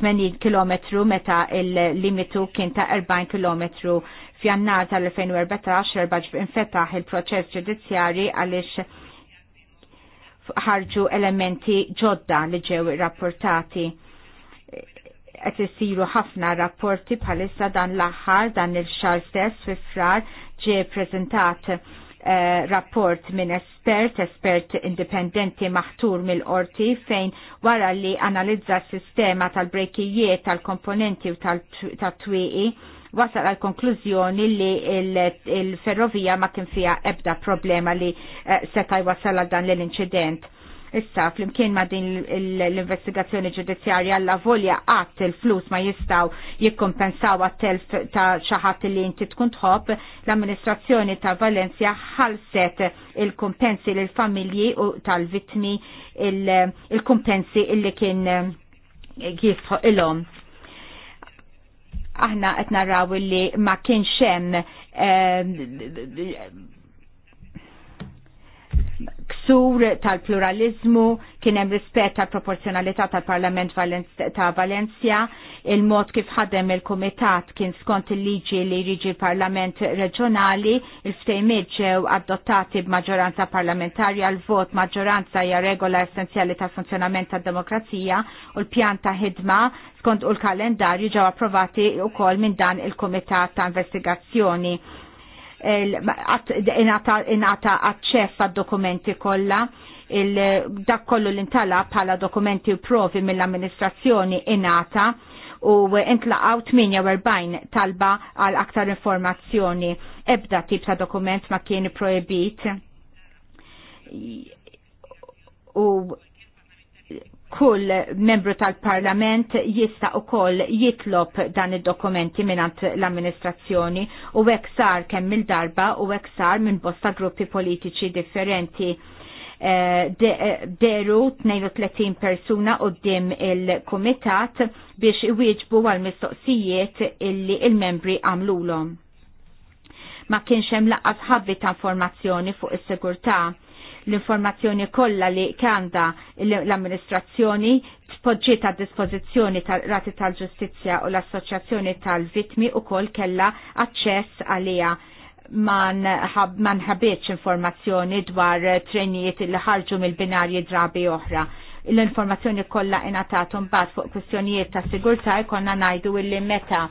[SPEAKER 3] 80 km meta il-limitu kien ta' 40 km f'jannar tal-2014 erbaġ infettaħ il-proċess ġudizzjari għaliex ħarġu elementi ġodda li ġew rapportati qed isiru ħafna rapporti bħalissa dan l-aħħar dan il-xar stess fi frar ġie preżentat eh, rapport minn espert, espert indipendenti maħtur mill-qorti fejn wara li analizza s-sistema tal-brejkijiet, tal-komponenti u tal-twiqi wasal għal konklużjoni li il-ferrovija ma kien fija ebda problema li eh, setaj wasal għal dan l-inċident Issa, flimkien ma din l-investigazzjoni ġudizzjarja alla volja għat il-flus ma jistaw jikkompensaw għat-telf ta' xaħat li inti tkun tħobb, l-amministrazzjoni ta' Valencia ħalset il-kompensi l-familji u tal-vitmi il-kompensi illi kien jisħu il-om. Aħna qed naraw li ma kienx hemm eh, ksur tal-pluralizmu, kien hemm rispett tal-proporzjonalità tal-Parlament ta' Valencia, il-mod kif ħadem il-Kumitat kien skont il-liġi li jriġi l-Parlament reġjonali, il-ftejmiet ġew adottati b'maġġoranza parlamentarja għal vot maġġoranza hija regola essenzjali tal funzjonament tad-demokrazija u l-pjan ta' ħidma skont u l-kalendarju ġew approvati wkoll minn dan il-Kumitat ta' Investigazzjoni inata aċċess għad dokumenti kollha dak kollu l-intala bħala dokumenti u provi mill-amministrazzjoni inata u intlaqaw 48 talba għal aktar informazzjoni. Ebda tip ta' dokument ma kien proibit. U kull membru tal-parlament jista' ukoll jitlob dan id-dokumenti minant l-amministrazzjoni u hekk sar kemm il-darba u hekk sar minn bosta gruppi politiċi differenti. Eh, eh, deru 32 persuna qoddim il-komitat biex iwieġbu għal-mistoqsijiet illi il-membri għamlulhom. Ma kienx hemm laqqas ħabbi ta' informazzjoni fuq is-sigurtà l-informazzjoni kollha li kanda l-amministrazzjoni tpoġġiet a dispożizzjoni tal-Rati tal-Ġustizzja u l-Assoċjazzjoni tal-Vitmi u koll kella aċċess għalija man ħabieċ informazzjoni dwar trenijiet li ħarġu mill-binarji drabi oħra l-informazzjoni kollha ingħatat mbagħad fuq kwistjonijiet ta' sigurtà jkollna ngħidu illi meta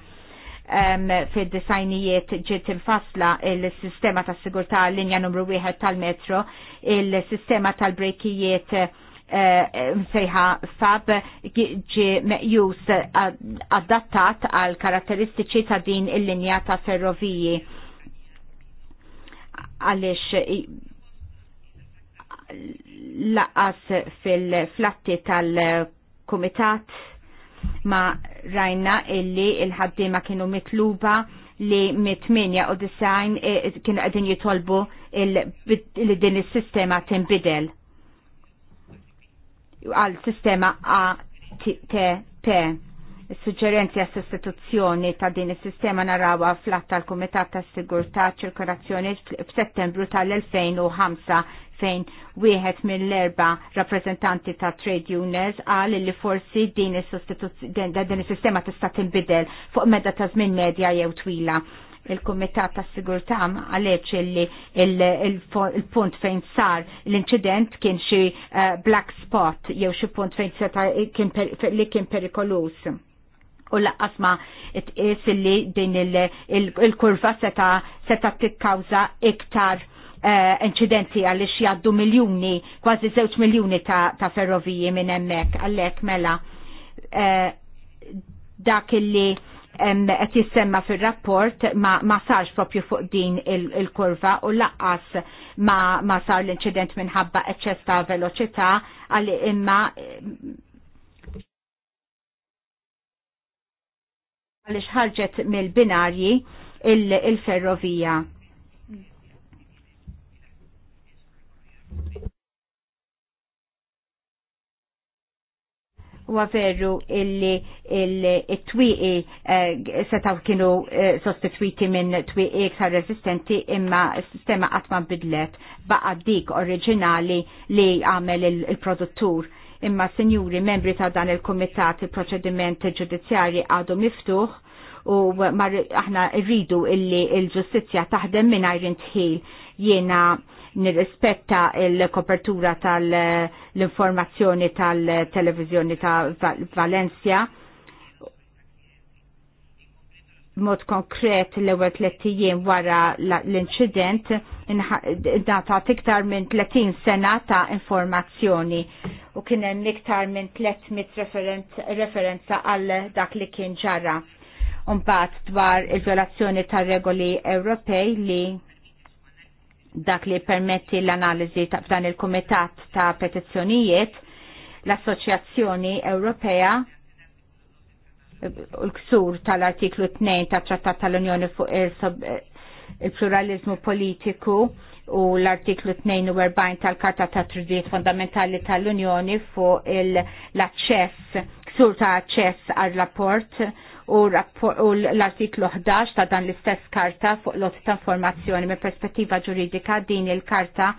[SPEAKER 3] um, fid disajnijiet ġiet infasla il-sistema ta' sigurtà linja numru wieħed tal-metro, il-sistema tal-brejkijiet eh, msejħa uh, fab ġi meqjus adattat għal karatteristiċi ta' din il-linja ta' ferroviji għalix laqas fil-flatti tal-komitat ma rajna illi il-ħaddiema kienu mitluba li mit u design eh, kienu għedin jitolbu li din is-sistema tinbidel għal sistema ATP. Suġġerenzi għas sostituzzjoni ta' din is-sistema narawa fl-att tal-Kumitat ta' Sigurtà Ċirkolazzjoni f'Settembru tal-2005 fejn wieħed mill-erba rappresentanti ta' trade unions għal li forsi din is-sistema tista' tinbidel fuq medda ta' żmien medja jew twila il-Kumitat ta' Sigurtà għalhekk li il-punt fejn sar l-inċident kien xi eh, black spot jew xi punt fejn seta li kien perikolus. U laqqas ma tqis li din il-kurva seta tikkawża iktar Eh, incidenti għalli xjaddu miljoni, kważi zewċ miljoni ta', ta ferroviji minn emmek, għallek mela eh, dak illi qed jissemma fir-rapport ma, ma sarx propju fuq din il-kurva il u laqqas ma, ma sar l-inċident minħabba eċċess ta' veloċità għal imma għaliex ħarġet mill-binarji il-ferrovija. il, il ferrovija huwa veru illi il-twiqi eh, setaw kienu eh, sostitwiti minn twiqi iktar resistenti imma s-sistema għatma bidlet baqa dik oriġinali li għamel il-produttur. Imma senjuri membri ta' dan il-komitat il-proċediment ġudizzjari għadu miftuħ u aħna rridu illi il-ġustizja taħdem minn ajrin tħil Jiena nirrispetta il-kopertura tal-informazzjoni tal-televizjoni ta' Valencia mod konkret l ewwel tlettijiem wara l-inċident data iktar minn 30 sena ta' informazzjoni u kien hemm iktar minn 300 referenza għal dak li kien ġara. Umbat dwar il-violazzjoni tar regoli Ewropej li dak li permetti l-analizi ta' f'dan il-Kumitat ta' Petizzjonijiet, l-Assoċjazzjoni Ewropea u l-ksur tal-artiklu 2 ta' Trattat tal-Unjoni fuq il-pluralizmu politiku u l-artiklu 42 tal-Karta ta' Tridiet Fondamentali tal-Unjoni fuq l-aċċess, ksur ta' aċċess għal-rapport u l-artiklu 11 ta' dan l-istess karta fuq lot ta' informazzjoni me perspettiva ġuridika din il-karta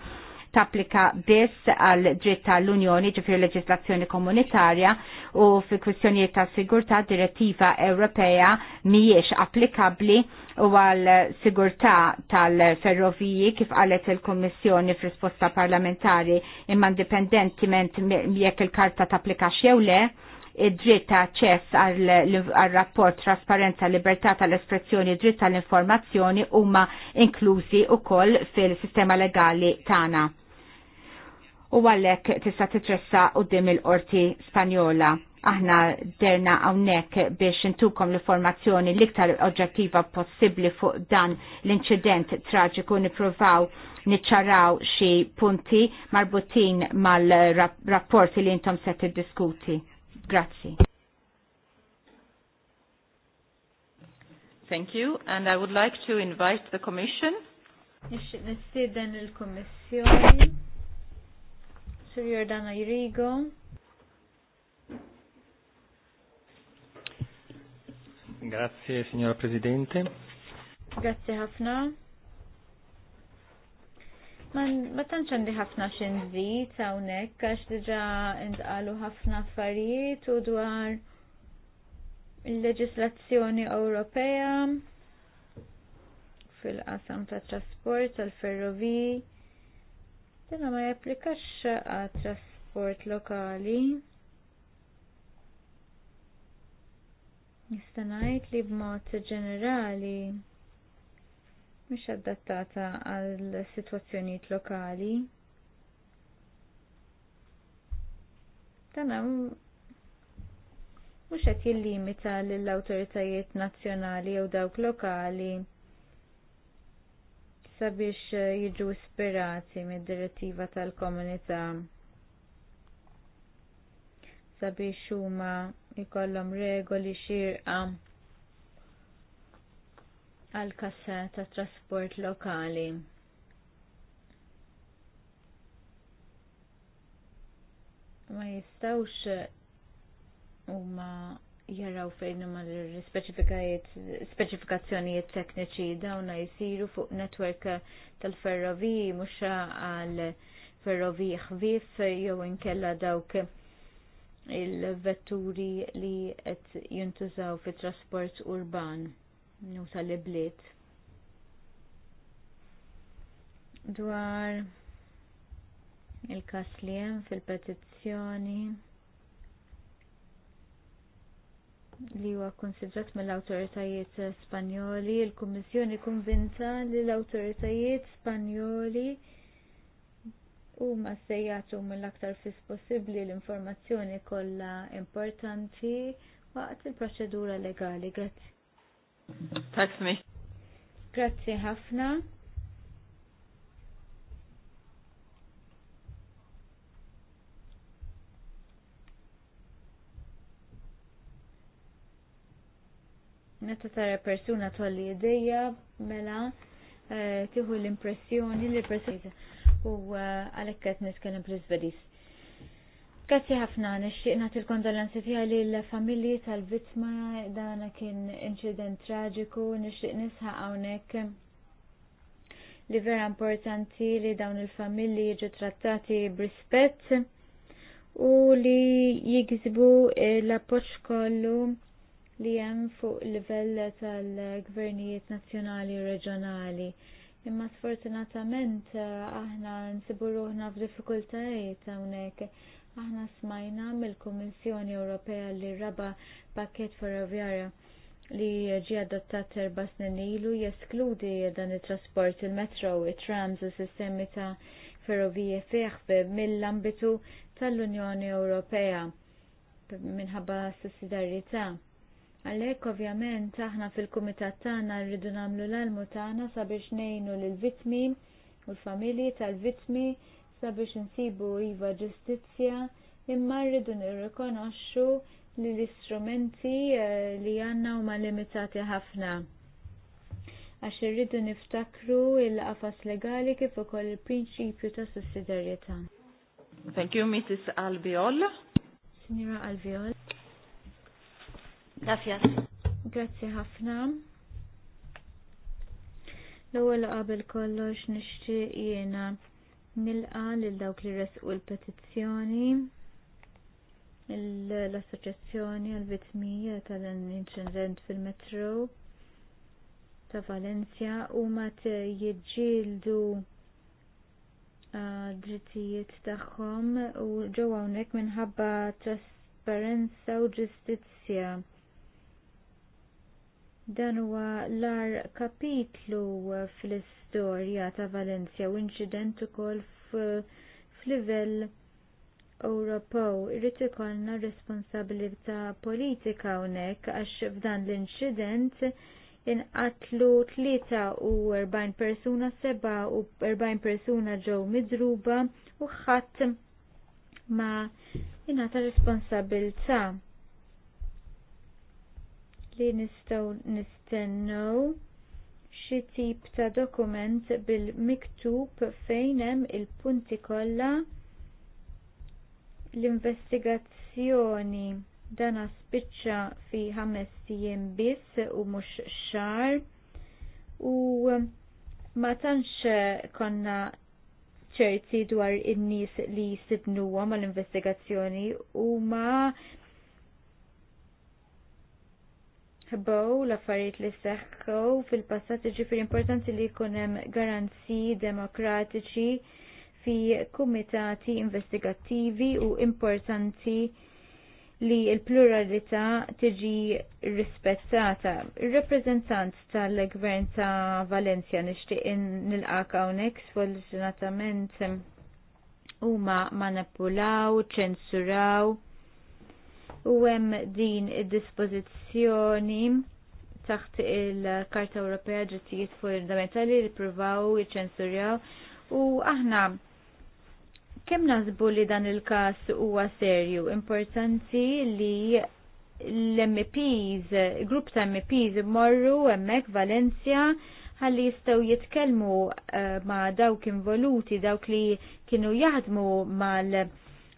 [SPEAKER 3] tapplika biss għal dritt tal-Unjoni ġifir leġislazzjoni komunitarja u fi kwistjonijiet ta' sigurtà direttiva Ewropea mhijiex applikabbli u għal sigurtà tal-ferroviji kif qalet il-Kommissjoni f'risposta parlamentari imma indipendentiment jekk il-karta tapplika xew le id-dritt ta' ċess għal rapport trasparenza libertà tal-espressjoni dritt tal-informazzjoni huma inklużi wkoll fil-sistema legali tagħna. U għalhekk tista' titressa quddiem il-qorti Spanjola. Aħna derna hawnhekk biex intukom l-informazzjoni l-iktar oġġettiva possibbli fuq dan l-inċident traġiku nippruvaw niċċaraw xi punti marbutin mal-rapporti li intom se tiddiskuti Grazie.
[SPEAKER 1] Thank you, and I would like to invite the Commission.
[SPEAKER 3] Irigo.
[SPEAKER 5] Grazie, signora Presidente.
[SPEAKER 3] Grazie Hafna ma tantx għandi ħafna xinżit hawnhekk għax diġà intqalu ħafna affarijiet u dwar il-leġislazzjoni Ewropea fil-qasam ta' trasport tal-ferrovi. Dena ma japplikax għat trasport lokali. Nistanajt li b'mod ġenerali mhix adattata għal sitwazzjonijiet lokali. Dan mhux qed jillimita lill-awtoritajiet nazzjonali jew dawk lokali sabiex eh, jiġu ispirati mid-direttiva tal-komunità sabiex huma jkollhom regoli xirqa għal kassa ta' trasport lokali. Ma jistawx u ma jaraw fejn ma l-speċifikazzjonijiet tekniċi dawna jisiru fuq netwerk tal-ferroviji mhux għal ferroviji ħvif jew inkella dawk il-vetturi li qed jintużaw fit trasport urban nusa li bliet dwar il-kas li hemm fil-petizzjoni li huwa konsidrat mill-awtoritajiet Spanjoli, il-Kummissjoni konvinta li l-awtoritajiet Spanjoli huma ma jagħtu mill-aktar fis possibbli l-informazzjoni kollha importanti waqt il-proċedura legali. Grazie. Tack Grazie ħafna. Meta tara persuna tolli ideja, mela eh, tieħu l-impressjoni li persuna u eh, għalhekk qed nitkellem bl-Iżvedis. Grazie ħafna, nixtieq nagħti l-kondolenzi tiegħi lill-familji tal-vittma dan kien inċident traġiku, nixtieq nisħaq hawnhekk li vera importanti li dawn il-familji jiġu trattati b'rispett u li jigżbu l-appoġġ kollu li hemm fuq livell tal-gvernijiet nazzjonali u reġjonali. Imma sfortunatament eh, aħna nsibu ruħna f'diffikultajiet hawnhekk Aħna smajna mill-Kummissjoni Ewropea li raba pakket ferroviarja li ġi adottat erba snin ilu jeskludi dan it-trasport il-metro, it-trams, il-sistemi ta' ferrovije feħbe mill-ambitu tal-Unjoni Ewropea minħabba sussidarjetà. Għalhekk ovvjament aħna fil-kumitat tagħna rridu nagħmlu l-almu tagħna sabiex ngħinu lill-vittmi u l-familji tal-vittmi sabiex insibu iva ġustizzja imma rridu nirrikonoxxu li l-istrumenti eh, li għandna huma limitati ħafna. Għax irridu niftakru l qafas legali kif ukoll il-prinċipju ta' sussidjarjetà.
[SPEAKER 1] Thank you, Mrs. Albiol.
[SPEAKER 3] Signora Albiol. Grazie. Grazie ħafna. L-ewwel qabel kollox nixtieq jiena nilqa lil dawk li resqu l-petizzjoni l-Assoċjazzjoni għal-Vitmija tal-Inċident fil-Metro ta' Valencia u mat jidġildu ah, drittijiet tagħhom u ġewwa hawnhekk minħabba trasparenza u ġustizzja Dan huwa l-ar kapitlu fl-istorja ta' Valencia u inċident ukoll f'livell Ewropew irrid ikollna responsabilità politika hawnhekk għax f'dan l-inċident inqatlu 43 persuna seba u 40 persuna ġew midruba u ħadd ma ingħata responsabilità li nistgħu nistennew xi tip ta' dokument bil-miktub fejn hemm il-punti kollha l-investigazzjoni dan spiċċa fi ħames sijiem biss u mhux xar u ma tantx konna ċerti dwar in-nies li jisibnuhom mal investigazzjoni u ma ħbow l-affarijiet li seħħu fil-passat ġifir importanti li jkun hemm garanziji demokratiċi fi kumitati investigattivi u importanti li l-pluralità tiġi rispettata. Il-reprezentant tal-Gvern ta' Valencia nixtieq nilqak hawnhekk sfortunatament huma manipulaw, ċensuraw u hemm din id-dispożizzjoni taħt il-Karta Ewropea Ġittijiet Fundamentali li pruvaw jiċċensurjaw u aħna kemm naħsbu li dan il-każ huwa serju importanti li l-MPs, grupp ta' MPs morru hemmhekk Valencia ħalli jistaw jitkellmu eh, ma' dawk involuti, dawk li kienu jaħdmu mal-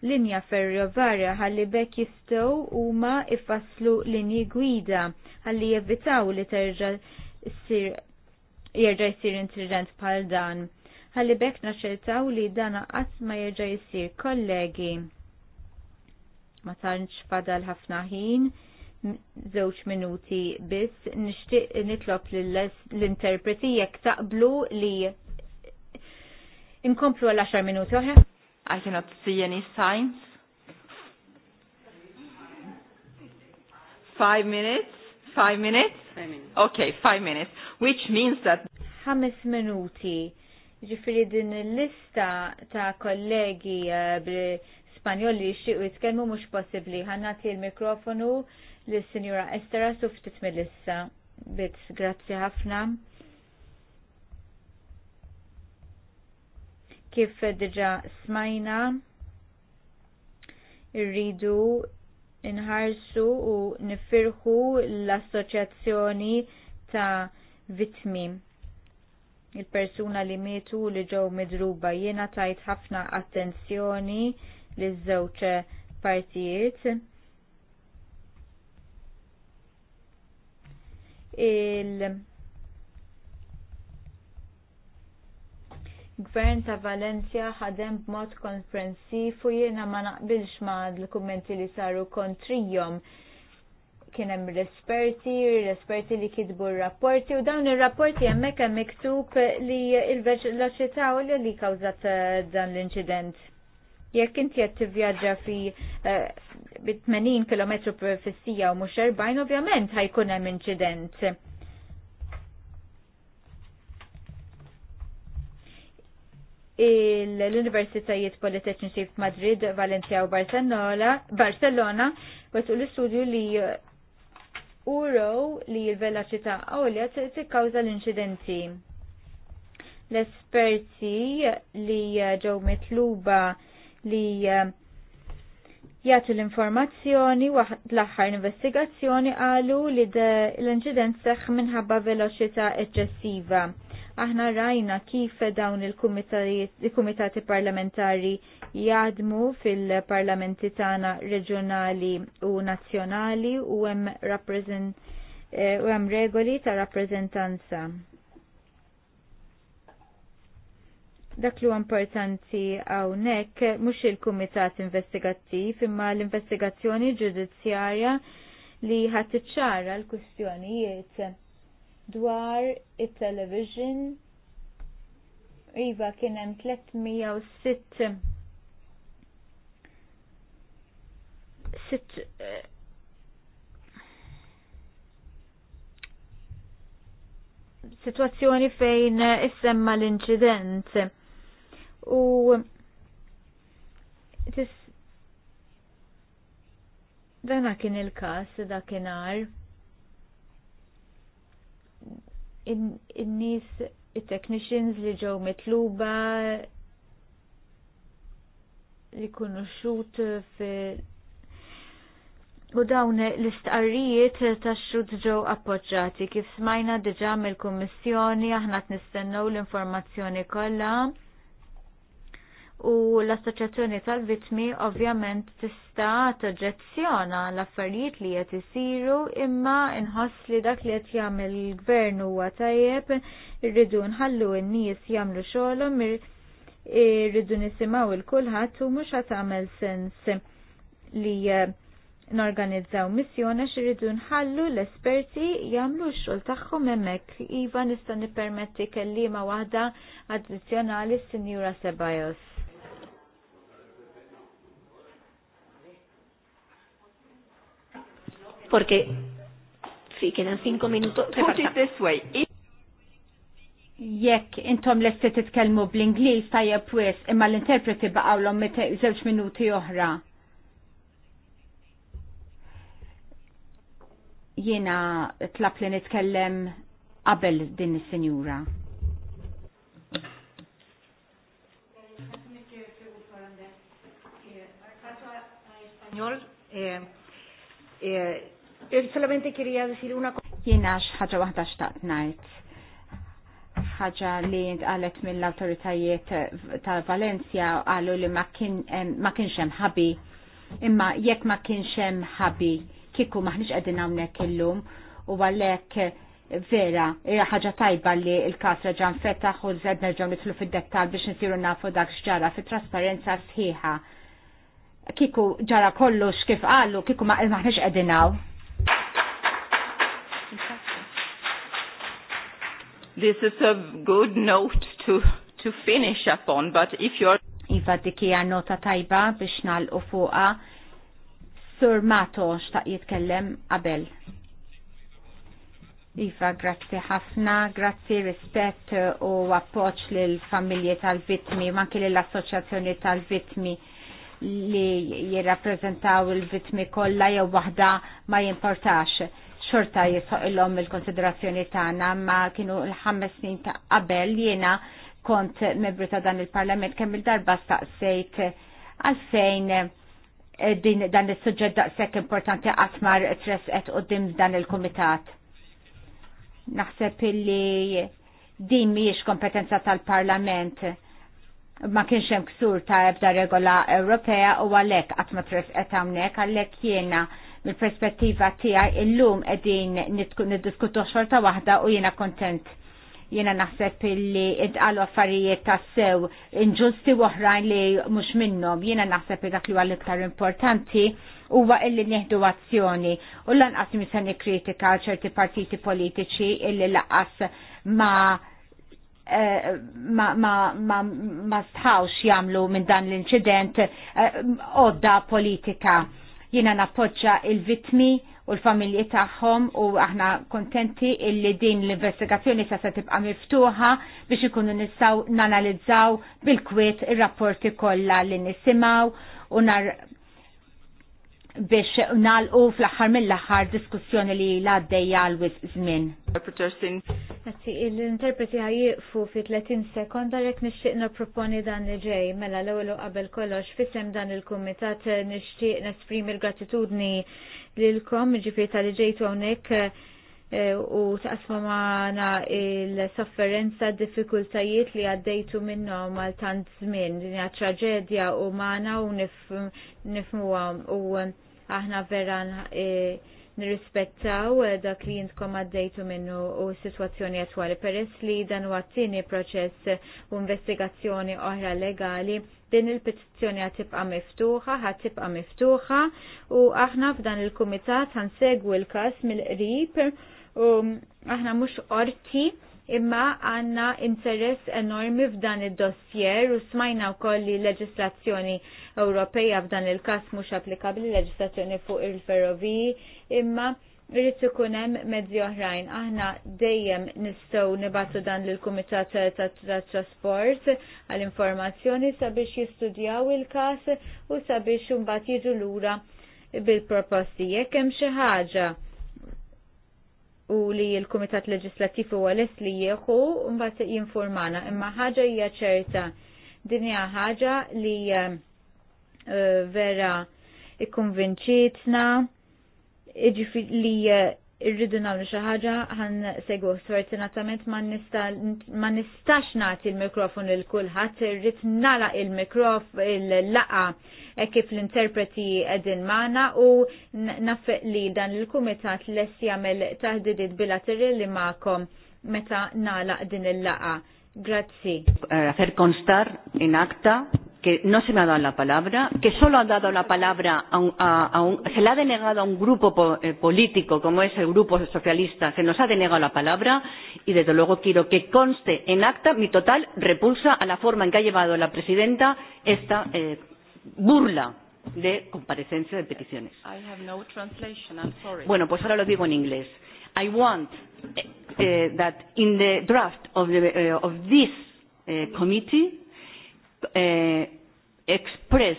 [SPEAKER 3] linja ferrovarja ħalli bekk jistgħu huma ifasslu linji gwida ħalli jevitaw li terġa' ssir jerġa' jsir intrident bħal dan. Ħalli bekk naċċertaw li dan qatt ma jerġa' jsir kollegi. Ma tantx fadal ħafna ħin żewġ minuti biss nixtieq nitlob l-interpreti jekk taqblu li inkomplu għal 10 minuti oħra. I cannot see any signs. Five minutes? Five minutes? Five minutes. Okay, five minutes. Which means that... Hamis minuti. Ġifiri din il-lista ta' kollegi eh, bl-Spanjol li u jitkellmu mux possibli. Ħannati il-mikrofonu l-Sinjura Estera suftit mill-lista. Bit, grazzi ħafna. Kif diġa smajna, irridu inħarsu u nifirħu l-assoċjazzjoni ta' vitmi il-persuna li mietu li ġew midruba jiena tajt ħafna attenzjoni li żewġ partijiet. Il- gvern ta' Valencia ħadem b'mod konfrensiv u jiena ma naqbilx ma' l-kummenti li saru kontrijom kien hemm l-esperti, l-esperti li kitbu r-rapporti u dawn ir-rapporti hemmhekk hemm miktub li l-veloċità u li kawzat eh, dan l-inċident. Jekk inti qed tivvjaġġa fi bit 80 km fis-sija u mhux 40, ovvjament ħajkun hemm inċident l-Universitajiet Politecniċi f'Madrid, Valencia u Barcelona wetqu l-istudju li uraw li l-veloċità għolja tikkawża l-inċidenti. L-esperti li ġew mitluba li eh, jagħtu l-informazzjoni waħd l-aħħar investigazzjoni qalu li l-inċident seħħ minħabba veloċità eċċessiva Aħna rajna kif dawn il-kumitati parlamentari jadmu fil-parlamenti tagħna reġjonali u nazzjonali u hemm eh, u hemm regoli ta' rappreżentanza. dak li importanti hawnhekk mux il-Kumitat Investigattiv imma l-investigazzjoni ġudizzjarja li ħat ċara l kwistjonijiet dwar it-television. Iva kien hemm 306 sitt eh, situazzjoni fejn issemma l-inċident u dana kien il-kas dakinar. kienar in-nies it-technicians li ġew mitluba li kunu xut fi U dawn l-istqarrijiet ta' xhud ġew appoġġati kif smajna diġà mill-Kummissjoni aħna t-nistennew l-informazzjoni kollha u l-Assoċjazzjoni tal-Vittmi ovvjament tista' toġġezzjona l-affarijiet li qed isiru imma inħoss li dak li qed jagħmel il-gvern huwa tajjeb irridu nħallu n-nies jagħmlu xogħolhom irridu nisimgħu il kulħadd u mhux qed tagħmel sens li eh, norganizzaw missjoni għax irridu nħallu l-esperti jagħmlu x-xogħol tagħhom hemmhekk. Iva nista' nippermetti kelliema waħda addizzjonali s-Sinjura Sebajos.
[SPEAKER 6] porque si quedan cinco minutos. Put it this way. it jekk intom lesti
[SPEAKER 3] titkellmu bl-Ingliż tajjeb wis imma l-interpreti baqgħulhom żewġ minuti oħra. Jiena tlab li nitkellem qabel din is-sinjura. Signor, eh, eh,
[SPEAKER 4] Eh, solamente quería decir una cosa.
[SPEAKER 3] Jienax ħaġa waħda xtaqt najt. ħaġa li għalet mill-autoritajiet eh, ta' Valencia għallu li ma kienx hemm ħabi. Imma jekk ma kienx hemm ħabi kieku maħniex għedin hawnhekk illum u għalhekk eh, vera, ħaġa tajba li il kasra ġan fetaħ u l-zed nerġaw nitlu fil-dettal biex nsiru nafu dak xġara fi trasparenza sħiħa. Kiku ġara kollu xkif għallu, kiku maħniġ għedin għaw. This
[SPEAKER 1] is a good note to, to finish upon, but if you're...
[SPEAKER 3] Iva dikija nota tajba biex nalqu fuqa. Sur Mato xtaq jitkellem qabel. Iva, grazzi ħafna, grazzi rispett u appoċ l-familji tal-vitmi, kelli l-assoċjazzjoni tal-vitmi li jirrapprezentaw il-vitmi kollha jew waħda ma jimportax xorta jisoq il-lom il-konsiderazzjoni tagħna ma kienu l-ħames snin ta' qabel jiena kont membru ta' dan il-parlament kemm il-darba staqsejt għalfejn eh, din dan is-suġġett daqshekk importanti għatmar tresqet qudiem dan il-kumitat. Naħseb illi din mhijiex kompetenza tal-Parlament ma kienx hemm ksur ta' ebda regola Ewropea u għalhekk qatt ma tresqet hawnhekk għalhekk jiena mill-perspettiva tiegħi illum qegħdin niddiskutu xorta waħda u jiena kontent jena naħseb li id-għalu affarijiet ta' sew inġusti oħrajn li mhux minnhom, jena naħseb li dak li huwa l-iktar importanti huwa illi nieħdu azzjoni u lanqas mi se nikkritika ċerti partiti politiċi illi laqas ma eh, ma, ma, ma, ma stħawx jamlu minn dan l-inċident eh, odda politika Jiena nappoġġa il-vitmi u l-familji tagħhom u aħna kontenti illi din l-investigazzjoni sa se tibqa' miftuħa biex ikunu nistgħu nanalizzaw bil-kwiet ir-rapporti kollha li nisimgħu u nar biex nalqu fl-axar mill-axar diskussjoni li laddejja għal-wis zmin. Għazzi, l-interpreti ħajiqfu fi 30 sekonda rek nixtieq proponi dan li ġej, mela l-ewwel qabel kollox fisem dan il-kumitat eh, nixtieq nesprimi l-gratitudni lilkom ġifri tal-ġejtu hawnhekk Eh, u taqsma maħna il-sofferenza diffikultajiet li għaddejtu minnu għal tant zmin, dinja traġedja u maħna u għam u aħna vera e, nirrispettaw dak li jintkom għaddejtu minnu u situazzjoni attwali peress li dan u għattini proċess u investigazzjoni oħra legali din il-petizzjoni għatibqa miftuħa, ħatibqa miftuħa u aħna f'dan il-komitat ħansegwu il-kas mill-qrib u um, aħna mhux orti, imma għanna interess enormi f'dan id-dossier u smajna wkoll li leġislazzjoni Ewropeja f'dan il-każ mhux applikabli leġislazzjoni fuq il-ferroviji imma irrid ikun hemm mezzi oħrajn. Aħna dejjem nistgħu nibatu dan lil kumitat tat-trasport għall-informazzjoni sabiex jistudjaw il-każ u sabiex imbagħad jiġu lura bil-proposti. Jekk hemm xi ħaġa u li l-Kumitat Leġislattiv u għalis li jieħu mbagħad jinformana. Imma ħaġa hija ċerta din hija ħaġa li eh, vera ikkonvinċitna li eh, irridu nagħmlu xi ħaġa ħan segwu sfortunatament ma nistax nagħti l-mikrofon lil kulħadd, irrid nagħlaq il-mikrof il-laqa e kif l-interpreti qegħdin magħna u naffeq li dan il-kumitat lest jagħmel taħdidiet bilaterali magħkom meta nalaq din il-laqa. Grazzi.
[SPEAKER 7] Fer eh, konstar in akta que no se me ha dado la palabra, que solo ha dado la palabra a un, a, a un, se le ha denegado a un grupo po, eh, político como es el grupo socialista, se nos ha denegado la palabra y desde luego quiero que conste en acta mi total repulsa a la forma en que ha llevado la presidenta esta eh, burla de comparecencia de peticiones.
[SPEAKER 1] I have no translation, I'm
[SPEAKER 7] sorry. Bueno, pues ahora lo digo en inglés. I want eh, eh that in the draft of, the, uh, of this uh, committee uh, express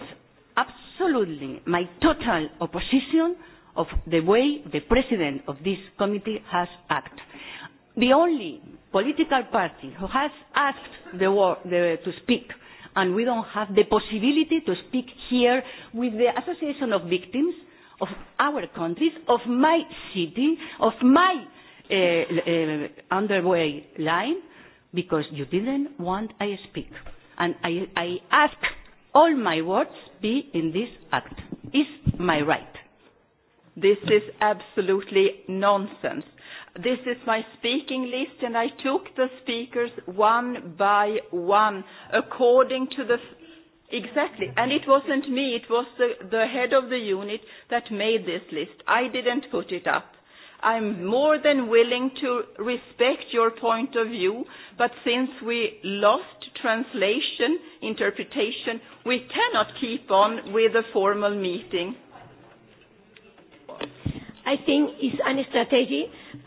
[SPEAKER 7] absolutely my total opposition of the way the president of this committee has acted. The only political party who has asked the war, the, to speak, and we don't have the possibility to speak here with the Association of Victims of our countries, of my city, of my uh, uh, underway line, because you didn't want I speak and I, I ask all my
[SPEAKER 1] words be in this act. Is my right? This is absolutely nonsense. This is my speaking list and I took the speakers one by one according to the Exactly. And it wasn't me, it was the, the head of the unit that made this list. I didn't put it up. I'm more than willing to respect your point of view, but since we lost translation, interpretation, we cannot keep on with a formal meeting.
[SPEAKER 6] I think it's a strategy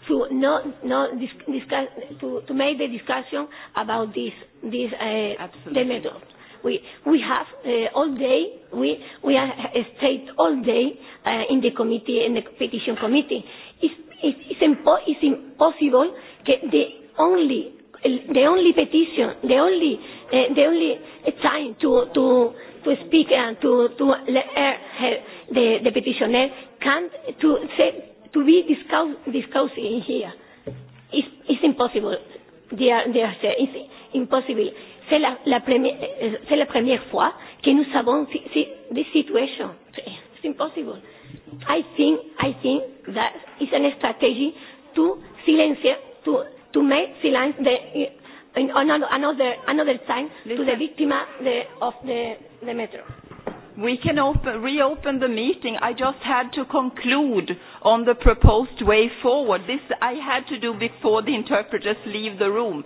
[SPEAKER 6] to not, not discuss, to, to make the discussion about this, this uh, the method. We, we have uh, all day, we, we have uh, stayed all day uh, in the committee, in the petition committee. It's it's, is impo it's impossible que the only the only petition, the only uh, the only time to to to speak and to to let her, her, the the petitioner can to say, to be discuss, discussing here. It's, it's impossible. They are, they are, it's impossible. C'est la, la, première, eh, c'est la première fois que nous avons si, si, this situation impossible. I think, I think that is a strategy to silence, to, to make silence the, in another, another time Listen. to the victim the, of the, the metro.
[SPEAKER 1] We can open, reopen the meeting. I just had to conclude on the proposed way forward. This I had to do before the interpreters leave the room.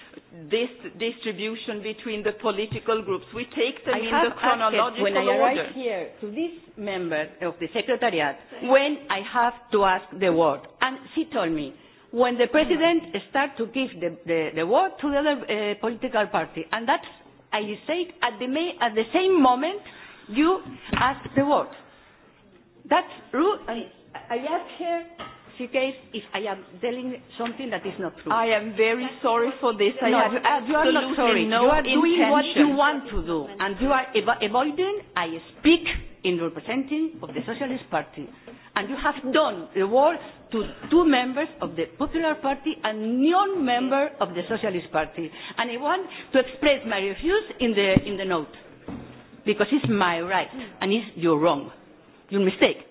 [SPEAKER 1] this distribution between the political groups. We take them I in the chronological when I order. Arrive
[SPEAKER 4] here to this
[SPEAKER 1] member
[SPEAKER 7] of the secretariat, when I have to ask the word, and she told me, when the president starts to give the, the, the word to the other uh, political party, and that's, I say, at the, may, at the same moment you ask the word. That's rude. I ask her she gave if I am telling something that is not true. I am very sorry for this. I have you are not sorry. No you are intention. doing what you want to do, and you are av avoiding. I speak in representing of the Socialist Party, and you have done the work to two members of the Popular Party and non-member of the Socialist Party. And I want to express my refuse in the in the note, because it's my right and it's your wrong,
[SPEAKER 1] your mistake.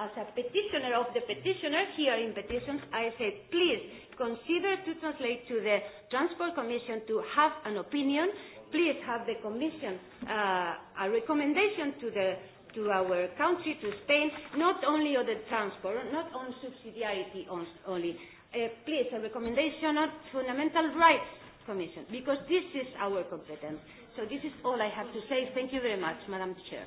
[SPEAKER 4] as a petitioner of the petitioner here in petitions, I said, please consider to translate to the Transport Commission to have an opinion. Please have the Commission uh, a recommendation to the to our country, to Spain, not only on the transport, not on subsidiarity only. Uh, please, a recommendation on fundamental rights Commission, because this is our competence. So this is all I have to say. Thank you very much, Madam Chair.